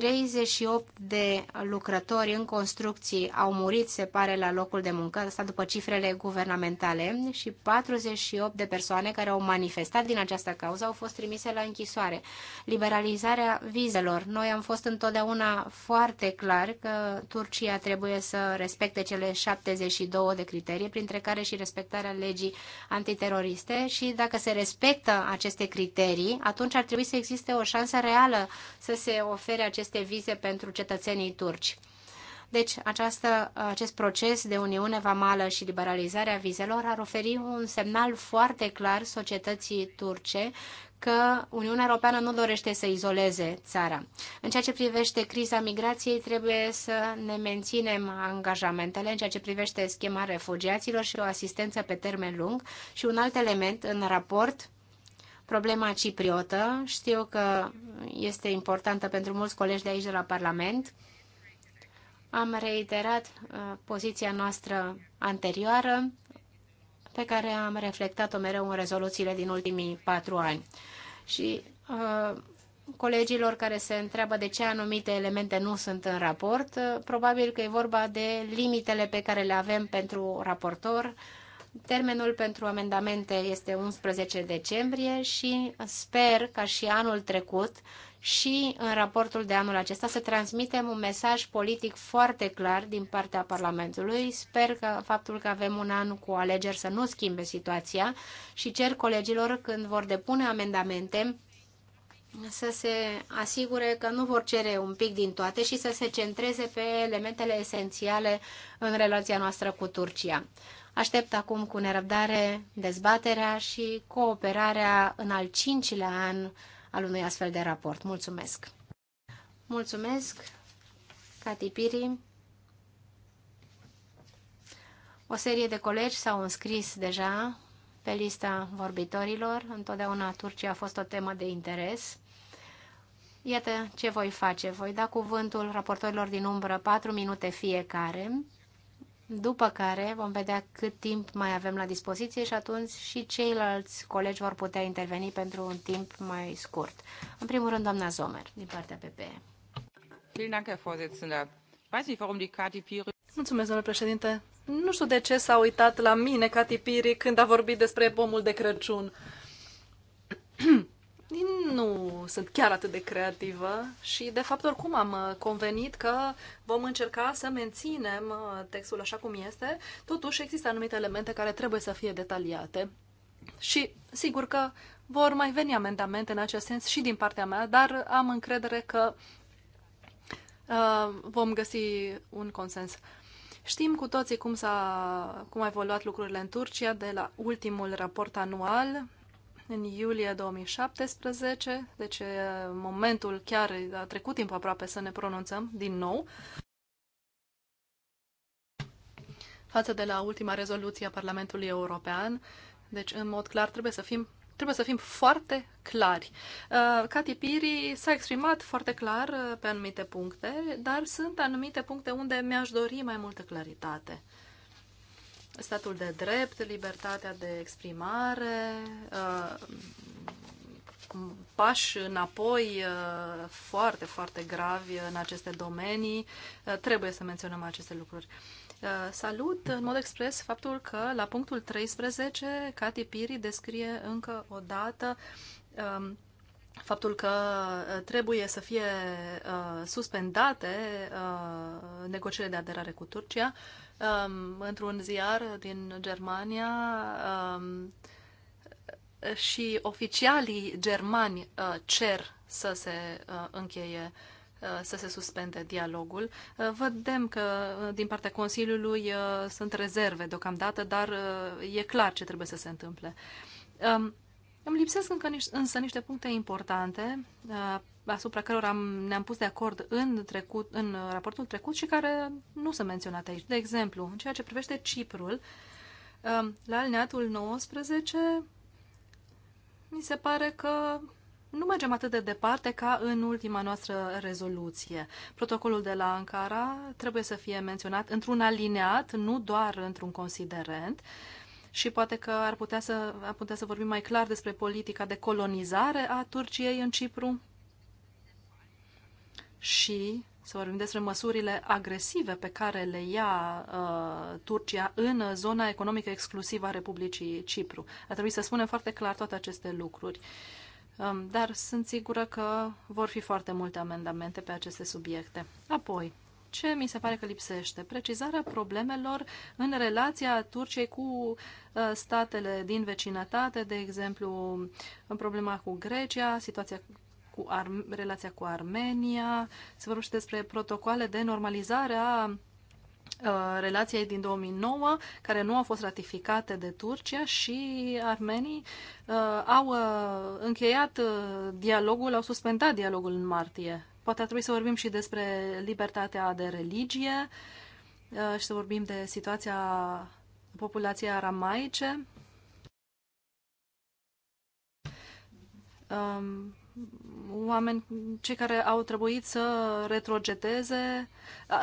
38 de lucrători în construcții au murit, se pare, la locul de muncă, asta după cifrele guvernamentale, și 48 de persoane care au manifestat din această cauză au fost trimise la închisoare. Liberalizarea vizelor. Noi am fost întotdeauna foarte clar că Turcia trebuie să respecte cele 72 de criterii, printre care și respectarea legii antiteroriste și dacă se respectă aceste criterii, atunci ar trebui să existe o șansă reală să se ofere acest aceste vize pentru cetățenii turci. Deci această, acest proces de Uniune Vamală și liberalizarea vizelor ar oferi un semnal foarte clar societății turce că Uniunea Europeană nu dorește să izoleze țara. În ceea ce privește criza migrației, trebuie să ne menținem angajamentele în ceea ce privește schema refugiaților și o asistență pe termen lung. Și un alt element în raport Problema cipriotă, știu că este importantă pentru mulți colegi de aici de la Parlament. Am reiterat uh, poziția noastră anterioară, pe care am reflectat-o mereu în rezoluțiile din ultimii patru ani. Și uh, colegilor care se întreabă de ce anumite elemente nu sunt în raport, uh, probabil că e vorba de limitele pe care le avem pentru raportor, Termenul pentru amendamente este 11 decembrie și sper ca și anul trecut și în raportul de anul acesta să transmitem un mesaj politic foarte clar din partea Parlamentului. Sper că faptul că avem un an cu alegeri să nu schimbe situația și cer colegilor când vor depune amendamente să se asigure că nu vor cere un pic din toate și să se centreze pe elementele esențiale în relația noastră cu Turcia. Aștept acum cu nerăbdare dezbaterea și cooperarea în al cincilea an al unui astfel de raport. Mulțumesc! Mulțumesc, Cati Piri. O serie de colegi s-au înscris deja pe lista vorbitorilor. Întotdeauna Turcia a fost o temă de interes. Iată ce voi face. Voi da cuvântul raportorilor din umbră, 4 minute fiecare după care vom vedea cât timp mai avem la dispoziție și atunci și ceilalți colegi vor putea interveni pentru un timp mai scurt. În primul rând, doamna Zomer, din partea PPE. Mulțumesc, domnule președinte. Nu știu de ce s-a uitat la mine Cati Piri când a vorbit despre pomul de Crăciun nu sunt chiar atât de creativă și, de fapt, oricum am uh, convenit că vom încerca să menținem uh, textul așa cum este. Totuși, există anumite elemente care trebuie să fie detaliate și, sigur că vor mai veni amendamente în acest sens și din partea mea, dar am încredere că uh, vom găsi un consens. Știm cu toții cum, s-a, cum a evoluat lucrurile în Turcia de la ultimul raport anual în iulie 2017, deci momentul chiar a trecut timp aproape să ne pronunțăm din nou. Față de la ultima rezoluție a Parlamentului European, deci în mod clar trebuie să fim trebuie să fim foarte clari. Cati Piri s-a exprimat foarte clar pe anumite puncte, dar sunt anumite puncte unde mi-aș dori mai multă claritate statul de drept, libertatea de exprimare, uh, pași înapoi uh, foarte, foarte gravi în aceste domenii. Uh, trebuie să menționăm aceste lucruri. Salut în mod expres faptul că la punctul 13 Cati Piri descrie încă o dată um, faptul că uh, trebuie să fie uh, suspendate uh, negocierile de aderare cu Turcia. Um, într-un ziar din Germania, um, și oficialii germani uh, cer să se uh, încheie uh, să se suspende dialogul. Uh, Vedem că din partea Consiliului sunt rezerve deocamdată, dar e clar ce trebuie să se întâmple. Um, îmi lipsesc încă niște, însă niște puncte importante uh, asupra cărora ne-am pus de acord în, trecut, în raportul trecut și care nu sunt menționate aici. De exemplu, în ceea ce privește Ciprul, uh, la alineatul 19 mi se pare că nu mergem atât de departe ca în ultima noastră rezoluție. Protocolul de la Ankara trebuie să fie menționat într-un alineat, nu doar într-un considerent. Uh, și poate că ar putea să, ar putea să vorbim mai clar despre politica de colonizare a Turciei în Cipru și să vorbim despre măsurile agresive pe care le ia uh, Turcia în zona economică exclusivă a Republicii Cipru. A trebuit să spunem foarte clar toate aceste lucruri. Um, dar sunt sigură că vor fi foarte multe amendamente pe aceste subiecte. Apoi, ce mi se pare că lipsește? Precizarea problemelor în relația Turciei cu uh, statele din vecinătate, de exemplu, în problema cu Grecia, situația cu Ar- relația cu Armenia, se vorbește despre protocoale de normalizare a uh, relației din 2009, care nu au fost ratificate de Turcia și armenii uh, au uh, încheiat uh, dialogul, au suspendat dialogul în martie poate ar trebui să vorbim și despre libertatea de religie uh, și să vorbim de situația populației aramaice. Um, oameni, cei care au trebuit să retrocedeze,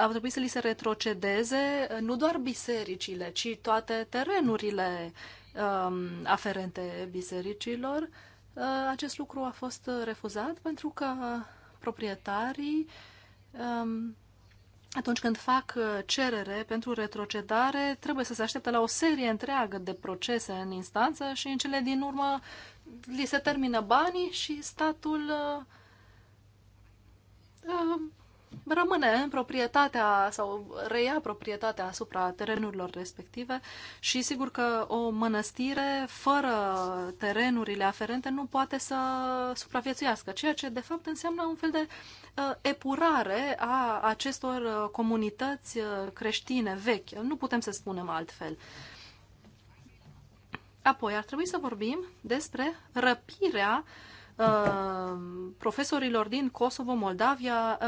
au trebuit să li se retrocedeze uh, nu doar bisericile, ci toate terenurile um, aferente bisericilor. Uh, acest lucru a fost refuzat pentru că proprietarii um, atunci când fac uh, cerere pentru retrocedare, trebuie să se aștepte la o serie întreagă de procese în instanță și în cele din urmă li se termină banii și statul uh, uh, rămâne în proprietatea sau reia proprietatea asupra terenurilor respective și sigur că o mănăstire fără terenurile aferente nu poate să supraviețuiască, ceea ce de fapt înseamnă un fel de uh, epurare a acestor uh, comunități uh, creștine vechi. Nu putem să spunem altfel. Apoi ar trebui să vorbim despre răpirea uh, Uh, profesorilor din Kosovo, Moldavia, uh,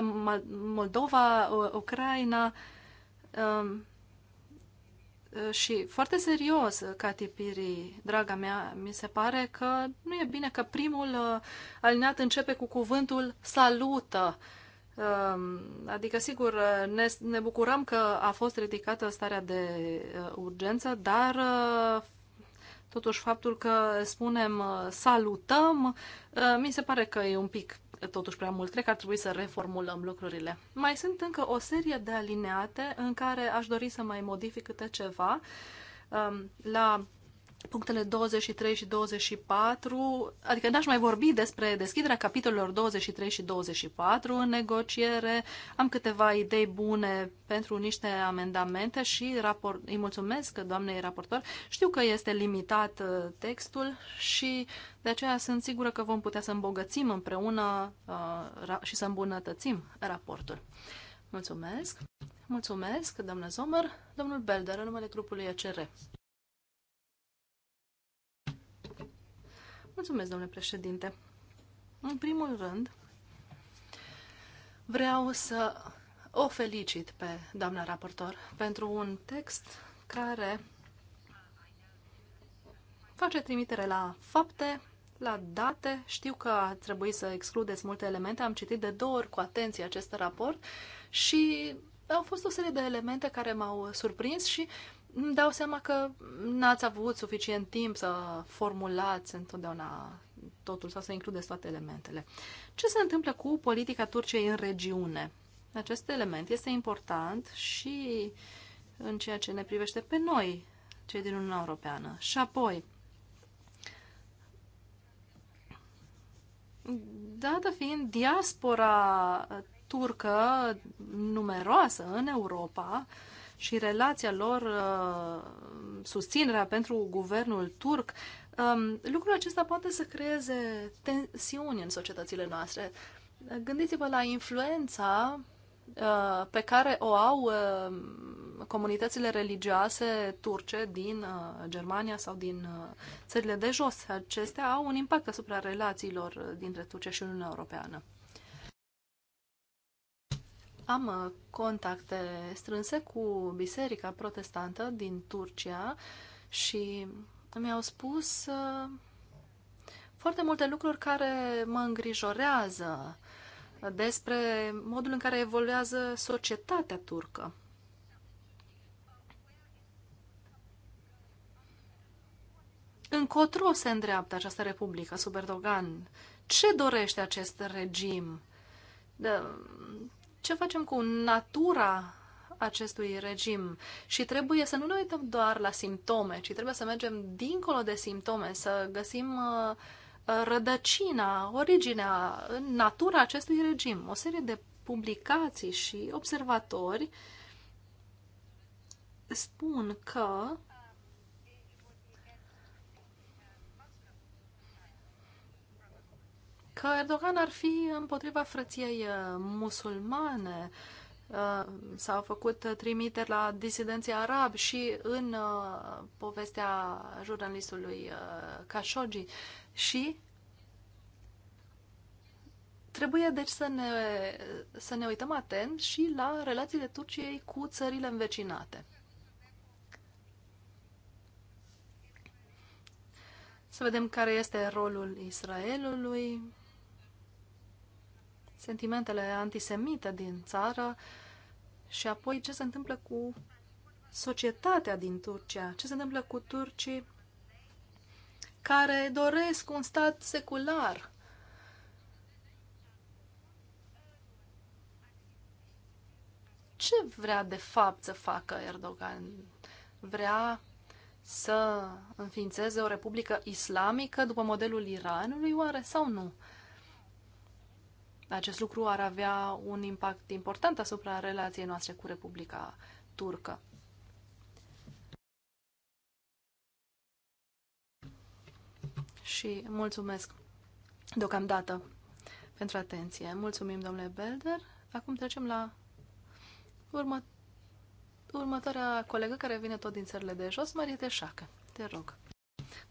Moldova, uh, Ucraina um, și foarte serios, Cati Piri, draga mea, mi se pare că nu e bine că primul alineat începe cu cuvântul salută. Um, adică, sigur, ne, ne bucurăm că a fost ridicată starea de urgență, dar Totuși, faptul că spunem uh, salutăm, uh, mi se pare că e un pic uh, totuși prea mult. Cred că ar trebui să reformulăm lucrurile. Mai sunt încă o serie de alineate în care aș dori să mai modific câte ceva. Um, la punctele 23 și 24, adică n-aș mai vorbi despre deschiderea capitolelor 23 și 24 în negociere. Am câteva idei bune pentru niște amendamente și raport, îi mulțumesc doamnei raportor. Știu că este limitat uh, textul și de aceea sunt sigură că vom putea să îmbogățim împreună uh, și să îmbunătățim raportul. Mulțumesc! Mulțumesc, doamnă Zomer, domnul Belder, în numele grupului ECR. Mulțumesc, domnule președinte. În primul rând, vreau să o felicit pe doamna raportor pentru un text care face trimitere la fapte, la date. Știu că a trebuit să excludeți multe elemente. Am citit de două ori cu atenție acest raport și au fost o serie de elemente care m-au surprins și îmi dau seama că n-ați avut suficient timp să formulați întotdeauna totul sau să includeți toate elementele. Ce se întâmplă cu politica Turciei în regiune? Acest element este important și în ceea ce ne privește pe noi, cei din Uniunea Europeană. Și apoi, dată fiind diaspora turcă numeroasă în Europa, uh, și relația lor, uh, susținerea pentru guvernul turc, um, lucrul acesta poate să creeze tensiuni în societățile noastre. Gândiți-vă la influența uh, pe care o au uh, comunitățile religioase turce din Germania sau din țările de jos. Acestea au un impact asupra relațiilor dintre Turcia și Uniunea Europeană. Am uh, contacte strânse cu Biserica Protestantă din Turcia și mi-au spus uh, foarte multe lucruri care mă îngrijorează despre modul în care evoluează societatea turcă. Încotro se îndreaptă această republică sub Erdogan? Ce dorește acest regim? ce facem cu natura acestui regim și trebuie să nu ne uităm doar la simptome, ci trebuie să mergem dincolo de simptome, să găsim uh, rădăcina, originea, natura acestui regim. O serie de publicații și observatori spun că că Erdogan ar fi împotriva frăției uh, musulmane. Uh, s-au făcut trimiteri la disidenții arabi și în uh, povestea jurnalistului Khashoggi. Și trebuie deci să ne, să ne uităm atent și la relațiile Turciei cu țările învecinate. Să vedem care este rolul Israelului, sentimentele antisemite din țară și apoi ce se întâmplă cu societatea din Turcia, ce se întâmplă cu turcii care doresc un stat secular. Ce vrea de fapt să facă Erdogan? Vrea să înființeze o republică islamică după modelul Iranului, oare sau nu? Acest lucru ar avea un impact important asupra relației noastre cu Republica Turcă. Și mulțumesc deocamdată pentru atenție. Mulțumim, domnule Belder. Acum trecem la urmă... următoarea colegă care vine tot din țările de jos, Marie Teșacă. Te rog.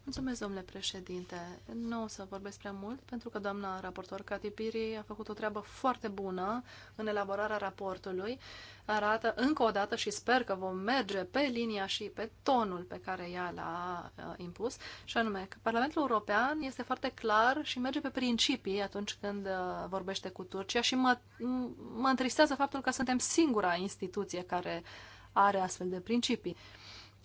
Mulțumesc, domnule președinte. Nu o să vorbesc prea mult, pentru că doamna raportor Catipiri a făcut o treabă foarte bună în elaborarea raportului. Arată încă o dată și sper că vom merge pe linia și pe tonul pe care ea l-a uh, impus, și anume că Parlamentul European este foarte clar și merge pe principii atunci când uh, vorbește cu Turcia și mă, mă întristează faptul că suntem singura instituție care are astfel de principii.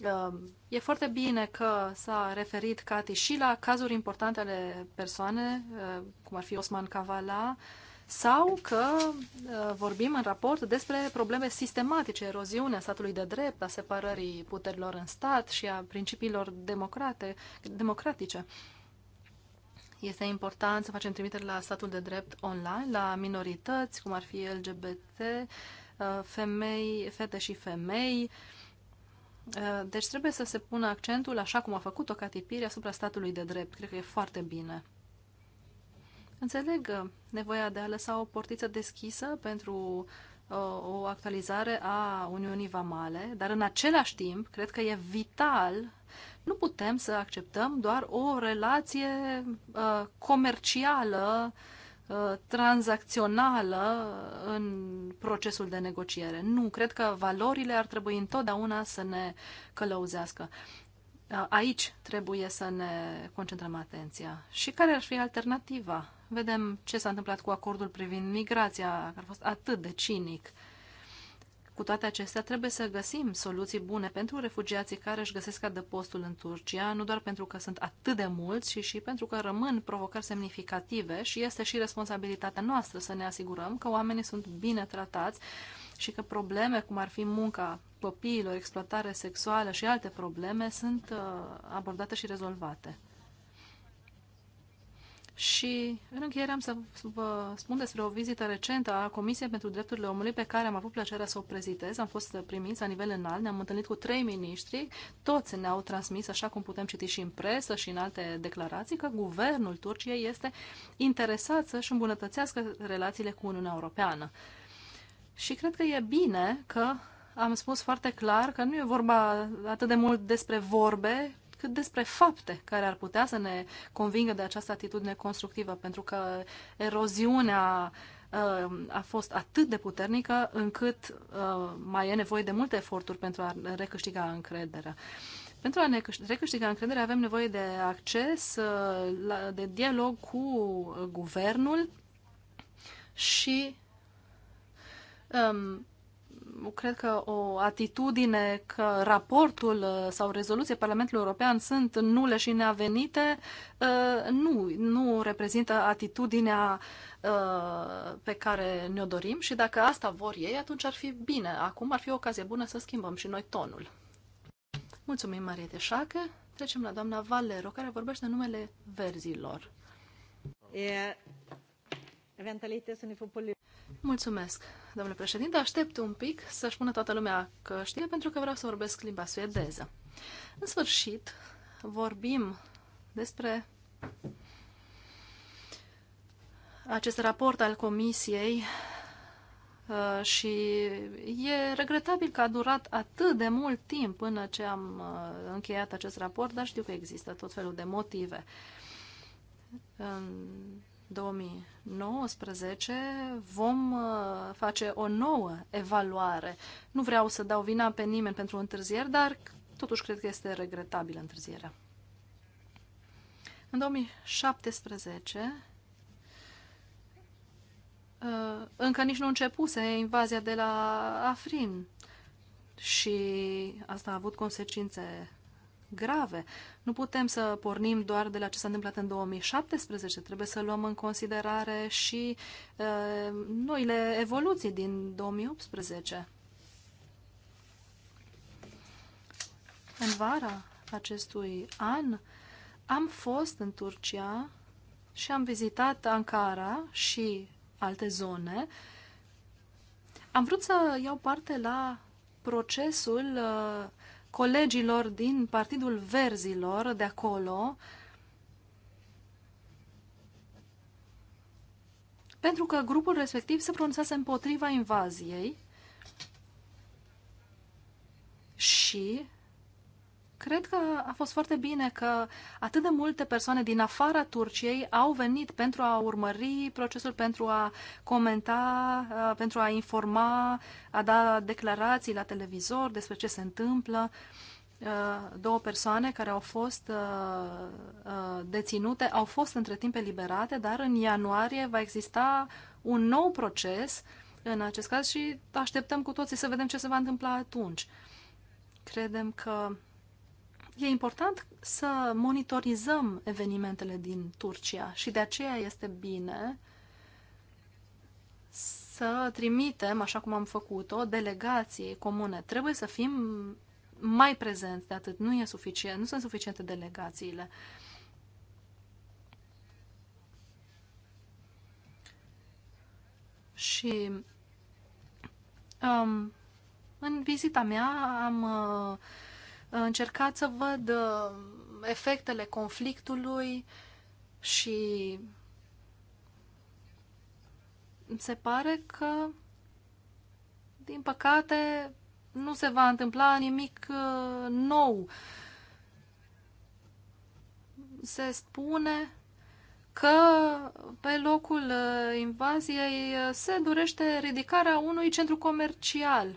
Um, e foarte bine că s-a referit Cati și la cazuri importante ale persoane, uh, cum ar fi Osman Cavala, sau că uh, vorbim în raport despre probleme sistematice, eroziunea statului de drept, a separării puterilor în stat și a principiilor democrate, democratice. Este important să facem trimitere la statul de drept online, la minorități, cum ar fi LGBT, uh, femei, fete și femei, Eh, deci trebuie să se pună accentul, așa cum a făcut-o Catipiri, asupra statului de drept. Cred că e foarte bine. Înțeleg eh, nevoia de a lăsa o portiță deschisă pentru eh, o actualizare a Uniunii Vamale, dar în același timp, cred că e vital, nu putem să acceptăm doar o relație comercială Uh, tranzacțională în procesul de negociere. Nu, cred că valorile ar trebui întotdeauna să ne călăuzească. Uh, aici trebuie să ne concentrăm atenția. Și care ar fi alternativa? Vedem ce s-a întâmplat cu acordul privind migrația, care a fost atât de cinic. Uh, cu toate acestea, trebuie să găsim soluții bune pentru refugiații care își găsesc adăpostul în Turcia, nu doar pentru că sunt atât de mulți, ci și pentru că rămân provocări semnificative și este și responsabilitatea noastră să ne asigurăm că oamenii sunt bine tratați și că probleme cum ar fi munca copiilor, exploatare sexuală și alte probleme sunt uh, abordate și rezolvate. Și în încheiere am să vă spun despre o vizită recentă a Comisiei pentru Drepturile Omului pe care am avut plăcerea să o prezitez. Am fost primiți la nivel înalt, ne-am întâlnit cu trei miniștri, toți ne-au transmis, așa cum putem citi și în presă și în alte declarații, că guvernul Turciei este interesat să-și îmbunătățească relațiile cu Uniunea Europeană. Și cred că e bine că am spus foarte clar că nu e vorba atât de mult despre vorbe, cât despre fapte care ar putea să ne convingă de această atitudine constructivă, pentru că eroziunea uh, a fost atât de puternică încât uh, mai e nevoie de multe eforturi pentru a recâștiga încrederea. Pentru a ne recâștiga încrederea avem nevoie de acces, uh, de dialog cu guvernul și um, cred că o atitudine că raportul uh, sau rezoluția Parlamentului European sunt nule și neavenite uh, nu, nu reprezintă atitudinea uh, pe care ne-o dorim și dacă asta vor ei, atunci ar fi bine. Acum ar fi o ocazie bună să schimbăm și noi tonul. Mulțumim, Marie Șacă. Trecem la doamna Valero, care vorbește numele verzilor. E... Vänta să ne Mulțumesc, domnule președinte. Aștept un pic să-și pună toată lumea știe, pentru că vreau să vorbesc limba suedeză. În sfârșit, vorbim despre acest raport al Comisiei uh, și e regretabil că a durat atât de mult timp până ce am uh, încheiat acest raport, dar știu că există tot felul de motive. 2019 vom uh, face o nouă evaluare. Nu vreau să dau vina pe nimeni pentru întârzieri, dar totuși cred că este regretabilă întârzierea. În 2017 uh, încă nici nu începuse invazia de la Afrin și asta a avut consecințe grave. Nu putem să pornim doar de la ce s-a întâmplat în 2017, trebuie să luăm în considerare și uh, noile evoluții din 2018. În vara acestui an am fost în Turcia și am vizitat Ankara și alte zone. Am vrut să iau parte la procesul uh, colegilor din Partidul Verzilor de acolo, pentru că grupul respectiv se pronunțase împotriva invaziei și Cred că a fost foarte bine că atât de multe persoane din afara Turciei au venit pentru a urmări procesul, pentru a comenta, uh, pentru a informa, a da declarații la televizor despre ce se întâmplă. Uh, două persoane care au fost uh, deținute au fost între timp eliberate, dar în ianuarie va exista un nou proces în acest caz și așteptăm cu toții să vedem ce se va întâmpla atunci. Credem că e important să monitorizăm evenimentele din Turcia și de aceea este bine să trimitem, așa cum am făcut-o, delegații comune. Trebuie să fim mai prezenți de atât. Nu e suficient, nu sunt suficiente delegațiile. Și um, în vizita mea am uh, încercat să văd uh, efectele conflictului și se pare că, din păcate, nu se va întâmpla nimic uh, nou. Se spune că pe locul uh, invaziei se dorește ridicarea unui centru comercial.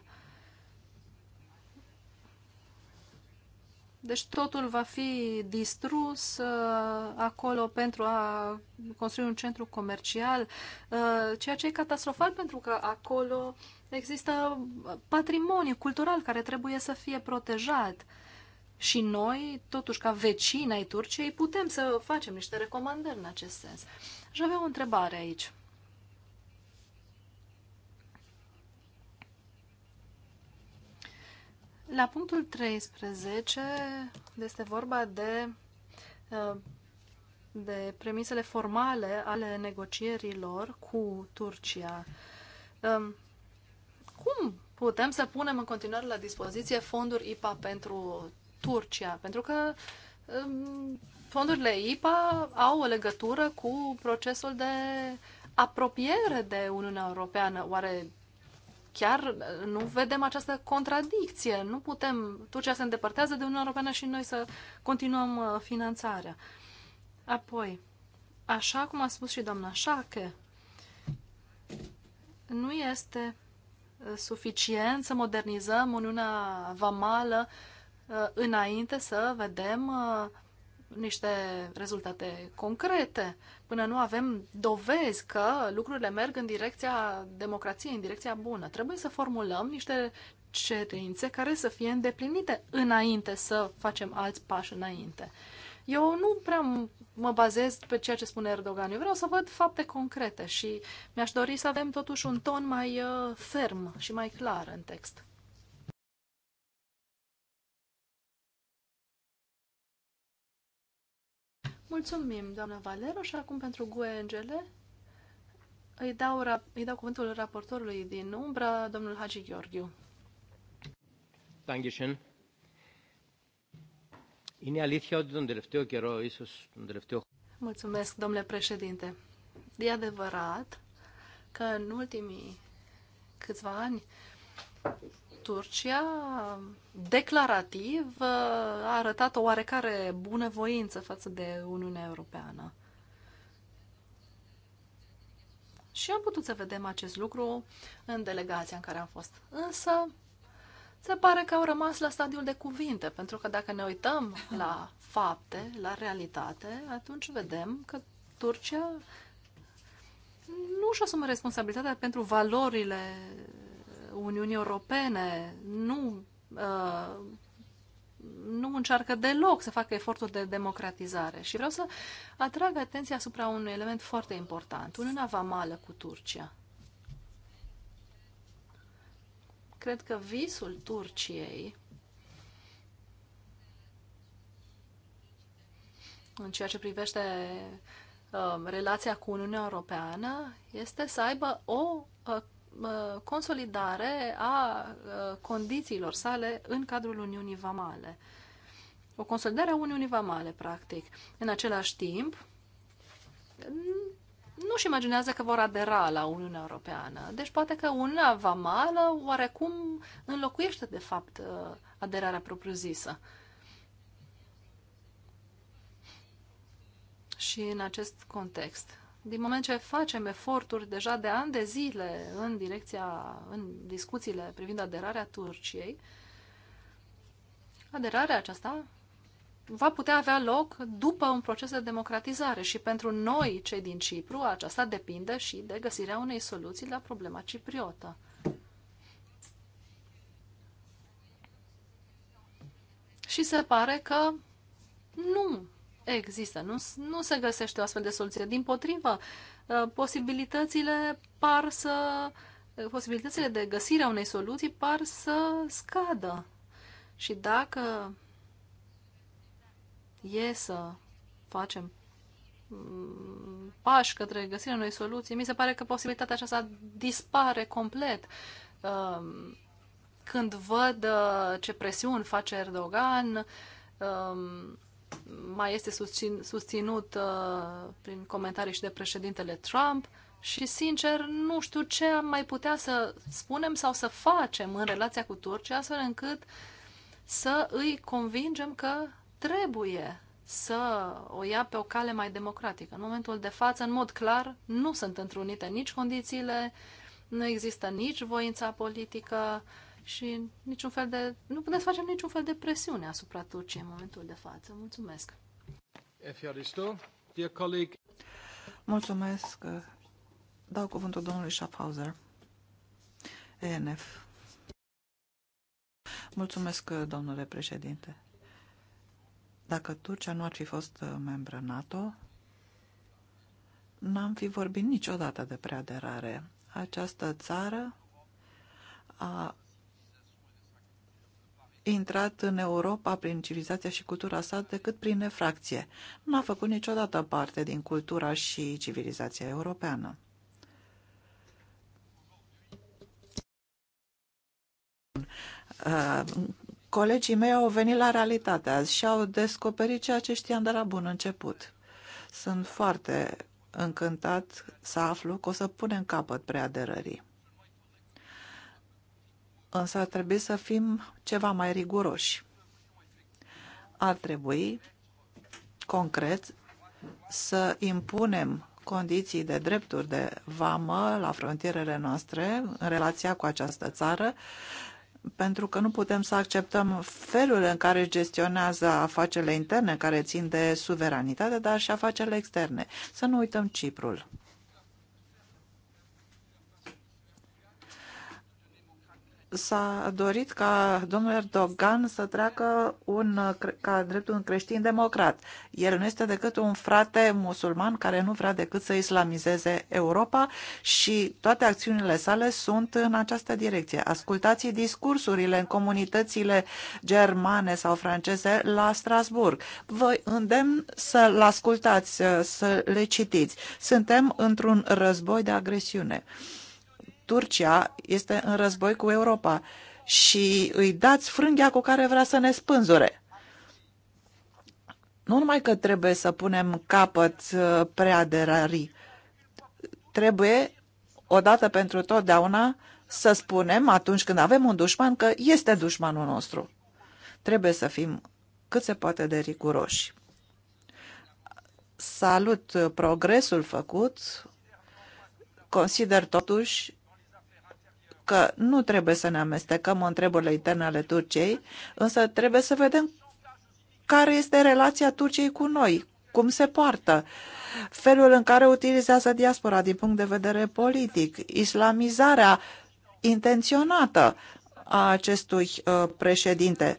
Deci totul va fi distrus uh, acolo pentru a construi un centru comercial, uh, ceea ce e catastrofal pentru că acolo există patrimoniu cultural care trebuie să fie protejat. Și noi, totuși, ca vecini ai Turciei, putem să facem niște recomandări în acest sens. Și avea o întrebare aici. La punctul 13 este vorba de, uh, de premisele formale ale negocierilor cu Turcia. Um, cum putem să punem în continuare la dispoziție fonduri IPA pentru Turcia? Pentru că um, fondurile IPA au o legătură cu procesul de apropiere de Uniunea Europeană. Oare chiar nu vedem această contradicție. Nu putem, Turcia se îndepărtează de Uniunea Europeană și noi să continuăm uh, finanțarea. Apoi, așa cum a spus și doamna Șache, nu este uh, suficient să modernizăm Uniunea Vamală uh, înainte să vedem niște rezultate concrete, până nu avem dovezi că lucrurile merg în direcția democrației, în direcția bună. Trebuie să formulăm niște cerințe care să fie îndeplinite înainte să facem alți pași înainte. Eu nu prea mă bazez pe ceea ce spune Erdogan. Eu vreau să văd fapte concrete și mi-aș dori să avem totuși un ton mai uh, ferm și mai clar în text. Mulțumim, doamna Valero, și acum pentru Guengele îi dau, îi dau cuvântul raportorului din umbra, domnul Hagi Gheorghiu. Dankeschön. Είναι αλήθεια ότι τον τελευταίο καιρό, ίσως τον τελευταίο... Mulțumesc, domnule președinte. E adevărat că în ultimii câțiva ani Turcia, declarativ, a arătat o oarecare bunăvoință față de Uniunea Europeană. Și am putut să vedem acest lucru în delegația în care am fost. Însă, se pare că au rămas la stadiul de cuvinte, pentru că dacă ne uităm la fapte, la realitate, atunci vedem că Turcia nu își asumă responsabilitatea pentru valorile Uniunii Europene nu, uh, nu încearcă deloc să facă efortul de democratizare. Și vreau să atrag atenția asupra unui element foarte important, Uniunea Vamală cu Turcia. Cred că visul Turciei în ceea ce privește uh, relația cu Uniunea Europeană este să aibă o uh, Uh, consolidare a uh, condițiilor sale în cadrul Uniunii Vamale. O consolidare a Uniunii Vamale, practic. În același timp, nu-și imaginează că vor adera la Uniunea Europeană. Deci poate că Uniunea Vamală oarecum înlocuiește, de fapt, uh, aderarea propriu-zisă. Și în acest context, din moment ce facem eforturi deja de ani de zile în direcția, în discuțiile privind aderarea Turciei, aderarea aceasta va putea avea loc după un proces de democratizare și pentru noi, cei din Cipru, aceasta depinde și de găsirea unei soluții la problema cipriotă. Și se pare că nu există. Nu, nu se găsește o astfel de soluție. Din potrivă, uh, posibilitățile par să uh, posibilitățile de găsire a unei soluții par să scadă. Și dacă e să facem mm, pași către găsirea unei soluții, mi se pare că posibilitatea aceasta dispare complet. Um, când văd uh, ce presiuni face Erdogan, um, mai este susțin, susținut uh, prin comentarii și de președintele Trump și, sincer, nu știu ce am mai putea să spunem sau să facem în relația cu Turcia, astfel încât să îi convingem că trebuie să o ia pe o cale mai democratică. În momentul de față, în mod clar, nu sunt întrunite nici condițiile, nu există nici voința politică, uh, și niciun fel de, nu putem să facem niciun fel de presiune asupra Turciei în momentul de față. Mulțumesc! Mulțumesc! Dau cuvântul domnului Schaffhauser, ENF. Mulțumesc, domnule președinte. Dacă Turcia nu ar fi fost membră NATO, n-am fi vorbit niciodată de preaderare. Această țară a intrat în Europa prin civilizația și cultura sa decât prin nefracție. Nu a făcut niciodată parte din cultura și civilizația europeană. Uh, colegii mei au venit la realitate azi și au descoperit ceea ce știam de la bun început. Sunt foarte încântat să aflu că o să punem capăt preaderării. Însă ar trebui să fim ceva mai riguroși. Ar trebui, concret, să impunem condiții de drepturi de vamă la frontierele noastre în relația cu această țară, pentru că nu putem să acceptăm felul în care gestionează afacerile interne care țin de suveranitate, dar și afacerile externe. Să nu uităm Ciprul. s-a dorit ca domnul Erdogan să treacă un, ca dreptul un creștin democrat. El nu este decât un frate musulman care nu vrea decât să islamizeze Europa și toate acțiunile sale sunt în această direcție. Ascultați discursurile în comunitățile germane sau franceze la Strasburg. Vă îndemn să-l ascultați, să le citiți. Suntem într-un război de agresiune. Uh, Turcia este în război cu Europa și îi dați frânghia cu care vrea să ne spânzure. Nu numai că trebuie să punem capăt uh, preaderării, trebuie odată pentru totdeauna să spunem atunci când avem un dușman că este dușmanul nostru. Trebuie să fim cât se poate de riguroși. Salut uh, progresul făcut, consider totuși că nu trebuie să ne amestecăm în treburile interne ale Turciei, însă trebuie să vedem care este relația Turciei cu noi, cum se poartă, felul în care utilizează diaspora din punct de vedere politic, islamizarea intenționată a acestui uh, președinte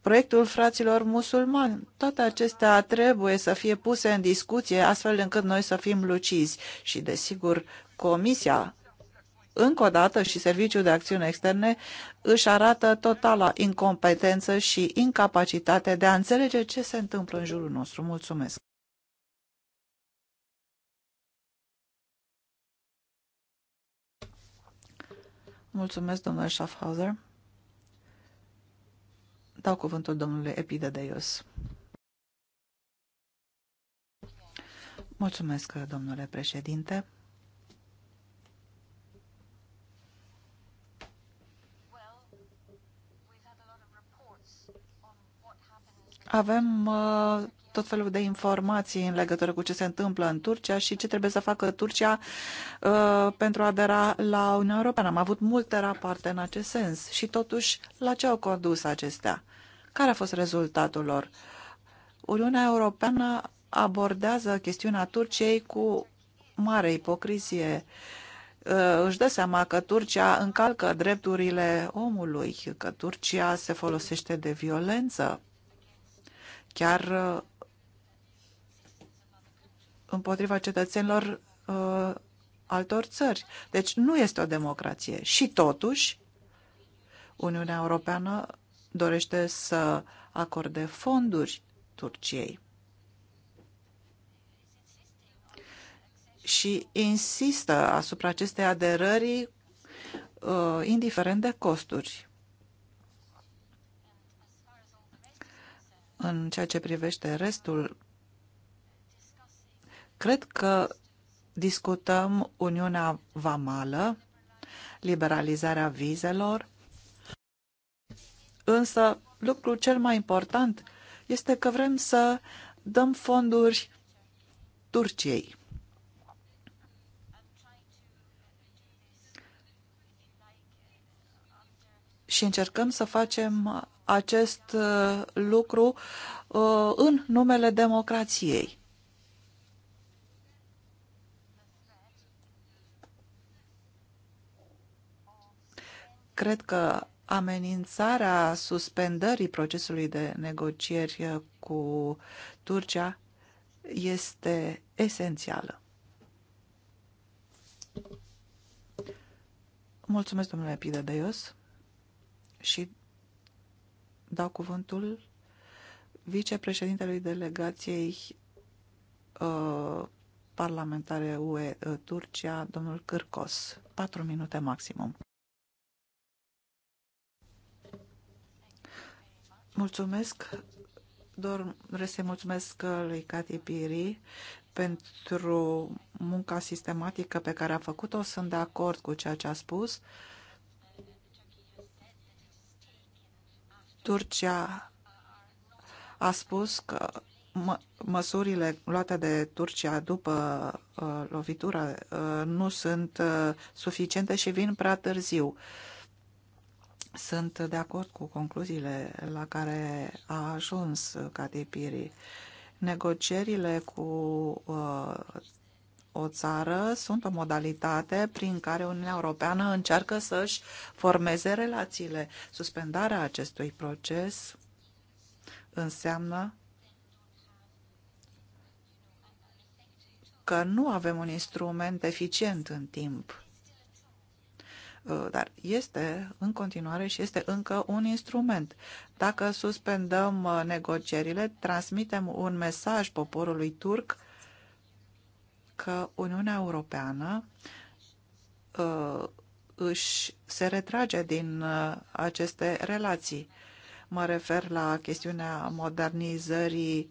proiectul fraților musulmani. Toate acestea trebuie să fie puse în discuție astfel încât noi să fim lucizi și, desigur, Comisia încă o dată și Serviciul de Acțiune Externe își arată totala incompetență și incapacitate de a înțelege ce se întâmplă în jurul nostru. Mulțumesc! Mulțumesc, domnule Schaffhauser. Dau cuvântul domnului Epidedeios. Mulțumesc, domnule președinte. Avem uh, tot felul de informații în legătură cu ce se întâmplă în Turcia și ce trebuie să facă Turcia uh, pentru a adera la Uniunea Europeană. Am avut multe rapoarte în acest sens și totuși la ce au condus acestea? Care a fost rezultatul lor? Uniunea Europeană abordează chestiunea Turciei cu mare ipocrizie. Uh, își dă seama că Turcia încalcă drepturile omului, că Turcia se folosește de violență chiar uh, împotriva cetățenilor uh, altor țări. Deci nu este o democrație. Și totuși, Uniunea Europeană dorește să acorde fonduri Turciei. Și insistă asupra acestei aderări, uh, indiferent de costuri. În ceea ce privește restul, cred că discutăm Uniunea Vamală, liberalizarea vizelor, însă lucrul cel mai important este că vrem să dăm fonduri Turciei. Și încercăm să facem acest uh, lucru uh, în numele democrației. Cred că amenințarea suspendării procesului de negocieri uh, cu Turcia este esențială. Mulțumesc, domnule Pidedeios, și dau cuvântul vicepreședintelui delegației uh, parlamentare UE uh, Turcia, domnul Cârcos. Patru minute maximum. Mulțumesc, vreau să mulțumesc lui Cati Piri pentru munca sistematică pe care a făcut-o. Sunt de acord cu ceea ce a spus. Uh, Turcia a spus că mă, măsurile luate de Turcia după uh, lovitură uh, nu sunt uh, suficiente și vin prea târziu. Sunt de acord cu concluziile la care a ajuns Catipiri. Negocierile cu uh, o țară sunt o modalitate prin care Uniunea Europeană încearcă să-și formeze relațiile. Suspendarea acestui proces înseamnă că nu avem un instrument eficient în timp. Uh, dar este în continuare și este încă un instrument. Dacă suspendăm uh, negocierile, transmitem un mesaj poporului turc că Uniunea Europeană uh, își se retrage din uh, aceste relații. Mă refer la chestiunea modernizării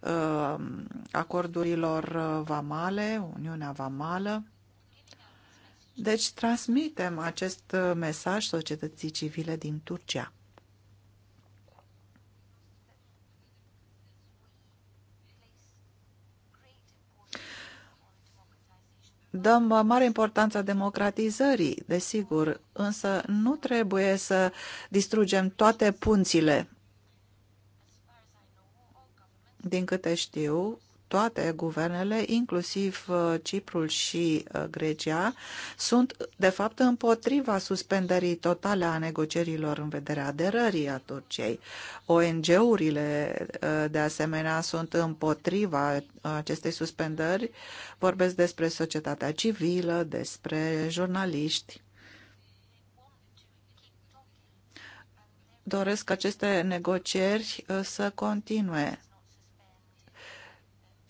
uh, acordurilor vamale, Uniunea Vamală. Deci transmitem acest mesaj societății civile din Turcia. Dăm mare importanță democratizării, desigur, însă nu trebuie să distrugem toate punțile. Din câte știu, toate guvernele, inclusiv uh, Ciprul și uh, Grecia, sunt de fapt împotriva suspendării totale a negocierilor în vederea aderării a Turciei. ONG-urile uh, de asemenea sunt împotriva acestei suspendări. Vorbesc despre societatea civilă, despre jurnaliști. doresc aceste negocieri să continue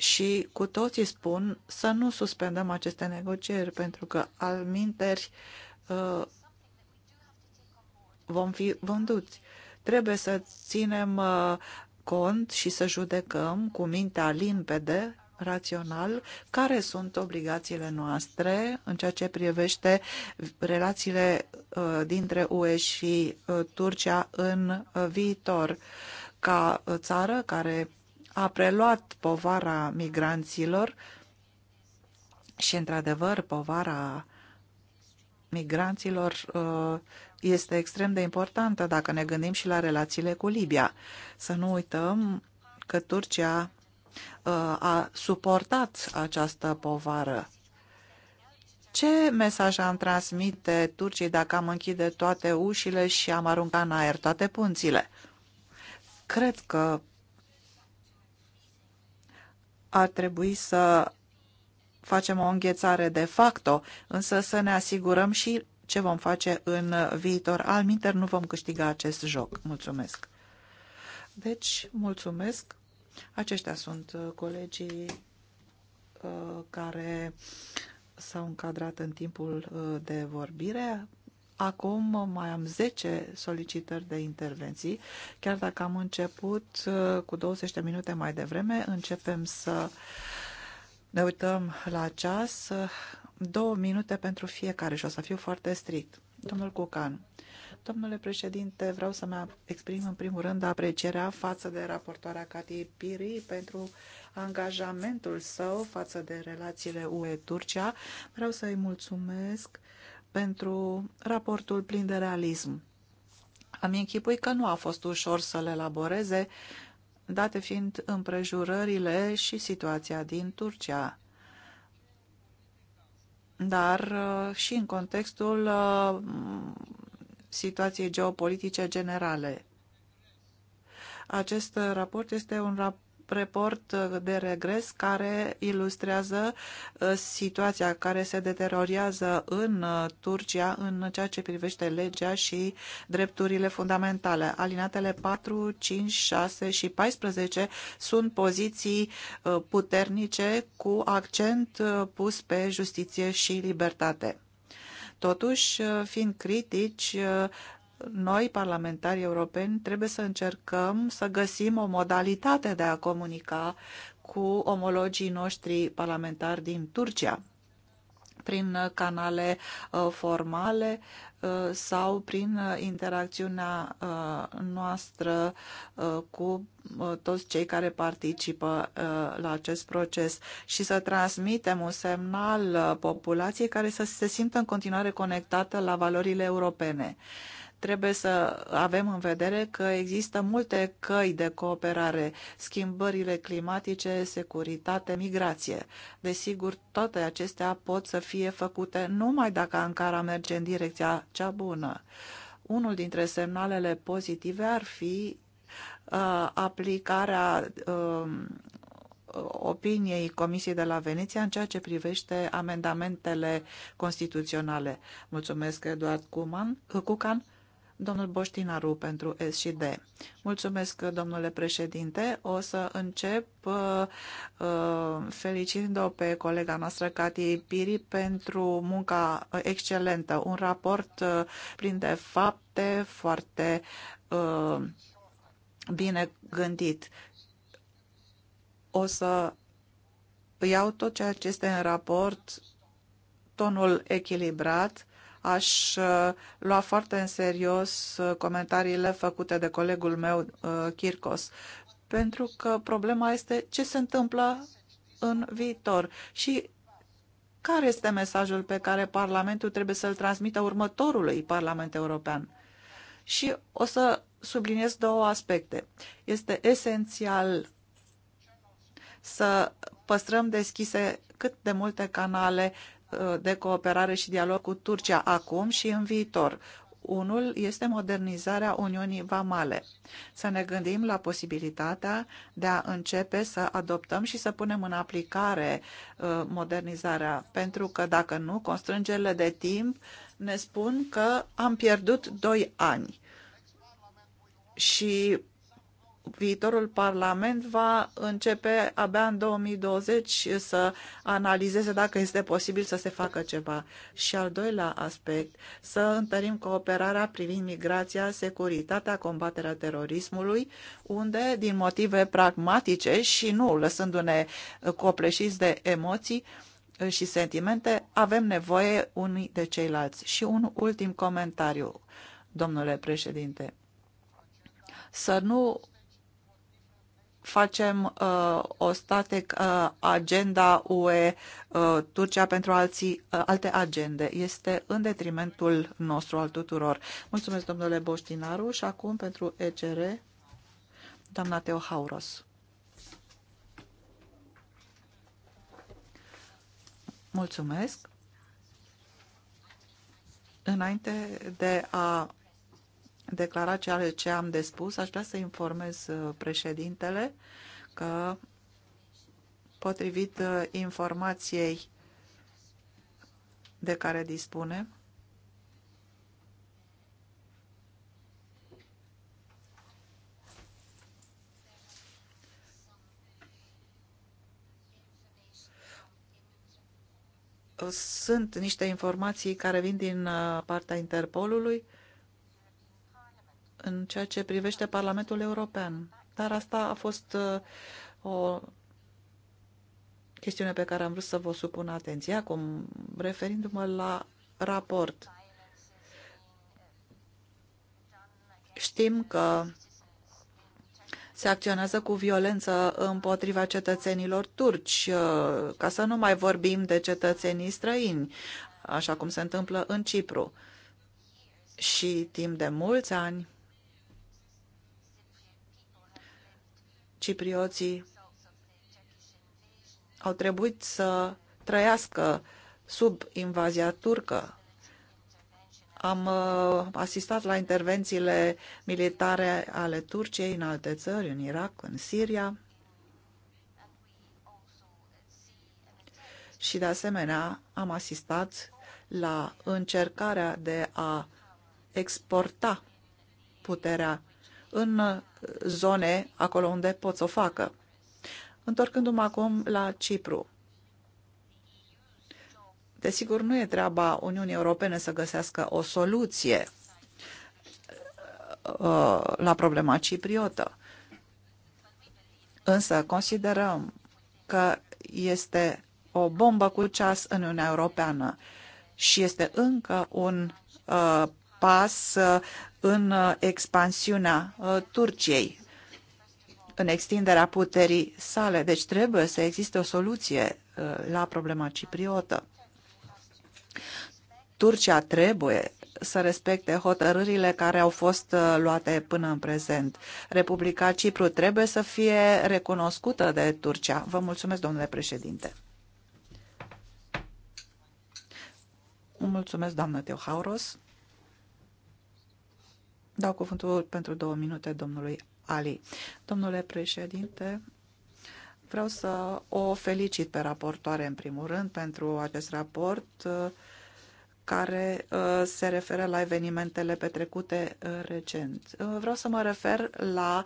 și cu toții spun să nu suspendăm aceste negocieri, pentru că al minteri uh, vom fi vânduți. Trebuie să ținem uh, cont și să judecăm cu mintea limpede, rațional, care sunt obligațiile noastre în ceea ce privește relațiile uh, dintre UE și Turcia în viitor. Ca țară care a preluat povara migranților și, într-adevăr, povara migranților uh, este extrem de importantă dacă ne gândim și la relațiile cu Libia. Să nu uităm că Turcia uh, a suportat această povară. Ce mesaj am transmite Turcii dacă am închide toate ușile și am aruncat în aer toate punțile? Cred că ar trebui să facem o înghețare de facto, însă să ne asigurăm și ce vom face în viitor. Alminter nu vom câștiga acest joc. Mulțumesc. Deci, mulțumesc. Aceștia sunt uh, colegii uh, care s-au încadrat în timpul uh, de vorbire. Acum mai am 10 solicitări de intervenții. Chiar dacă am început uh, cu 20 de minute mai devreme, începem să ne uităm la ceas. Două minute pentru fiecare și o să fiu foarte strict. Domnul Cucan, Domnule președinte, vreau să-mi exprim în primul rând aprecierea față de raportoarea Cati Piri pentru angajamentul său față de relațiile UE-Turcia. Vreau să-i mulțumesc pentru raportul plin de realism. Am închipui că nu a fost ușor să-l elaboreze, date fiind împrejurările și situația din Turcia, dar uh, și în contextul uh, situației geopolitice generale. Acest raport este un raport report de regres care ilustrează uh, situația care se deteriorează în uh, Turcia în ceea ce privește legea și drepturile fundamentale. Alinatele 4, 5, 6 și 14 sunt poziții uh, puternice cu accent pus pe justiție și libertate. Totuși, fiind critici, noi, parlamentarii europeni, trebuie să încercăm să găsim o modalitate de a comunica cu omologii noștri parlamentari din Turcia prin canale uh, formale uh, sau prin uh, interacțiunea noastră cu toți cei care participă la acest proces și să transmitem un semnal populației care să se simtă în continuare conectată la valorile europene. Trebuie să avem în vedere că există multe căi de cooperare, schimbările climatice, securitate, migrație. Desigur, toate acestea pot să fie făcute numai dacă Ankara merge în direcția cea bună. Unul dintre semnalele pozitive ar fi uh, aplicarea uh, opiniei Comisiei de la Veneția în ceea ce privește amendamentele constituționale. Mulțumesc, Eduard Cuman, Cucan. Domnul Boștinaru pentru S și D. Mulțumesc, domnule președinte. O să încep uh, uh o pe colega noastră, Cati Piri, pentru munca excelentă. Un raport uh, plin de fapte, foarte uh, bine gândit. O să iau tot ceea ce este în raport, tonul echilibrat, Aș uh, lua foarte în serios uh, comentariile făcute de colegul meu, uh, Kirkos, pentru că problema este ce se întâmplă în viitor și care este mesajul pe care Parlamentul trebuie să-l transmită următorului Parlament European. Și o să subliniez două aspecte. Este esențial să păstrăm deschise cât de multe canale Uh, de cooperare și dialog cu Turcia acum și în viitor. Unul este modernizarea Uniunii Vamale. Să ne gândim la posibilitatea de a începe să adoptăm și să punem în aplicare uh, modernizarea, pentru că dacă nu, constrângerile de timp ne spun că am pierdut doi ani și viitorul Parlament va începe abia în 2020 să analizeze dacă este posibil să se facă ceva. Și al doilea aspect, să întărim cooperarea privind migrația, securitatea, combaterea terorismului, unde, din motive pragmatice și nu lăsându-ne copleșiți de emoții, și sentimente, avem nevoie unii de ceilalți. Și un ultim comentariu, domnule președinte. Să nu facem uh, o static uh, agenda UE uh, Turcia pentru alții, uh, alte agende. Este în detrimentul nostru al tuturor. Mulțumesc, domnule Boștinaru, și acum pentru ECR, doamna Hauros. Mulțumesc. Înainte de a declarat ceea ce am de spus, aș vrea să informez uh, președintele că potrivit uh, informației de care dispunem, sunt niște informații care vin din uh, partea Interpolului în ceea ce privește Parlamentul European. Dar asta a fost uh, o chestiune pe care am vrut să vă supun atenția, acum referindu-mă la raport. Știm că se acționează cu violență împotriva cetățenilor turci, uh, ca să nu mai vorbim de cetățenii străini, așa cum se întâmplă în Cipru. Și timp de mulți ani, ciprioții au trebuit să trăiască sub invazia turcă. Am uh, asistat la intervențiile militare ale Turciei în alte țări, în Irak, în Siria. Și de asemenea am asistat la încercarea de a exporta puterea în zone acolo unde pot să o facă. Întorcându-mă acum la Cipru. Desigur, nu e treaba Uniunii Europene să găsească o soluție uh, la problema cipriotă. Însă considerăm că este o bombă cu ceas în Uniunea Europeană și este încă un uh, pas uh, în uh, expansiunea uh, Turciei, în extinderea puterii sale. Deci trebuie să existe o soluție la problema cipriotă. Turcia trebuie să respecte hotărârile care au fost luate până în prezent. Republica Cipru trebuie să fie recunoscută de Turcia. Vă mulțumesc, domnule președinte. Mulțumesc, doamnă Teohauros. Dau cuvântul pentru două minute domnului Ali. Domnule președinte, vreau să o felicit pe raportoare în primul rând pentru acest raport uh, care uh, se referă la evenimentele petrecute uh, recent. Vreau să mă refer la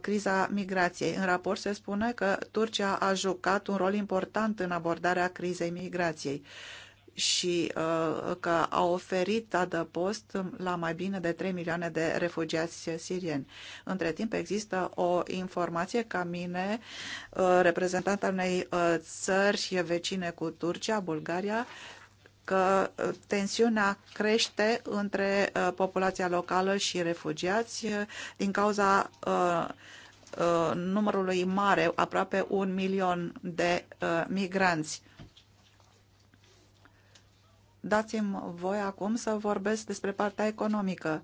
criza migrației. În raport se spune că Turcia a jucat un rol important în abordarea crizei migrației și uh, că a oferit adăpost la mai bine de 3 milioane de refugiați sirieni. Între timp există o informație ca mine, uh, reprezentant al unei uh, țări vecine cu Turcia, Bulgaria, că tensiunea crește între populația locală și refugiați din cauza numărului mare, aproape un milion de migranți Dați-mi voi acum să vorbesc despre partea economică.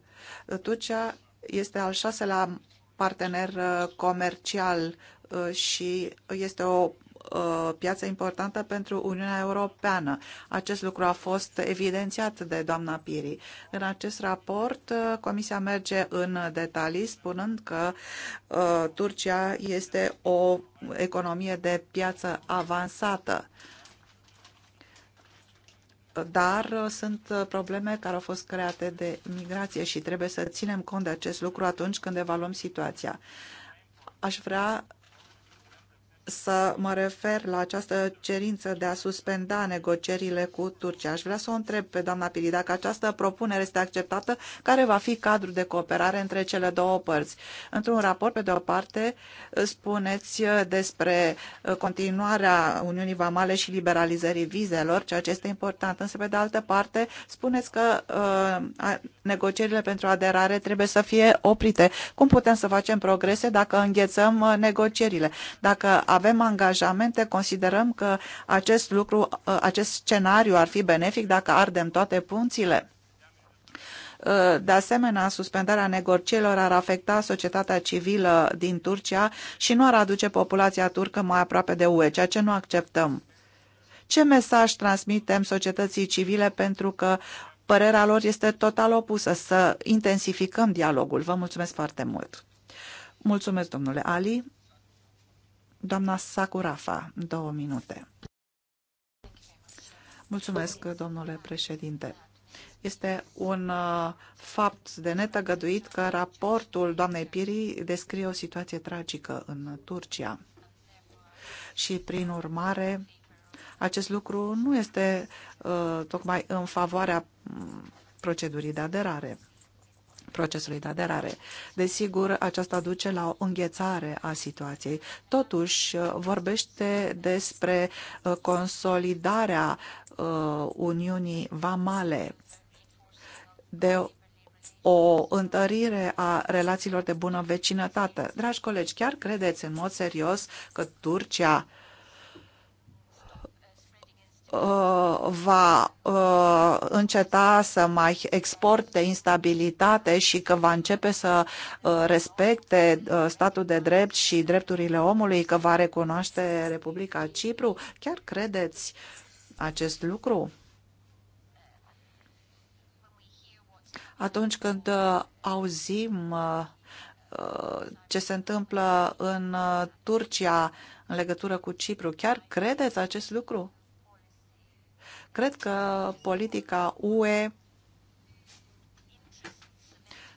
Turcia este al șaselea partener uh, comercial uh, și este o uh, piață importantă pentru Uniunea Europeană. Acest lucru a fost evidențiat de doamna Piri. În acest raport, Comisia merge în detalii, spunând că Turcia este o economie de piață avansată dar uh, sunt uh, probleme care au fost create de migrație și trebuie să ținem cont de acest lucru atunci când evaluăm situația. Aș vrea să mă refer la această cerință de a suspenda negocierile cu Turcia. Aș vrea să o întreb pe doamna Piri dacă această propunere este acceptată, care va fi cadrul de cooperare între cele două părți. Într-un raport, pe de o parte, spuneți despre continuarea Uniunii Vamale și liberalizării vizelor, ceea ce este important, însă, pe de altă parte, spuneți că uh, negocierile pentru aderare trebuie să fie oprite. Cum putem să facem progrese dacă înghețăm uh, negocierile? Dacă avem angajamente, considerăm că acest lucru, uh, acest scenariu ar fi benefic dacă ardem toate punțile? Uh, de asemenea, suspendarea negocierilor ar afecta societatea civilă din Turcia și nu ar aduce populația turcă mai aproape de UE, ceea ce nu acceptăm. Ce mesaj transmitem societății civile pentru că părerea lor este total opusă, să intensificăm dialogul. Vă mulțumesc foarte mult! Mulțumesc, domnule Ali. Doamna Sakurafa, două minute. Mulțumesc, domnule președinte. Este un uh, fapt de netăgăduit că raportul doamnei Piri descrie o situație tragică în Turcia. Și, prin urmare, acest lucru nu este uh, tocmai în favoarea mm, procedurii de aderare procesului de aderare. Desigur, aceasta duce la o înghețare a situației. Totuși, uh, vorbește despre uh, consolidarea uh, Uniunii Vamale de o întărire a relațiilor de bună vecinătate. Dragi colegi, chiar credeți în mod serios că Turcia uh, Uh, va uh, înceta să mai exporte instabilitate și că va începe să uh, respecte statul de drept și drepturile omului, că va recunoaște Republica Cipru? Chiar credeți acest lucru? Atunci când auzim ce se întâmplă în Turcia în legătură cu Cipru, chiar credeți acest lucru? Cred că politica UE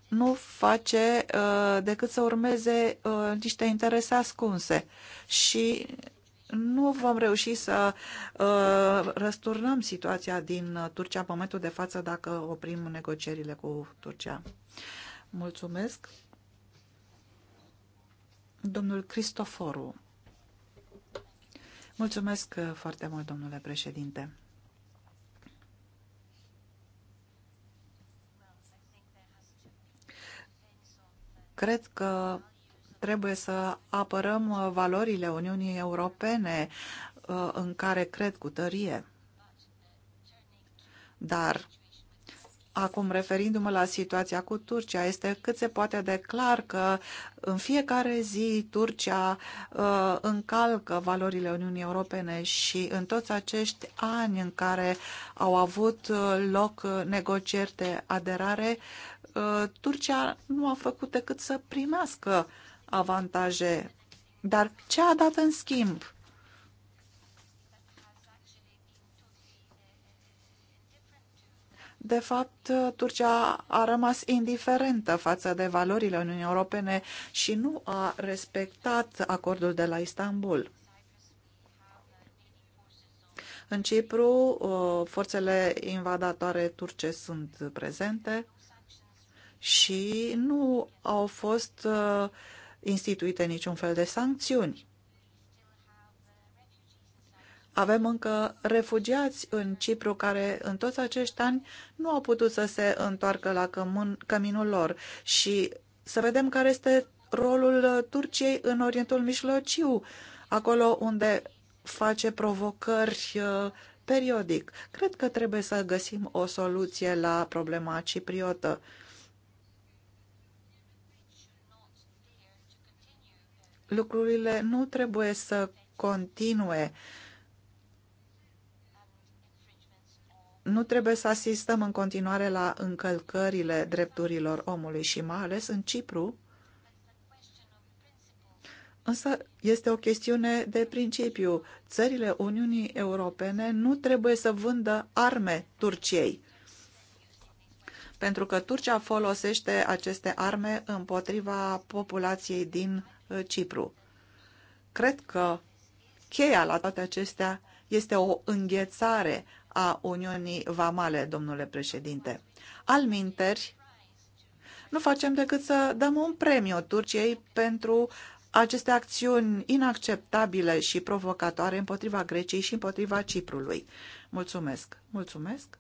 nu face uh, decât să urmeze uh, niște interese ascunse și nu vom reuși să uh, răsturnăm situația din Turcia în momentul de față dacă oprim negocierile cu Turcia. Mulțumesc. Domnul Cristoforu. Mulțumesc uh, foarte mult, domnule președinte. Cred că trebuie să apărăm uh, valorile Uniunii Europene uh, în care cred cu tărie. Dar Acum, referindu-mă la situația cu Turcia, este cât se poate de clar că în fiecare zi Turcia uh, încalcă valorile Uniunii Europene și în toți acești ani în care au avut uh, loc negocieri de aderare, uh, Uh, Turcia nu a făcut decât să primească avantaje. Dar ce a dat în schimb? De fapt, uh, Turcia a rămas indiferentă față de valorile Uniunii Europene și nu a respectat acordul de la Istanbul. În Cipru, uh, forțele invadatoare turce sunt prezente și nu au fost uh, instituite niciun fel de sancțiuni. Avem încă refugiați în Cipru care în toți acești ani nu au putut să se întoarcă la cămân, căminul lor și să vedem care este rolul uh, Turciei în Orientul Mijlociu, acolo unde face provocări uh, periodic. Cred că trebuie să găsim o soluție la problema cipriotă. lucrurile nu trebuie să continue. Nu trebuie să asistăm în continuare la încălcările drepturilor omului și mai ales în Cipru. Însă este o chestiune de principiu. Țările Uniunii Europene nu trebuie să vândă arme Turciei pentru că Turcia folosește aceste arme împotriva populației din Uh, Cipru. Cred că cheia la toate acestea este o înghețare a Uniunii Vamale, domnule președinte. Alminteri, nu facem decât să dăm un premiu Turciei pentru aceste acțiuni inacceptabile și provocatoare împotriva Greciei și împotriva Ciprului. Mulțumesc! Mulțumesc!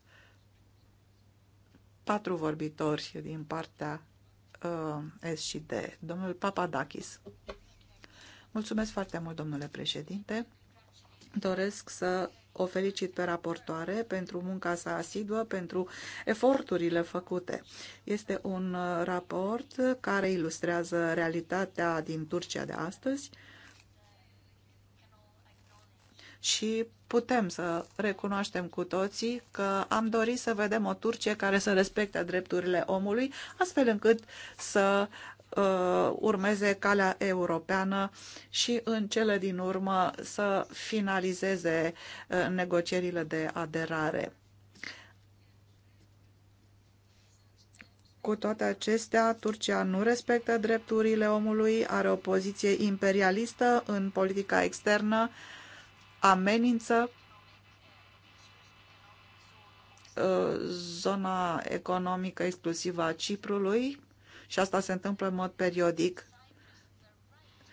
Patru vorbitori din partea Uh, S și D. Domnul Papadakis. Mulțumesc foarte mult, domnule președinte. Doresc să o felicit pe raportoare pentru munca sa asiduă, pentru eforturile făcute. Este un uh, raport care ilustrează realitatea din Turcia de astăzi, și putem să recunoaștem cu toții că am dorit să vedem o Turcie care să respecte drepturile omului, astfel încât să uh, urmeze calea europeană și în cele din urmă să finalizeze uh, negocierile de aderare. Cu toate acestea, Turcia nu respectă drepturile omului, are o poziție imperialistă în politica externă, uh, amenință uh, zona economică exclusivă a Ciprului și asta se întâmplă în mod periodic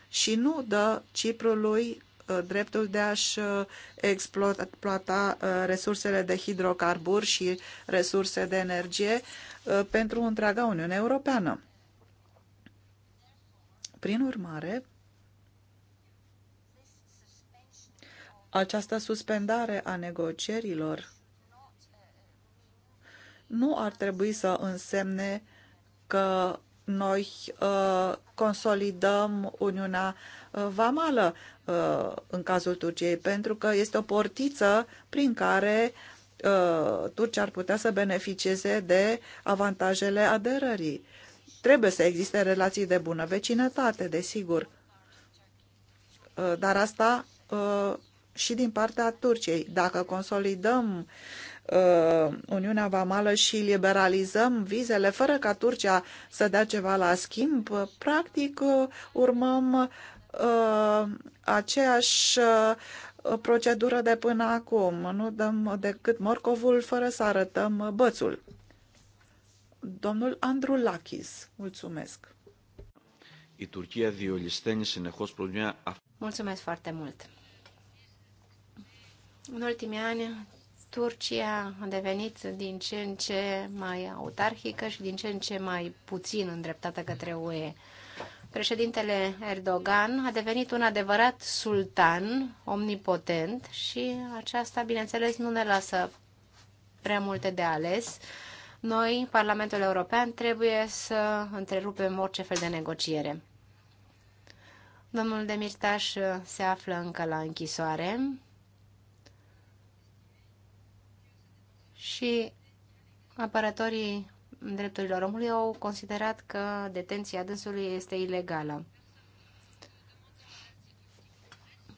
și nu dă Ciprului uh, dreptul de a-și uh, exploata resursele de hidrocarburi și resurse de energie pentru întreaga Uniune Europeană. Prin urmare, Această suspendare a negocierilor nu ar trebui să însemne că noi uh, consolidăm Uniunea uh, Vamală uh, în cazul Turciei, pentru că este o portiță prin care uh, Turcia ar putea să beneficieze de avantajele aderării. Trebuie să existe relații de bună vecinătate, desigur, uh, dar asta uh, și din partea Turciei. Dacă consolidăm uh, Uniunea Vamală și liberalizăm vizele fără ca Turcia să dea ceva la schimb, practic uh, urmăm uh, aceeași uh, procedură de până acum. Nu dăm decât morcovul fără să arătăm bățul. Domnul Andru Lachis, mulțumesc. Η Mulțumesc foarte mult. În ultimii ani, Turcia a devenit din ce în ce mai autarhică și din ce în ce mai puțin îndreptată către UE. Președintele Erdogan a devenit un adevărat sultan omnipotent și aceasta, bineînțeles, nu ne lasă prea multe de ales. Noi, Parlamentul European, trebuie să întrerupem orice fel de negociere. Domnul Demirtaș se află încă la închisoare și apărătorii drepturilor omului au considerat că detenția dânsului este ilegală.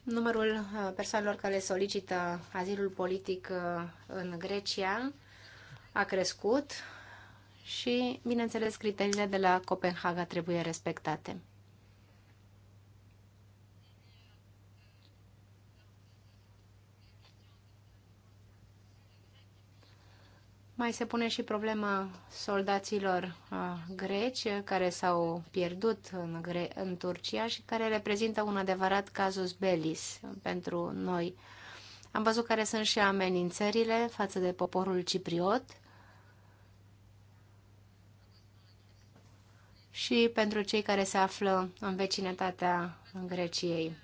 Numărul uh, persoanelor care solicită azilul politic uh, în Grecia a crescut și, bineînțeles, criteriile de la Copenhaga trebuie respectate. Mai se pune și problema soldaților uh, greci care s-au pierdut în, Gre- în Turcia și care reprezintă un adevărat cazus belis pentru noi. Am văzut care sunt și amenințările față de poporul cipriot și pentru cei care se află în vecinătatea Greciei.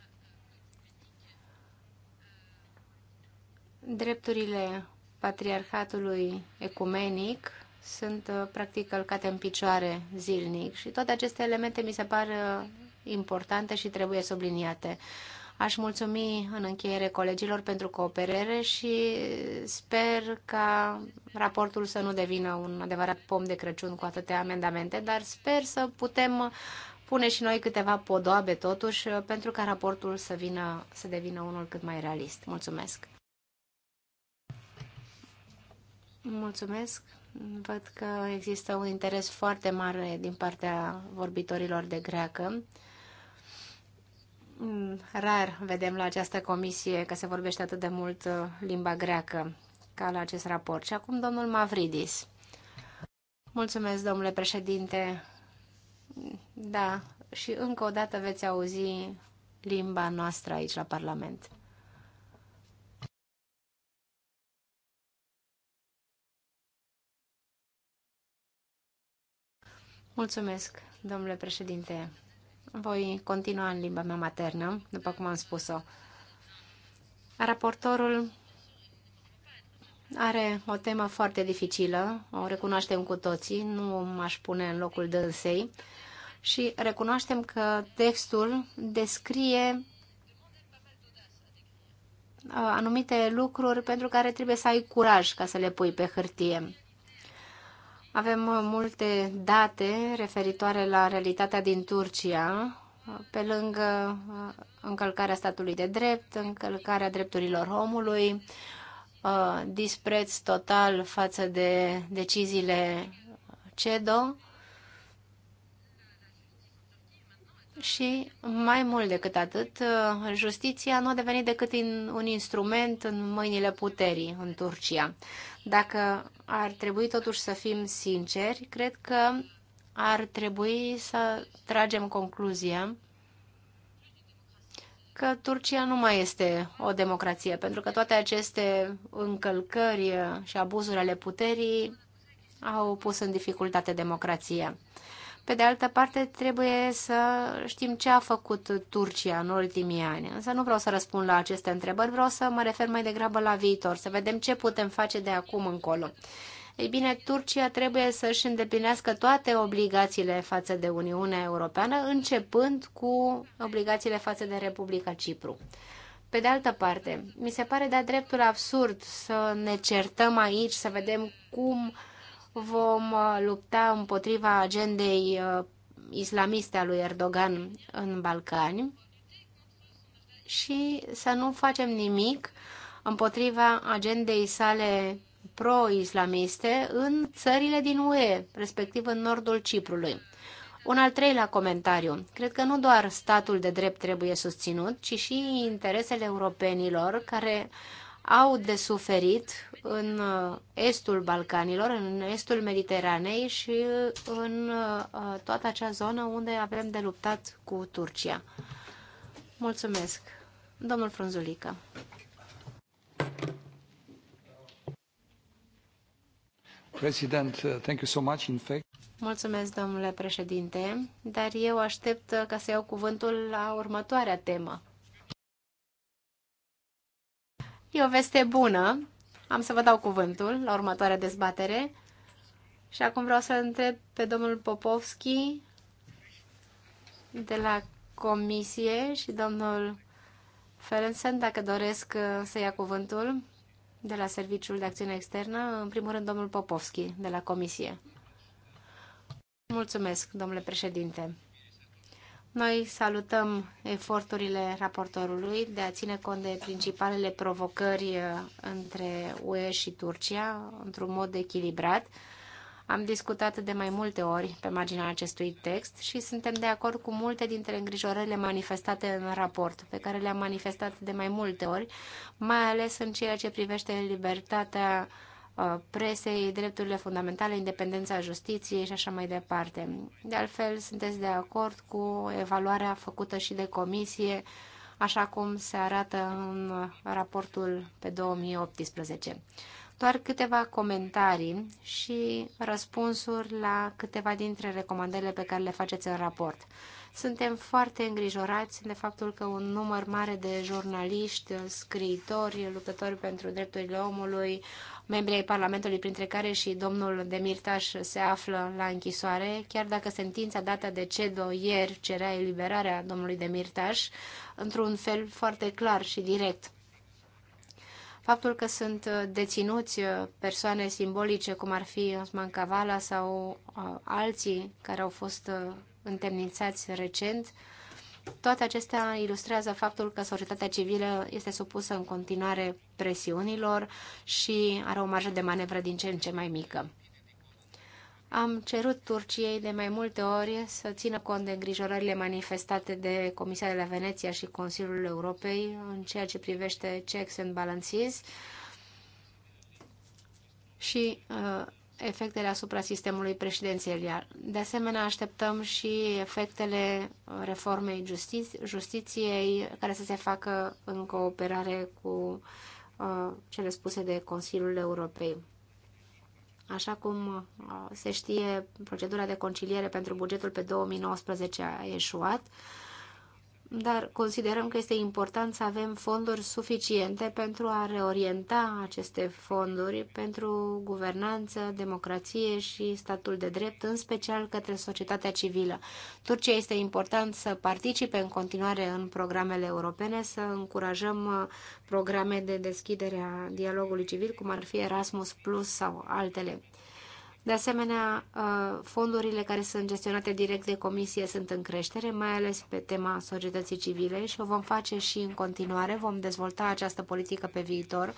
Drepturile patriarhatului ecumenic sunt uh, practic călcate în picioare zilnic și toate aceste elemente mi se par uh, importante și trebuie subliniate. Aș mulțumi în încheiere colegilor pentru cooperare și sper ca raportul să nu devină un adevărat pom de Crăciun cu atâtea amendamente, dar sper să putem pune și noi câteva podoabe totuși uh, pentru ca raportul să, vină, să devină unul cât mai realist. Mulțumesc! Mulțumesc. Văd că există un interes foarte mare din partea vorbitorilor de greacă. Hmm, rar vedem la această comisie că se vorbește atât de mult uh, limba greacă ca la acest raport. Și acum domnul Mavridis. Mulțumesc, domnule președinte. Da, și încă o dată veți auzi limba noastră aici la Parlament. Mulțumesc, domnule președinte. Voi continua în limba mea maternă, după cum am spus-o. Raportorul are o temă foarte dificilă, o recunoaștem cu toții, nu m-aș pune în locul dânsei și recunoaștem că textul descrie uh, anumite lucruri pentru care trebuie să ai curaj ca să le pui pe hârtie. Avem uh, multe date referitoare la realitatea din Turcia, uh, pe lângă uh, încălcarea statului de drept, încălcarea drepturilor omului, dispreț total față de deciziile CEDO, și mai mult decât atât, uh, justiția nu a devenit decât un instrument în mâinile puterii în Turcia. Dacă ar trebui totuși să fim sinceri, cred că ar trebui să tragem concluzia că Turcia nu mai este o democrație, pentru că toate aceste încălcări și abuzuri ale puterii au pus în dificultate democrația. Pe de altă parte, trebuie să știm ce a făcut Turcia în ultimii ani. Însă nu vreau să răspund la aceste întrebări, vreau să mă refer mai degrabă la viitor, să vedem ce putem face de acum încolo. Ei bine, Turcia trebuie să-și îndeplinească toate obligațiile față de Uniunea Europeană, începând cu obligațiile față de Republica Cipru. Pe de altă parte, mi se pare de-a dreptul absurd să ne certăm aici, să vedem cum uh, vom uh, lupta împotriva agendei uh, islamiste a lui Erdogan în Balcani și să nu facem nimic împotriva agendei sale pro-islamiste în țările din UE, respectiv în nordul Ciprului. Un al treilea comentariu. Cred că nu doar statul de drept trebuie susținut, ci și interesele europenilor care au de suferit în uh, estul Balcanilor, în estul Mediteranei și uh, în uh, toată acea zonă unde avem de luptat cu Turcia. Mulțumesc. Domnul Frunzulică. President, thank you so much, in fact. Mulțumesc, domnule președinte, dar eu aștept ca să iau cuvântul la următoarea temă. E o veste bună. Am să vă dau cuvântul la următoarea dezbatere. Și acum vreau să întreb pe domnul Popovski de la comisie și domnul Ferensen dacă doresc uh, să ia cuvântul de la Serviciul de Acțiune Externă, în primul rând domnul Popovski de la comisie. Mulțumesc, domnule președinte. Noi salutăm eforturile raportorului de a ține cont de principalele provocări uh, între UE și Turcia într-un mod echilibrat. Am discutat de mai multe ori pe marginea acestui text și suntem de acord cu multe dintre îngrijorările manifestate în raport, pe care le-am manifestat de mai multe ori, mai ales în ceea ce privește libertatea Uh, presei, drepturile fundamentale, independența justiției și așa mai departe. De altfel, sunteți de acord cu evaluarea făcută și de comisie, așa cum se arată în raportul pe 2018. Doar câteva comentarii și răspunsuri la câteva dintre recomandările pe care le faceți în raport. Suntem foarte îngrijorați de faptul că un număr mare de jurnaliști, scriitori, luptători pentru drepturile omului, membrii ai Parlamentului, printre care și domnul Demirtaș se află la închisoare, chiar dacă sentința dată de CEDO ieri cerea eliberarea domnului Demirtaș, într-un fel foarte clar și direct faptul că sunt deținuți persoane simbolice, cum ar fi Osman Cavala sau uh, alții care au fost uh, întemnițați recent, toate acestea ilustrează faptul că societatea civilă este supusă în continuare presiunilor și are o marjă de manevră din ce în ce mai mică. Am cerut Turciei de mai multe ori să țină cont de îngrijorările manifestate de Comisia de la Veneția și Consiliul Europei în ceea ce privește checks and balances și uh, efectele asupra sistemului președințial. De asemenea, așteptăm și efectele reformei justiți justiției care să se facă în cooperare cu uh, cele spuse de Consiliul Europei. Așa cum uh, se știe, procedura de conciliere pentru bugetul pe 2019 a eșuat. Uh, dar considerăm că este important să avem fonduri suficiente pentru a reorienta aceste fonduri pentru guvernanță, democrație și statul de drept, în special către societatea civilă. Turcia este important să participe în continuare în programele europene, să încurajăm uh, programe de deschidere a dialogului civil, cum ar fi Erasmus Plus sau altele. De asemenea, uh, fondurile care sunt gestionate direct de comisie sunt în creștere, mai ales pe tema societății civile și o vom face și în continuare. Vom dezvolta această politică pe viitor.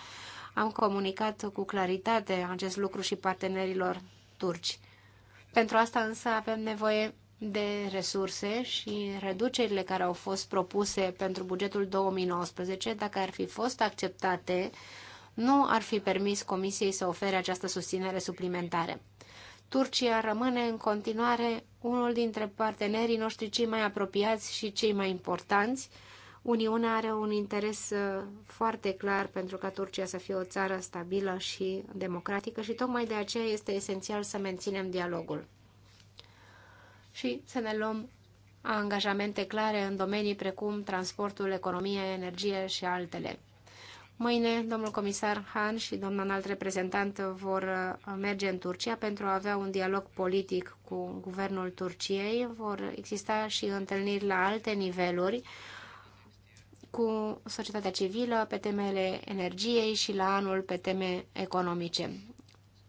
Am comunicat cu claritate acest lucru și partenerilor turci. Pentru asta însă avem nevoie de resurse și reducerile care au fost propuse pentru bugetul 2019, dacă ar fi fost acceptate, nu ar fi permis Comisiei să ofere această susținere suplimentare. Turcia rămâne în continuare unul dintre partenerii noștri cei mai apropiați și cei mai importanți. Uniunea are un interes uh, foarte clar pentru ca Turcia să fie o țară stabilă și democratică și tocmai de aceea este esențial să menținem dialogul și să ne luăm angajamente clare în domenii precum transportul, economie, energie și altele. Mâine, domnul comisar Han și domnul înalt reprezentant vor uh, merge în Turcia pentru a avea un dialog politic cu guvernul Turciei. Vor exista și întâlniri la alte niveluri cu societatea civilă pe temele energiei și la anul pe teme economice.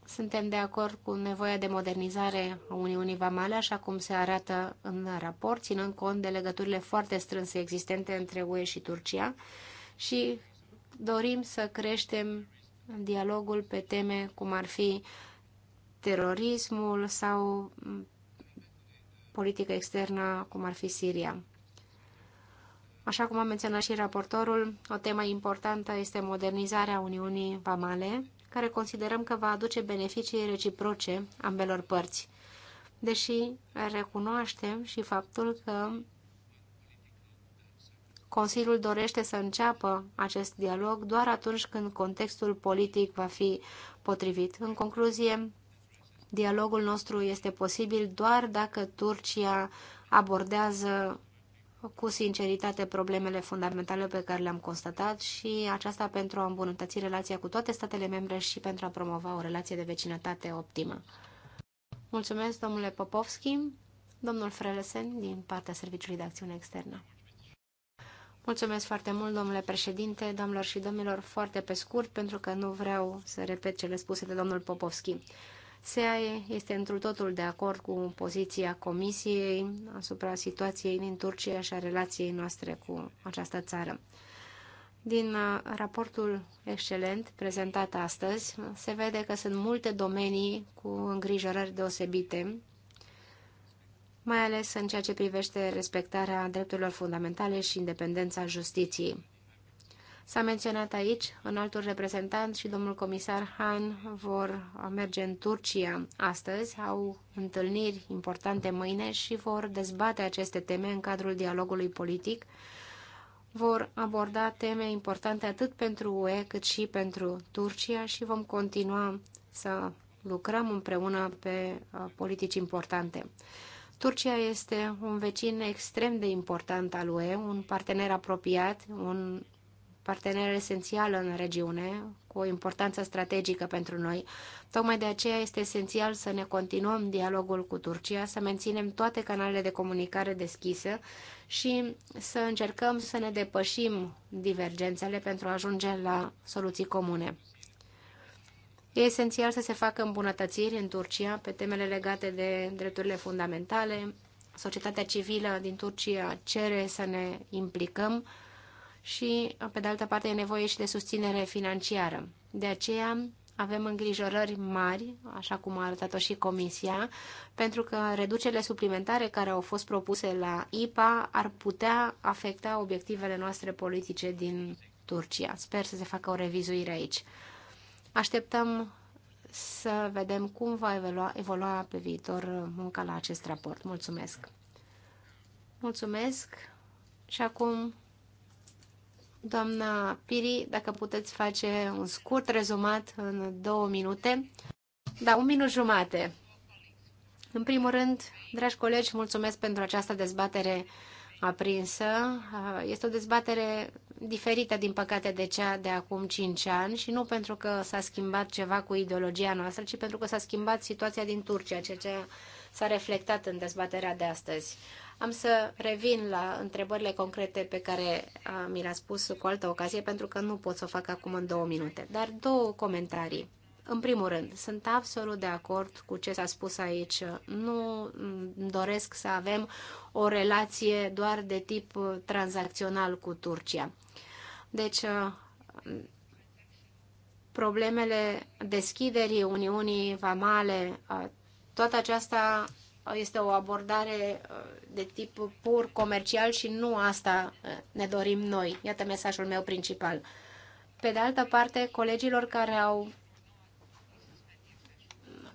Suntem de acord cu nevoia de modernizare a Uniunii Vamale, așa cum se arată în raport, ținând cont de legăturile foarte strânse existente între UE și Turcia și dorim să creștem dialogul pe teme cum ar fi terorismul sau politică externă cum ar fi Siria. Așa cum a menționat și raportorul, o temă importantă este modernizarea Uniunii Vamale, care considerăm că va aduce beneficii reciproce ambelor părți, deși recunoaștem și faptul că Consiliul dorește să înceapă acest dialog doar atunci când contextul politic va fi potrivit. În concluzie, dialogul nostru este posibil doar dacă Turcia abordează cu sinceritate problemele fundamentale pe care le-am constatat și aceasta pentru a îmbunătăți relația cu toate statele membre și pentru a promova o relație de vecinătate optimă. Mulțumesc, domnule Popovski, domnul Frelesen, din partea Serviciului de Acțiune Externă. Mulțumesc foarte mult, domnule președinte, doamnelor și domnilor, foarte pe scurt, pentru că nu vreau să repet cele spuse de domnul Popovski. SEAE este întru totul de acord cu poziția Comisiei asupra situației din Turcia și a relației noastre cu această țară. Din uh, raportul excelent prezentat astăzi, se vede că sunt multe domenii cu îngrijorări deosebite mai ales în ceea ce privește respectarea drepturilor fundamentale și independența justiției. S-a menționat aici, în altul reprezentant și domnul comisar Han vor merge în Turcia astăzi, au întâlniri importante mâine și vor dezbate aceste teme în cadrul dialogului politic. Vor aborda teme importante atât pentru UE cât și pentru Turcia și vom continua să lucrăm împreună pe uh, politici importante. Turcia este un vecin extrem de important al UE, un partener apropiat, un partener esențial în regiune, cu o importanță strategică pentru noi. Tocmai de aceea este esențial să ne continuăm dialogul cu Turcia, să menținem toate canalele de comunicare deschise și să încercăm să ne depășim divergențele pentru a ajunge la soluții comune. E esențial să se facă îmbunătățiri în Turcia pe temele legate de drepturile fundamentale. Societatea civilă din Turcia cere să ne implicăm și, pe de altă parte, e nevoie și de susținere financiară. De aceea, avem îngrijorări mari, așa cum a arătat-o și Comisia, pentru că reducerile suplimentare care au fost propuse la IPA ar putea afecta obiectivele noastre politice din Turcia. Sper să se facă o revizuire aici. Așteptăm să vedem cum va evolua, evolua pe viitor munca la acest raport. Mulțumesc! Mulțumesc și acum Doamna Piri, dacă puteți face un scurt rezumat în două minute, da, un minut jumate. În primul rând, dragi colegi, mulțumesc pentru această dezbatere aprinsă. Ah, este o dezbatere diferită, din păcate, de cea de acum 5 ani și nu pentru că s-a schimbat ceva cu ideologia noastră, ci pentru că s-a schimbat situația din Turcia, ceea ce s-a reflectat în dezbaterea de astăzi. Am să revin la întrebările concrete pe care ah, mi le-a spus cu altă ocazie, pentru că nu pot să o fac acum în două minute, dar două comentarii. În primul rând, sunt absolut de acord cu ce s-a spus aici. Nu doresc să avem o relație doar de tip uh, tranzacțional cu Turcia. Deci, uh, problemele deschiderii Uniunii Vamale, uh, toată aceasta este o abordare de tip pur comercial și nu asta ne dorim noi. Iată mesajul meu principal. Pe de altă parte, colegilor care au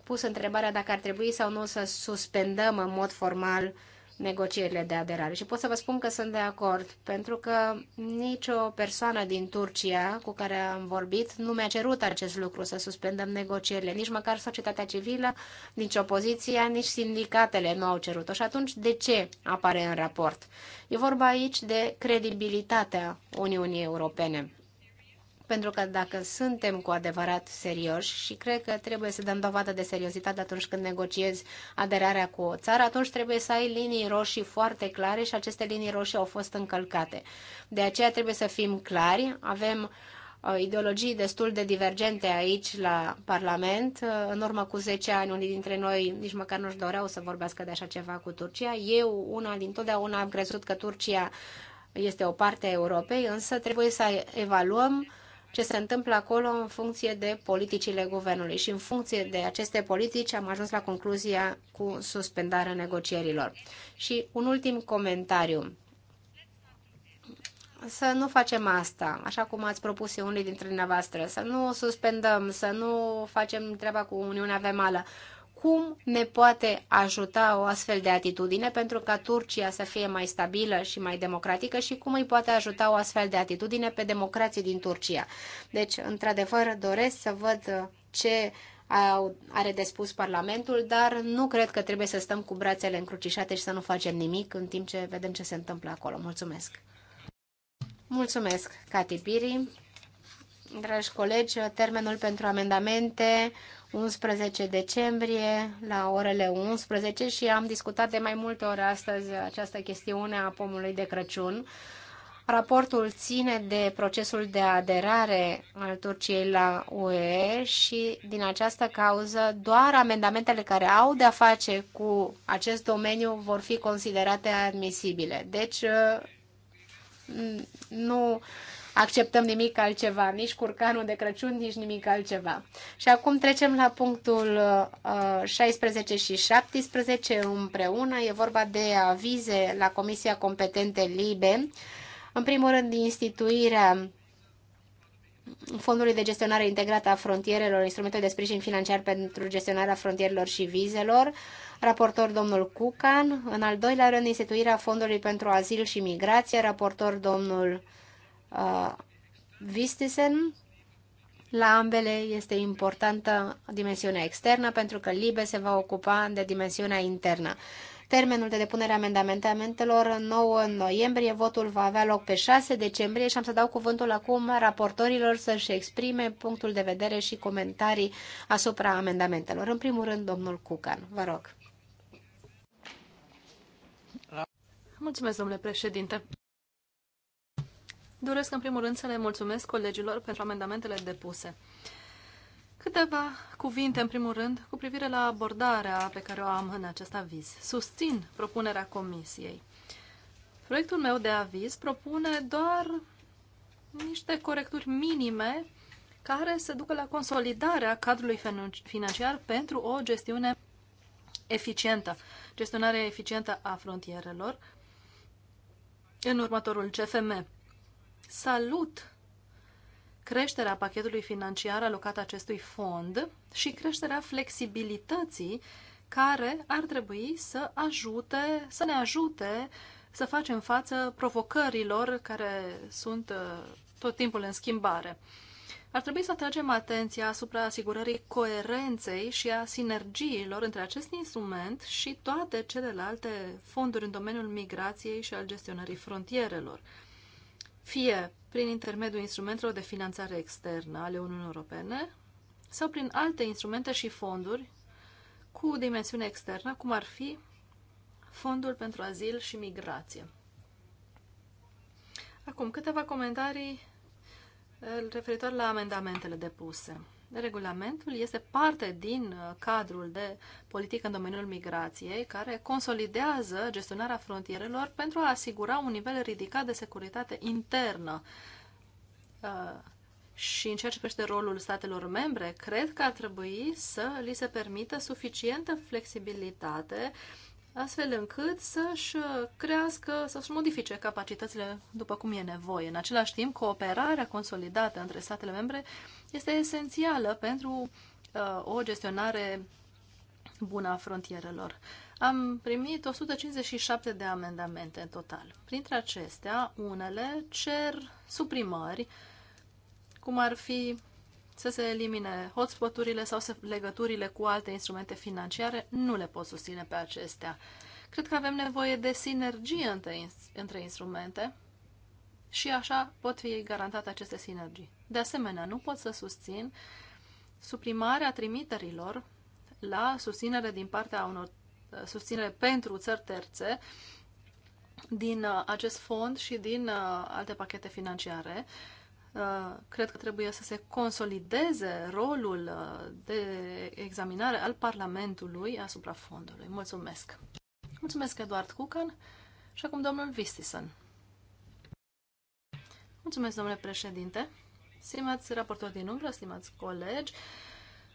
pus întrebarea dacă ar trebui sau nu să suspendăm în mod formal negocierile de aderare. Și pot să vă spun că sunt de acord, pentru că nicio persoană din Turcia cu care am vorbit nu mi-a cerut acest lucru, să suspendăm negocierile. Nici măcar societatea civilă, nici opoziția, nici sindicatele nu au cerut-o. Și atunci, de ce apare în raport? E vorba aici de credibilitatea Uniunii Europene pentru că dacă suntem cu adevărat serioși și cred că trebuie să dăm dovadă de seriozitate atunci când negociezi aderarea cu o țară, atunci trebuie să ai linii roșii foarte clare și aceste linii roșii au fost încălcate. De aceea trebuie să fim clari, avem uh, ideologii destul de divergente aici la Parlament. Uh, în urmă cu 10 ani, unii dintre noi nici măcar nu-și doreau să vorbească de așa ceva cu Turcia. Eu, una din totdeauna, am crezut că Turcia este o parte a Europei, însă trebuie să evaluăm ce se întâmplă acolo în funcție de politicile guvernului și în funcție de aceste politici am ajuns la concluzia cu suspendarea negocierilor. Și un ultim comentariu. Să nu facem asta, așa cum ați propus unii dintre dumneavoastră, să nu suspendăm, să nu facem treaba cu Uniunea Vemală cum ne poate ajuta o astfel de atitudine pentru ca Turcia să fie mai stabilă și mai democratică și cum îi poate ajuta o astfel de atitudine pe democrații din Turcia. Deci, într-adevăr, doresc să văd ce are de spus Parlamentul, dar nu cred că trebuie să stăm cu brațele încrucișate și să nu facem nimic în timp ce vedem ce se întâmplă acolo. Mulțumesc! Mulțumesc, Cati Piri! Dragi colegi, termenul pentru amendamente 11 decembrie la orele 11 și am discutat de mai multe ori astăzi această chestiune a pomului de Crăciun. Raportul ține de procesul de aderare al Turciei la UE și din această cauză doar amendamentele care au de-a face cu acest domeniu vor fi considerate admisibile. Deci mm, nu acceptăm nimic altceva, nici curcanul de Crăciun, nici nimic altceva. Și acum trecem la punctul 16 uh, și 17 împreună. E vorba de avize la Comisia Competente Libe. În primul rând, instituirea Fondului de Gestionare Integrată a Frontierelor, instrumentul de sprijin financiar pentru gestionarea frontierelor și vizelor, raportor domnul Cucan, în al doilea rând instituirea Fondului pentru Azil și Migrație, raportor domnul uh, Vistisen. La ambele este importantă dimensiunea externă pentru că LIBE se va ocupa de dimensiunea internă. Termenul de depunere a amendamentelor 9 noiembrie, votul va avea loc pe 6 decembrie și am să dau cuvântul acum raportorilor să-și exprime punctul de vedere și comentarii asupra amendamentelor. În primul rând, domnul Cucan, vă rog. Mulțumesc, domnule președinte. Doresc în primul rând să le mulțumesc colegilor pentru amendamentele depuse. Câteva cuvinte, în primul rând, cu privire la abordarea pe care o am în acest aviz. Susțin propunerea comisiei. Proiectul meu de aviz propune doar niște corecturi minime care se ducă la consolidarea cadrului financiar pentru o gestiune eficientă, gestionare eficientă a frontierelor în următorul CFM salut creșterea pachetului financiar alocat acestui fond și creșterea flexibilității care ar trebui să ajute, să ne ajute să facem față provocărilor care sunt uh, tot timpul în schimbare. Ar trebui să atragem atenția asupra asigurării coerenței și a sinergiilor între acest instrument și toate celelalte fonduri în domeniul migrației și al gestionării frontierelor fie prin intermediul instrumentelor de finanțare externă ale Uniunii Europene sau prin alte instrumente și fonduri cu dimensiune externă, cum ar fi Fondul pentru Azil și Migrație. Acum, câteva comentarii eh, referitor la amendamentele depuse regulamentul este parte din uh, cadrul de politică în domeniul migrației, care consolidează gestionarea frontierelor pentru a asigura un nivel ridicat de securitate internă. Uh, și în ceea ce privește rolul statelor membre, cred că ar trebui să li se permită suficientă flexibilitate uh, astfel încât să-și uh, crească, să-și modifice capacitățile după cum e nevoie. În același timp, cooperarea consolidată între statele membre este esențială pentru uh, o gestionare bună a frontierelor. Am primit 157 de amendamente în total. Printre acestea, unele cer suprimări, cum ar fi să se elimine hotspoturile sau să legăturile cu alte instrumente financiare, nu le pot susține pe acestea. Cred că avem nevoie de sinergie între, între instrumente și așa pot fi garantate aceste sinergii. De asemenea, nu pot să susțin suprimarea trimiterilor la susținere din partea unor susținere pentru țări terțe din uh, acest fond și din uh, alte pachete financiare, Uh, cred că trebuie să se consolideze rolul uh, de examinare al Parlamentului asupra fondului. Mulțumesc! Mulțumesc, Eduard Cucan și acum domnul Vistison. Mulțumesc, domnule președinte! Stimați raportori din umbră, stimați colegi,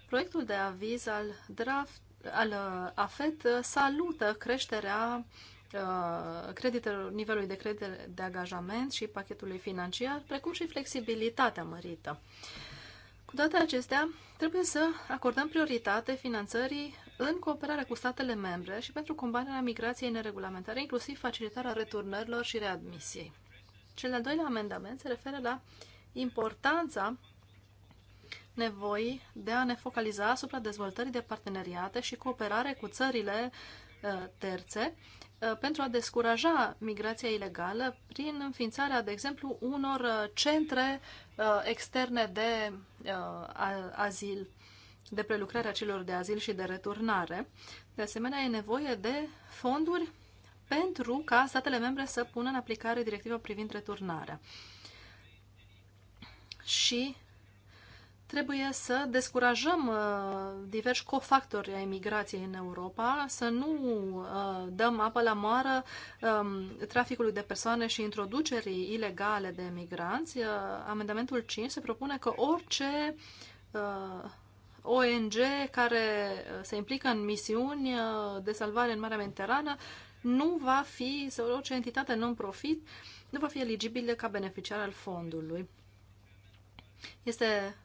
proiectul de aviz al draft al uh, AFET salută creșterea uh, Uh, creditelor, nivelului de credite de angajament și pachetului financiar, precum și flexibilitatea mărită. Cu toate acestea, trebuie să acordăm prioritate finanțării în cooperare cu statele membre și pentru combaterea migrației neregulamentare, inclusiv facilitarea returnărilor și readmisiei. Cel de-al doilea amendament se referă la importanța nevoii de a ne focaliza asupra dezvoltării de parteneriate și cooperare cu țările uh, terțe Uh, pentru a descuraja migrația ilegală prin înființarea, de exemplu, unor uh, centre uh, externe de azil, de prelucrarea celor de azil și de returnare. De asemenea, e nevoie de fonduri pentru ca statele membre să pună în aplicare directiva privind returnarea. Și trebuie să descurajăm uh, diversi cofactori ai migrației în Europa, să nu uh, dăm apă la moară um, traficului de persoane și introducerii ilegale de migranți. Uh, amendamentul 5 se propune că orice ONG care se implică în misiuni de salvare în Marea Mediterană nu va fi, sau orice entitate non-profit, nu va fi eligibilă ca beneficiar al fondului. Este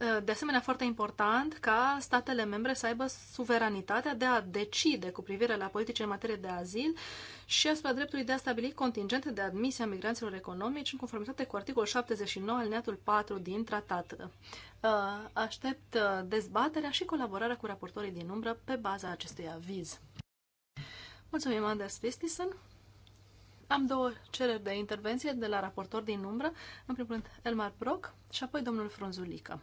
Uh, de asemenea foarte important ca statele membre să aibă suveranitatea de a decide cu privire la politice în materie de azil și asupra dreptului de a stabili contingente de admisie a migranților economici în conformitate cu articolul 79 alineatul 4 din tratat. Uh, aștept uh, dezbaterea și colaborarea cu raportorii din umbră pe baza acestui aviz. Mulțumim, Anders Vistisen. Am două cereri de intervenție de la raportor din umbră, în primul rând Elmar Brock și apoi domnul Frunzulică.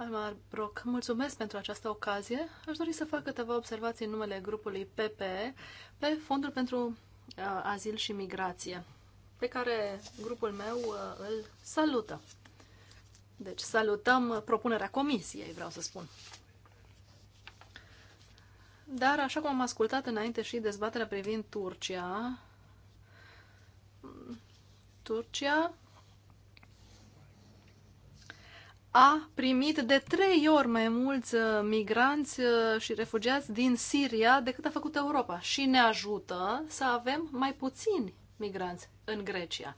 Almar Brock, mulțumesc pentru această ocazie. Aș dori să fac câteva observații în numele grupului PPE pe Fondul pentru uh, Azil și Migrație, pe care grupul meu uh, îl salută. Deci salutăm propunerea comisiei, vreau să spun. Dar, așa cum am ascultat înainte și dezbaterea privind Turcia, Turcia a primit de trei ori mai mulți uh, migranți uh, și refugiați din Siria decât a făcut Europa și ne ajută să avem mai puțini migranți în Grecia.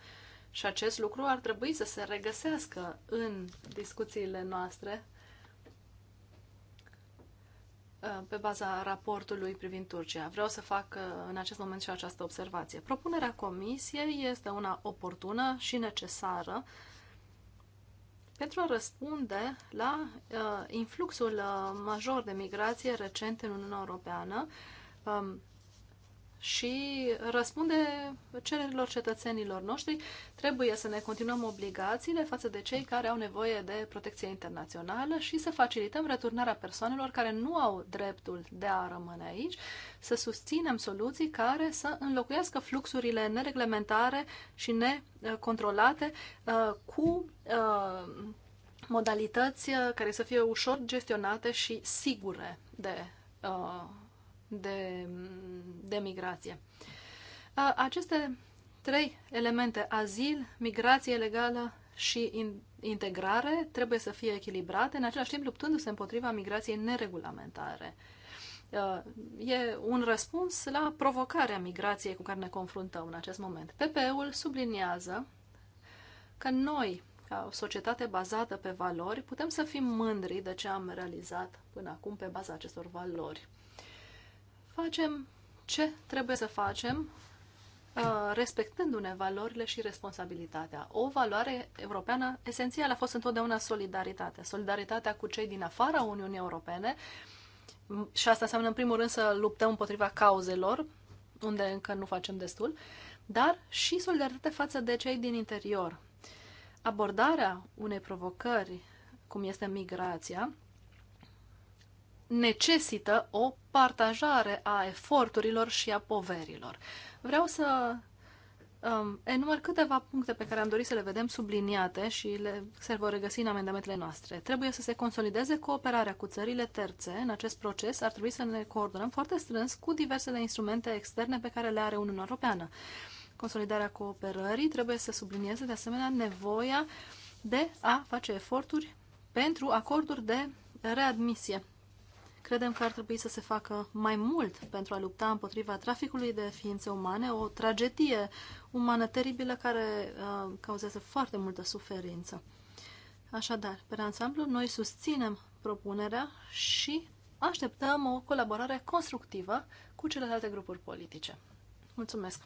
Și acest lucru ar trebui să se regăsească în discuțiile noastre uh, pe baza raportului privind Turcia. Vreau să fac în acest moment și această observație. Propunerea Comisiei este una oportună și necesară pentru a răspunde la uh, influxul uh, major de migrație recent în Uniunea Europeană, um, și răspunde cererilor cetățenilor noștri. Trebuie să ne continuăm obligațiile față de cei care au nevoie de protecție internațională și să facilităm returnarea persoanelor care nu au dreptul de a rămâne aici, să susținem soluții care să înlocuiască fluxurile nereglementare și necontrolate uh, cu uh, modalități uh, care să fie ușor gestionate și sigure de de, de migrație. Aceste trei elemente, azil, migrație legală și integrare, trebuie să fie echilibrate, în același timp luptându-se împotriva migrației neregulamentare. E un răspuns la provocarea migrației cu care ne confruntăm în acest moment. PPE-ul subliniază că noi, ca o societate bazată pe valori, putem să fim mândri de ce am realizat până acum pe baza acestor valori facem ce trebuie să facem uh, respectându-ne valorile și responsabilitatea. O valoare europeană esențială a fost întotdeauna solidaritatea. Solidaritatea cu cei din afara Uniunii Europene și asta înseamnă în primul rând să luptăm împotriva cauzelor, unde încă nu facem destul, dar și solidaritate față de cei din interior. Abordarea unei provocări, cum este migrația, necesită o partajare a eforturilor și a poverilor. Vreau să um, enumăr câteva puncte pe care am dorit să le vedem subliniate și le, se vor regăsi în amendamentele noastre. Trebuie să se consolideze cooperarea cu țările terțe. În acest proces ar trebui să ne coordonăm foarte strâns cu diversele instrumente externe pe care le are Uniunea Europeană. Consolidarea cooperării trebuie să sublinieze de asemenea nevoia de a face eforturi pentru acorduri de readmisie Credem că ar trebui să se facă mai mult pentru a lupta împotriva traficului de ființe umane, o tragedie umană teribilă care uh, cauzează foarte multă suferință. Așadar, pe ansamblu, noi susținem propunerea și așteptăm o colaborare constructivă cu celelalte grupuri politice. Mulțumesc!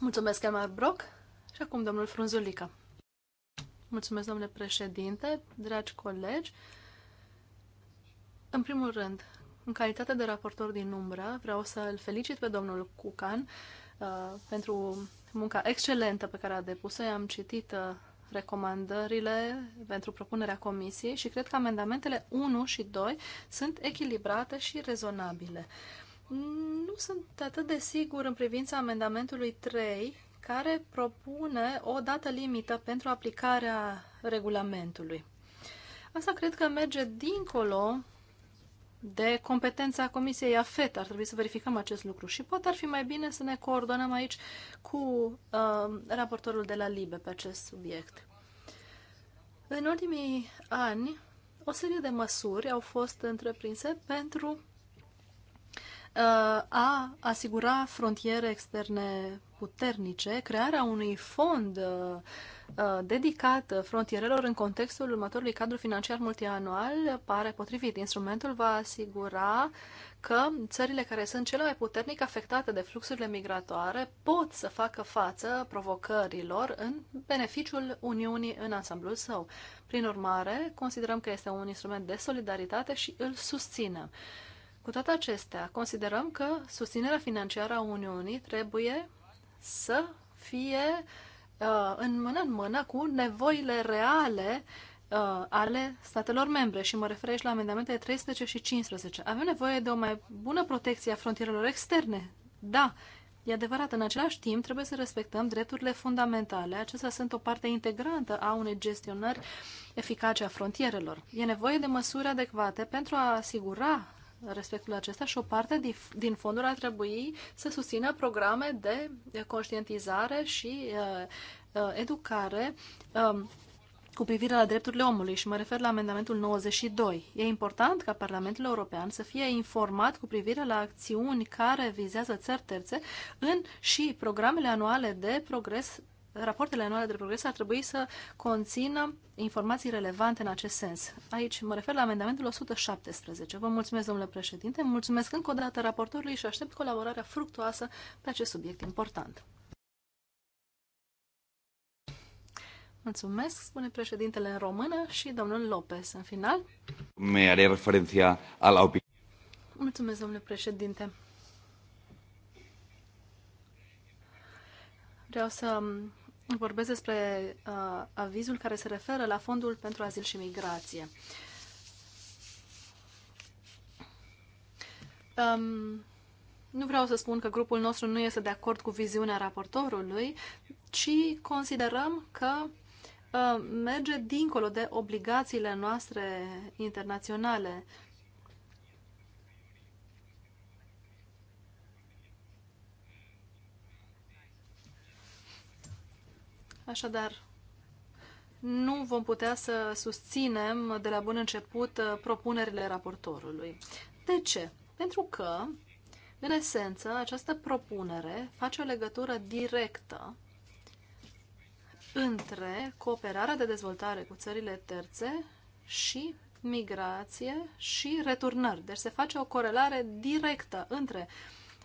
Mulțumesc, Elmar Brock, și acum domnul Frunzulică. Mulțumesc, domnule președinte, dragi colegi. În primul rând, în calitate de raportor din umbră, vreau să îl felicit pe domnul Cucan uh, pentru munca excelentă pe care a depus-o. Am citit uh, recomandările pentru propunerea comisiei și cred că amendamentele 1 și 2 sunt echilibrate și rezonabile. Nu sunt atât de sigur în privința amendamentului 3, care propune o dată limită pentru aplicarea regulamentului. Asta cred că merge dincolo de competența Comisiei AFET. Ar trebui să verificăm acest lucru și poate ar fi mai bine să ne coordonăm aici cu uh, raportorul de la LIBE pe acest subiect. În ultimii ani, o serie de măsuri au fost întreprinse pentru Uh, a asigura frontiere externe puternice, crearea unui fond uh, uh, dedicat frontierelor în contextul următorului cadru financiar multianual pare potrivit. Instrumentul va asigura că țările care sunt cele mai puternic afectate de fluxurile migratoare pot să facă față provocărilor în beneficiul Uniunii în ansamblul său. Prin urmare, considerăm că este un instrument de solidaritate și îl susținem. Cu toate acestea, considerăm că susținerea financiară a Uniunii trebuie să fie uh, în mână în mână cu nevoile reale uh, ale statelor membre și mă refer aici la amendamentele 13 și 15. Avem nevoie de o mai bună protecție a frontierelor externe. Da, e adevărat, în același timp trebuie să respectăm drepturile fundamentale. Acestea sunt o parte integrantă a unei gestionări eficace a frontierelor. E nevoie de măsuri adecvate pentru a asigura respectul acesta și o parte din fonduri ar trebui să susțină programe de conștientizare și uh, uh, educare um, cu privire la drepturile omului și mă refer la amendamentul 92. E important ca Parlamentul European să fie informat cu privire la acțiuni care vizează țări terțe în și programele anuale de progres rapoartele anuale de progres ar trebui să conțină informații relevante în acest sens. Aici mă refer la amendamentul 117. Vă mulțumesc, domnule președinte, mulțumesc încă o dată raportorului și aștept colaborarea fructuoasă pe acest subiect important. Mulțumesc, spune președintele în română și domnul Lopez în final. Me are referenția la opinie. Mulțumesc, domnule președinte. Vreau să vorbesc despre uh, avizul care se referă la Fondul pentru Azil și Migrație. Um, nu vreau să spun că grupul nostru nu este de acord cu viziunea raportorului, ci considerăm că uh, merge dincolo de obligațiile noastre internaționale. Așadar, nu vom putea să susținem de la bun început uh, propunerile raportorului. De ce? Pentru că, în esență, această propunere face o legătură directă între cooperarea de dezvoltare cu țările terțe și migrație și returnări. Deci se face o corelare directă între uh,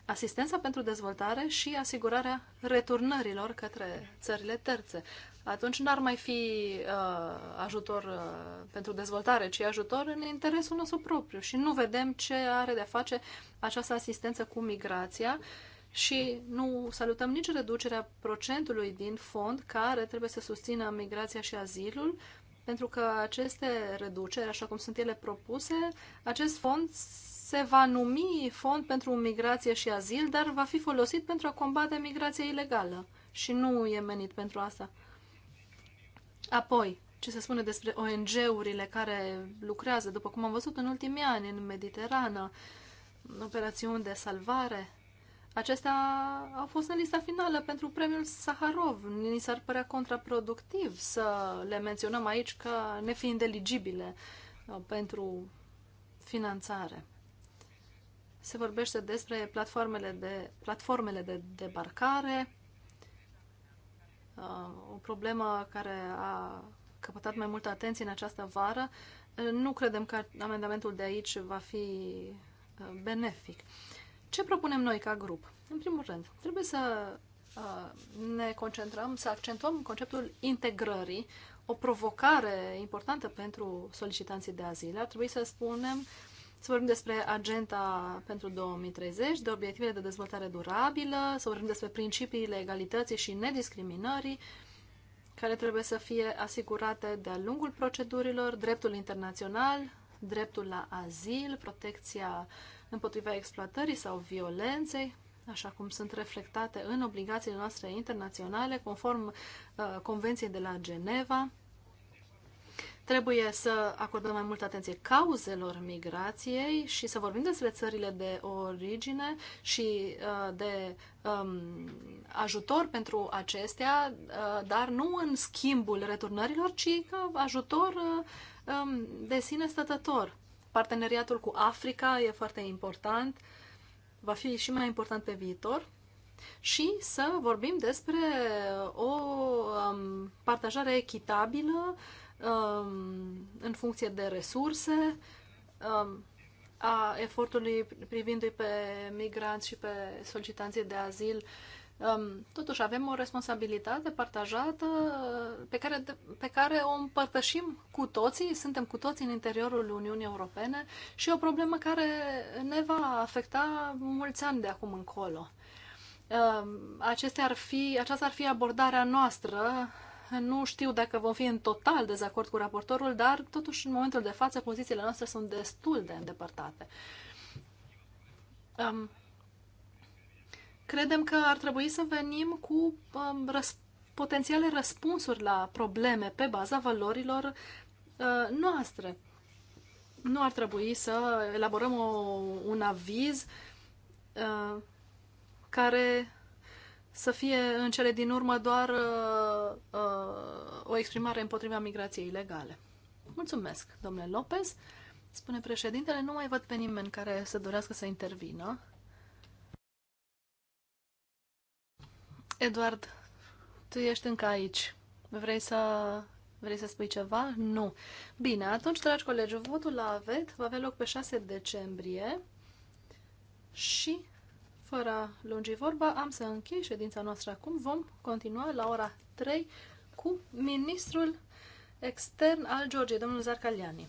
asistența pentru dezvoltare și asigurarea returnărilor către țările terțe. Atunci n-ar mai fi uh, ajutor uh, pentru dezvoltare, ci ajutor în interesul nostru propriu. Și nu vedem ce are de a face această asistență cu migrația și nu salutăm nici reducerea procentului din fond care trebuie să susțină migrația și azilul, pentru că aceste reduceri, așa cum sunt ele propuse, acest fond se va numi Fond pentru Migrație și Azil, dar va fi folosit pentru a combate migrația ilegală și nu e menit pentru asta. Apoi, ce se spune despre ONG-urile care lucrează, după cum am văzut în ultimii ani, în Mediterană, operațiuni de salvare, acestea au fost în lista finală pentru premiul Saharov. Ni s-ar părea contraproductiv să le menționăm aici ca nefiind eligibile uh, pentru finanțare se vorbește despre platformele de, platformele de debarcare, uh, o problemă care a căpătat mai multă atenție în această vară. Uh, nu credem că amendamentul de aici va fi uh, benefic. Ce propunem noi ca grup? În primul rând, trebuie să ne concentrăm, să accentuăm conceptul integrării, o provocare importantă pentru solicitanții de azil. Ar trebui să spunem să vorbim despre agenda pentru 2030, de obiectivele de dezvoltare durabilă, să vorbim despre principiile egalității și nediscriminării, care trebuie să fie asigurate de-a lungul procedurilor, dreptul internațional, dreptul la azil, protecția împotriva exploatării sau violenței, așa cum sunt reflectate în obligațiile noastre internaționale, conform uh, Convenției de la Geneva, Trebuie să acordăm mai multă atenție cauzelor migrației și să vorbim despre țările de origine și uh, de um, ajutor pentru acestea, uh, dar nu în schimbul returnărilor, ci ca ajutor uh, um, de sine stătător. Parteneriatul cu Africa e foarte important, va fi și mai important pe viitor și să vorbim despre o um, partajare echitabilă uh, Um, în funcție de resurse, um, a efortului privindu-i pe migranți și pe solicitanții de azil. Um, totuși avem o responsabilitate partajată uh, pe care, pe care o împărtășim cu toții, suntem cu toții în interiorul Uniunii Europene și o problemă care ne va afecta mulți ani de acum încolo acestea ar fi, aceasta ar fi abordarea noastră nu știu dacă vom fi în total dezacord cu raportorul, dar totuși în momentul de față pozițiile noastre sunt destul de îndepărtate. Um, credem că ar trebui să venim cu um, răs- potențiale răspunsuri la probleme pe baza valorilor uh, noastre. Nu ar trebui să elaborăm o, un aviz uh, care să fie în cele din urmă doar uh, uh, o exprimare împotriva migrației ilegale. Mulțumesc, domnule Lopez. Spune președintele, nu mai văd pe nimeni care să dorească să intervină. Eduard, tu ești încă aici. Vrei să, vrei să spui ceva? Nu. Bine, atunci, dragi colegi, votul la AVET va avea loc pe 6 decembrie și fără a lungi vorba, am să închei ședința noastră acum. Vom continua la ora 3 cu ministrul extern al Georgiei, domnul Zarcaliani.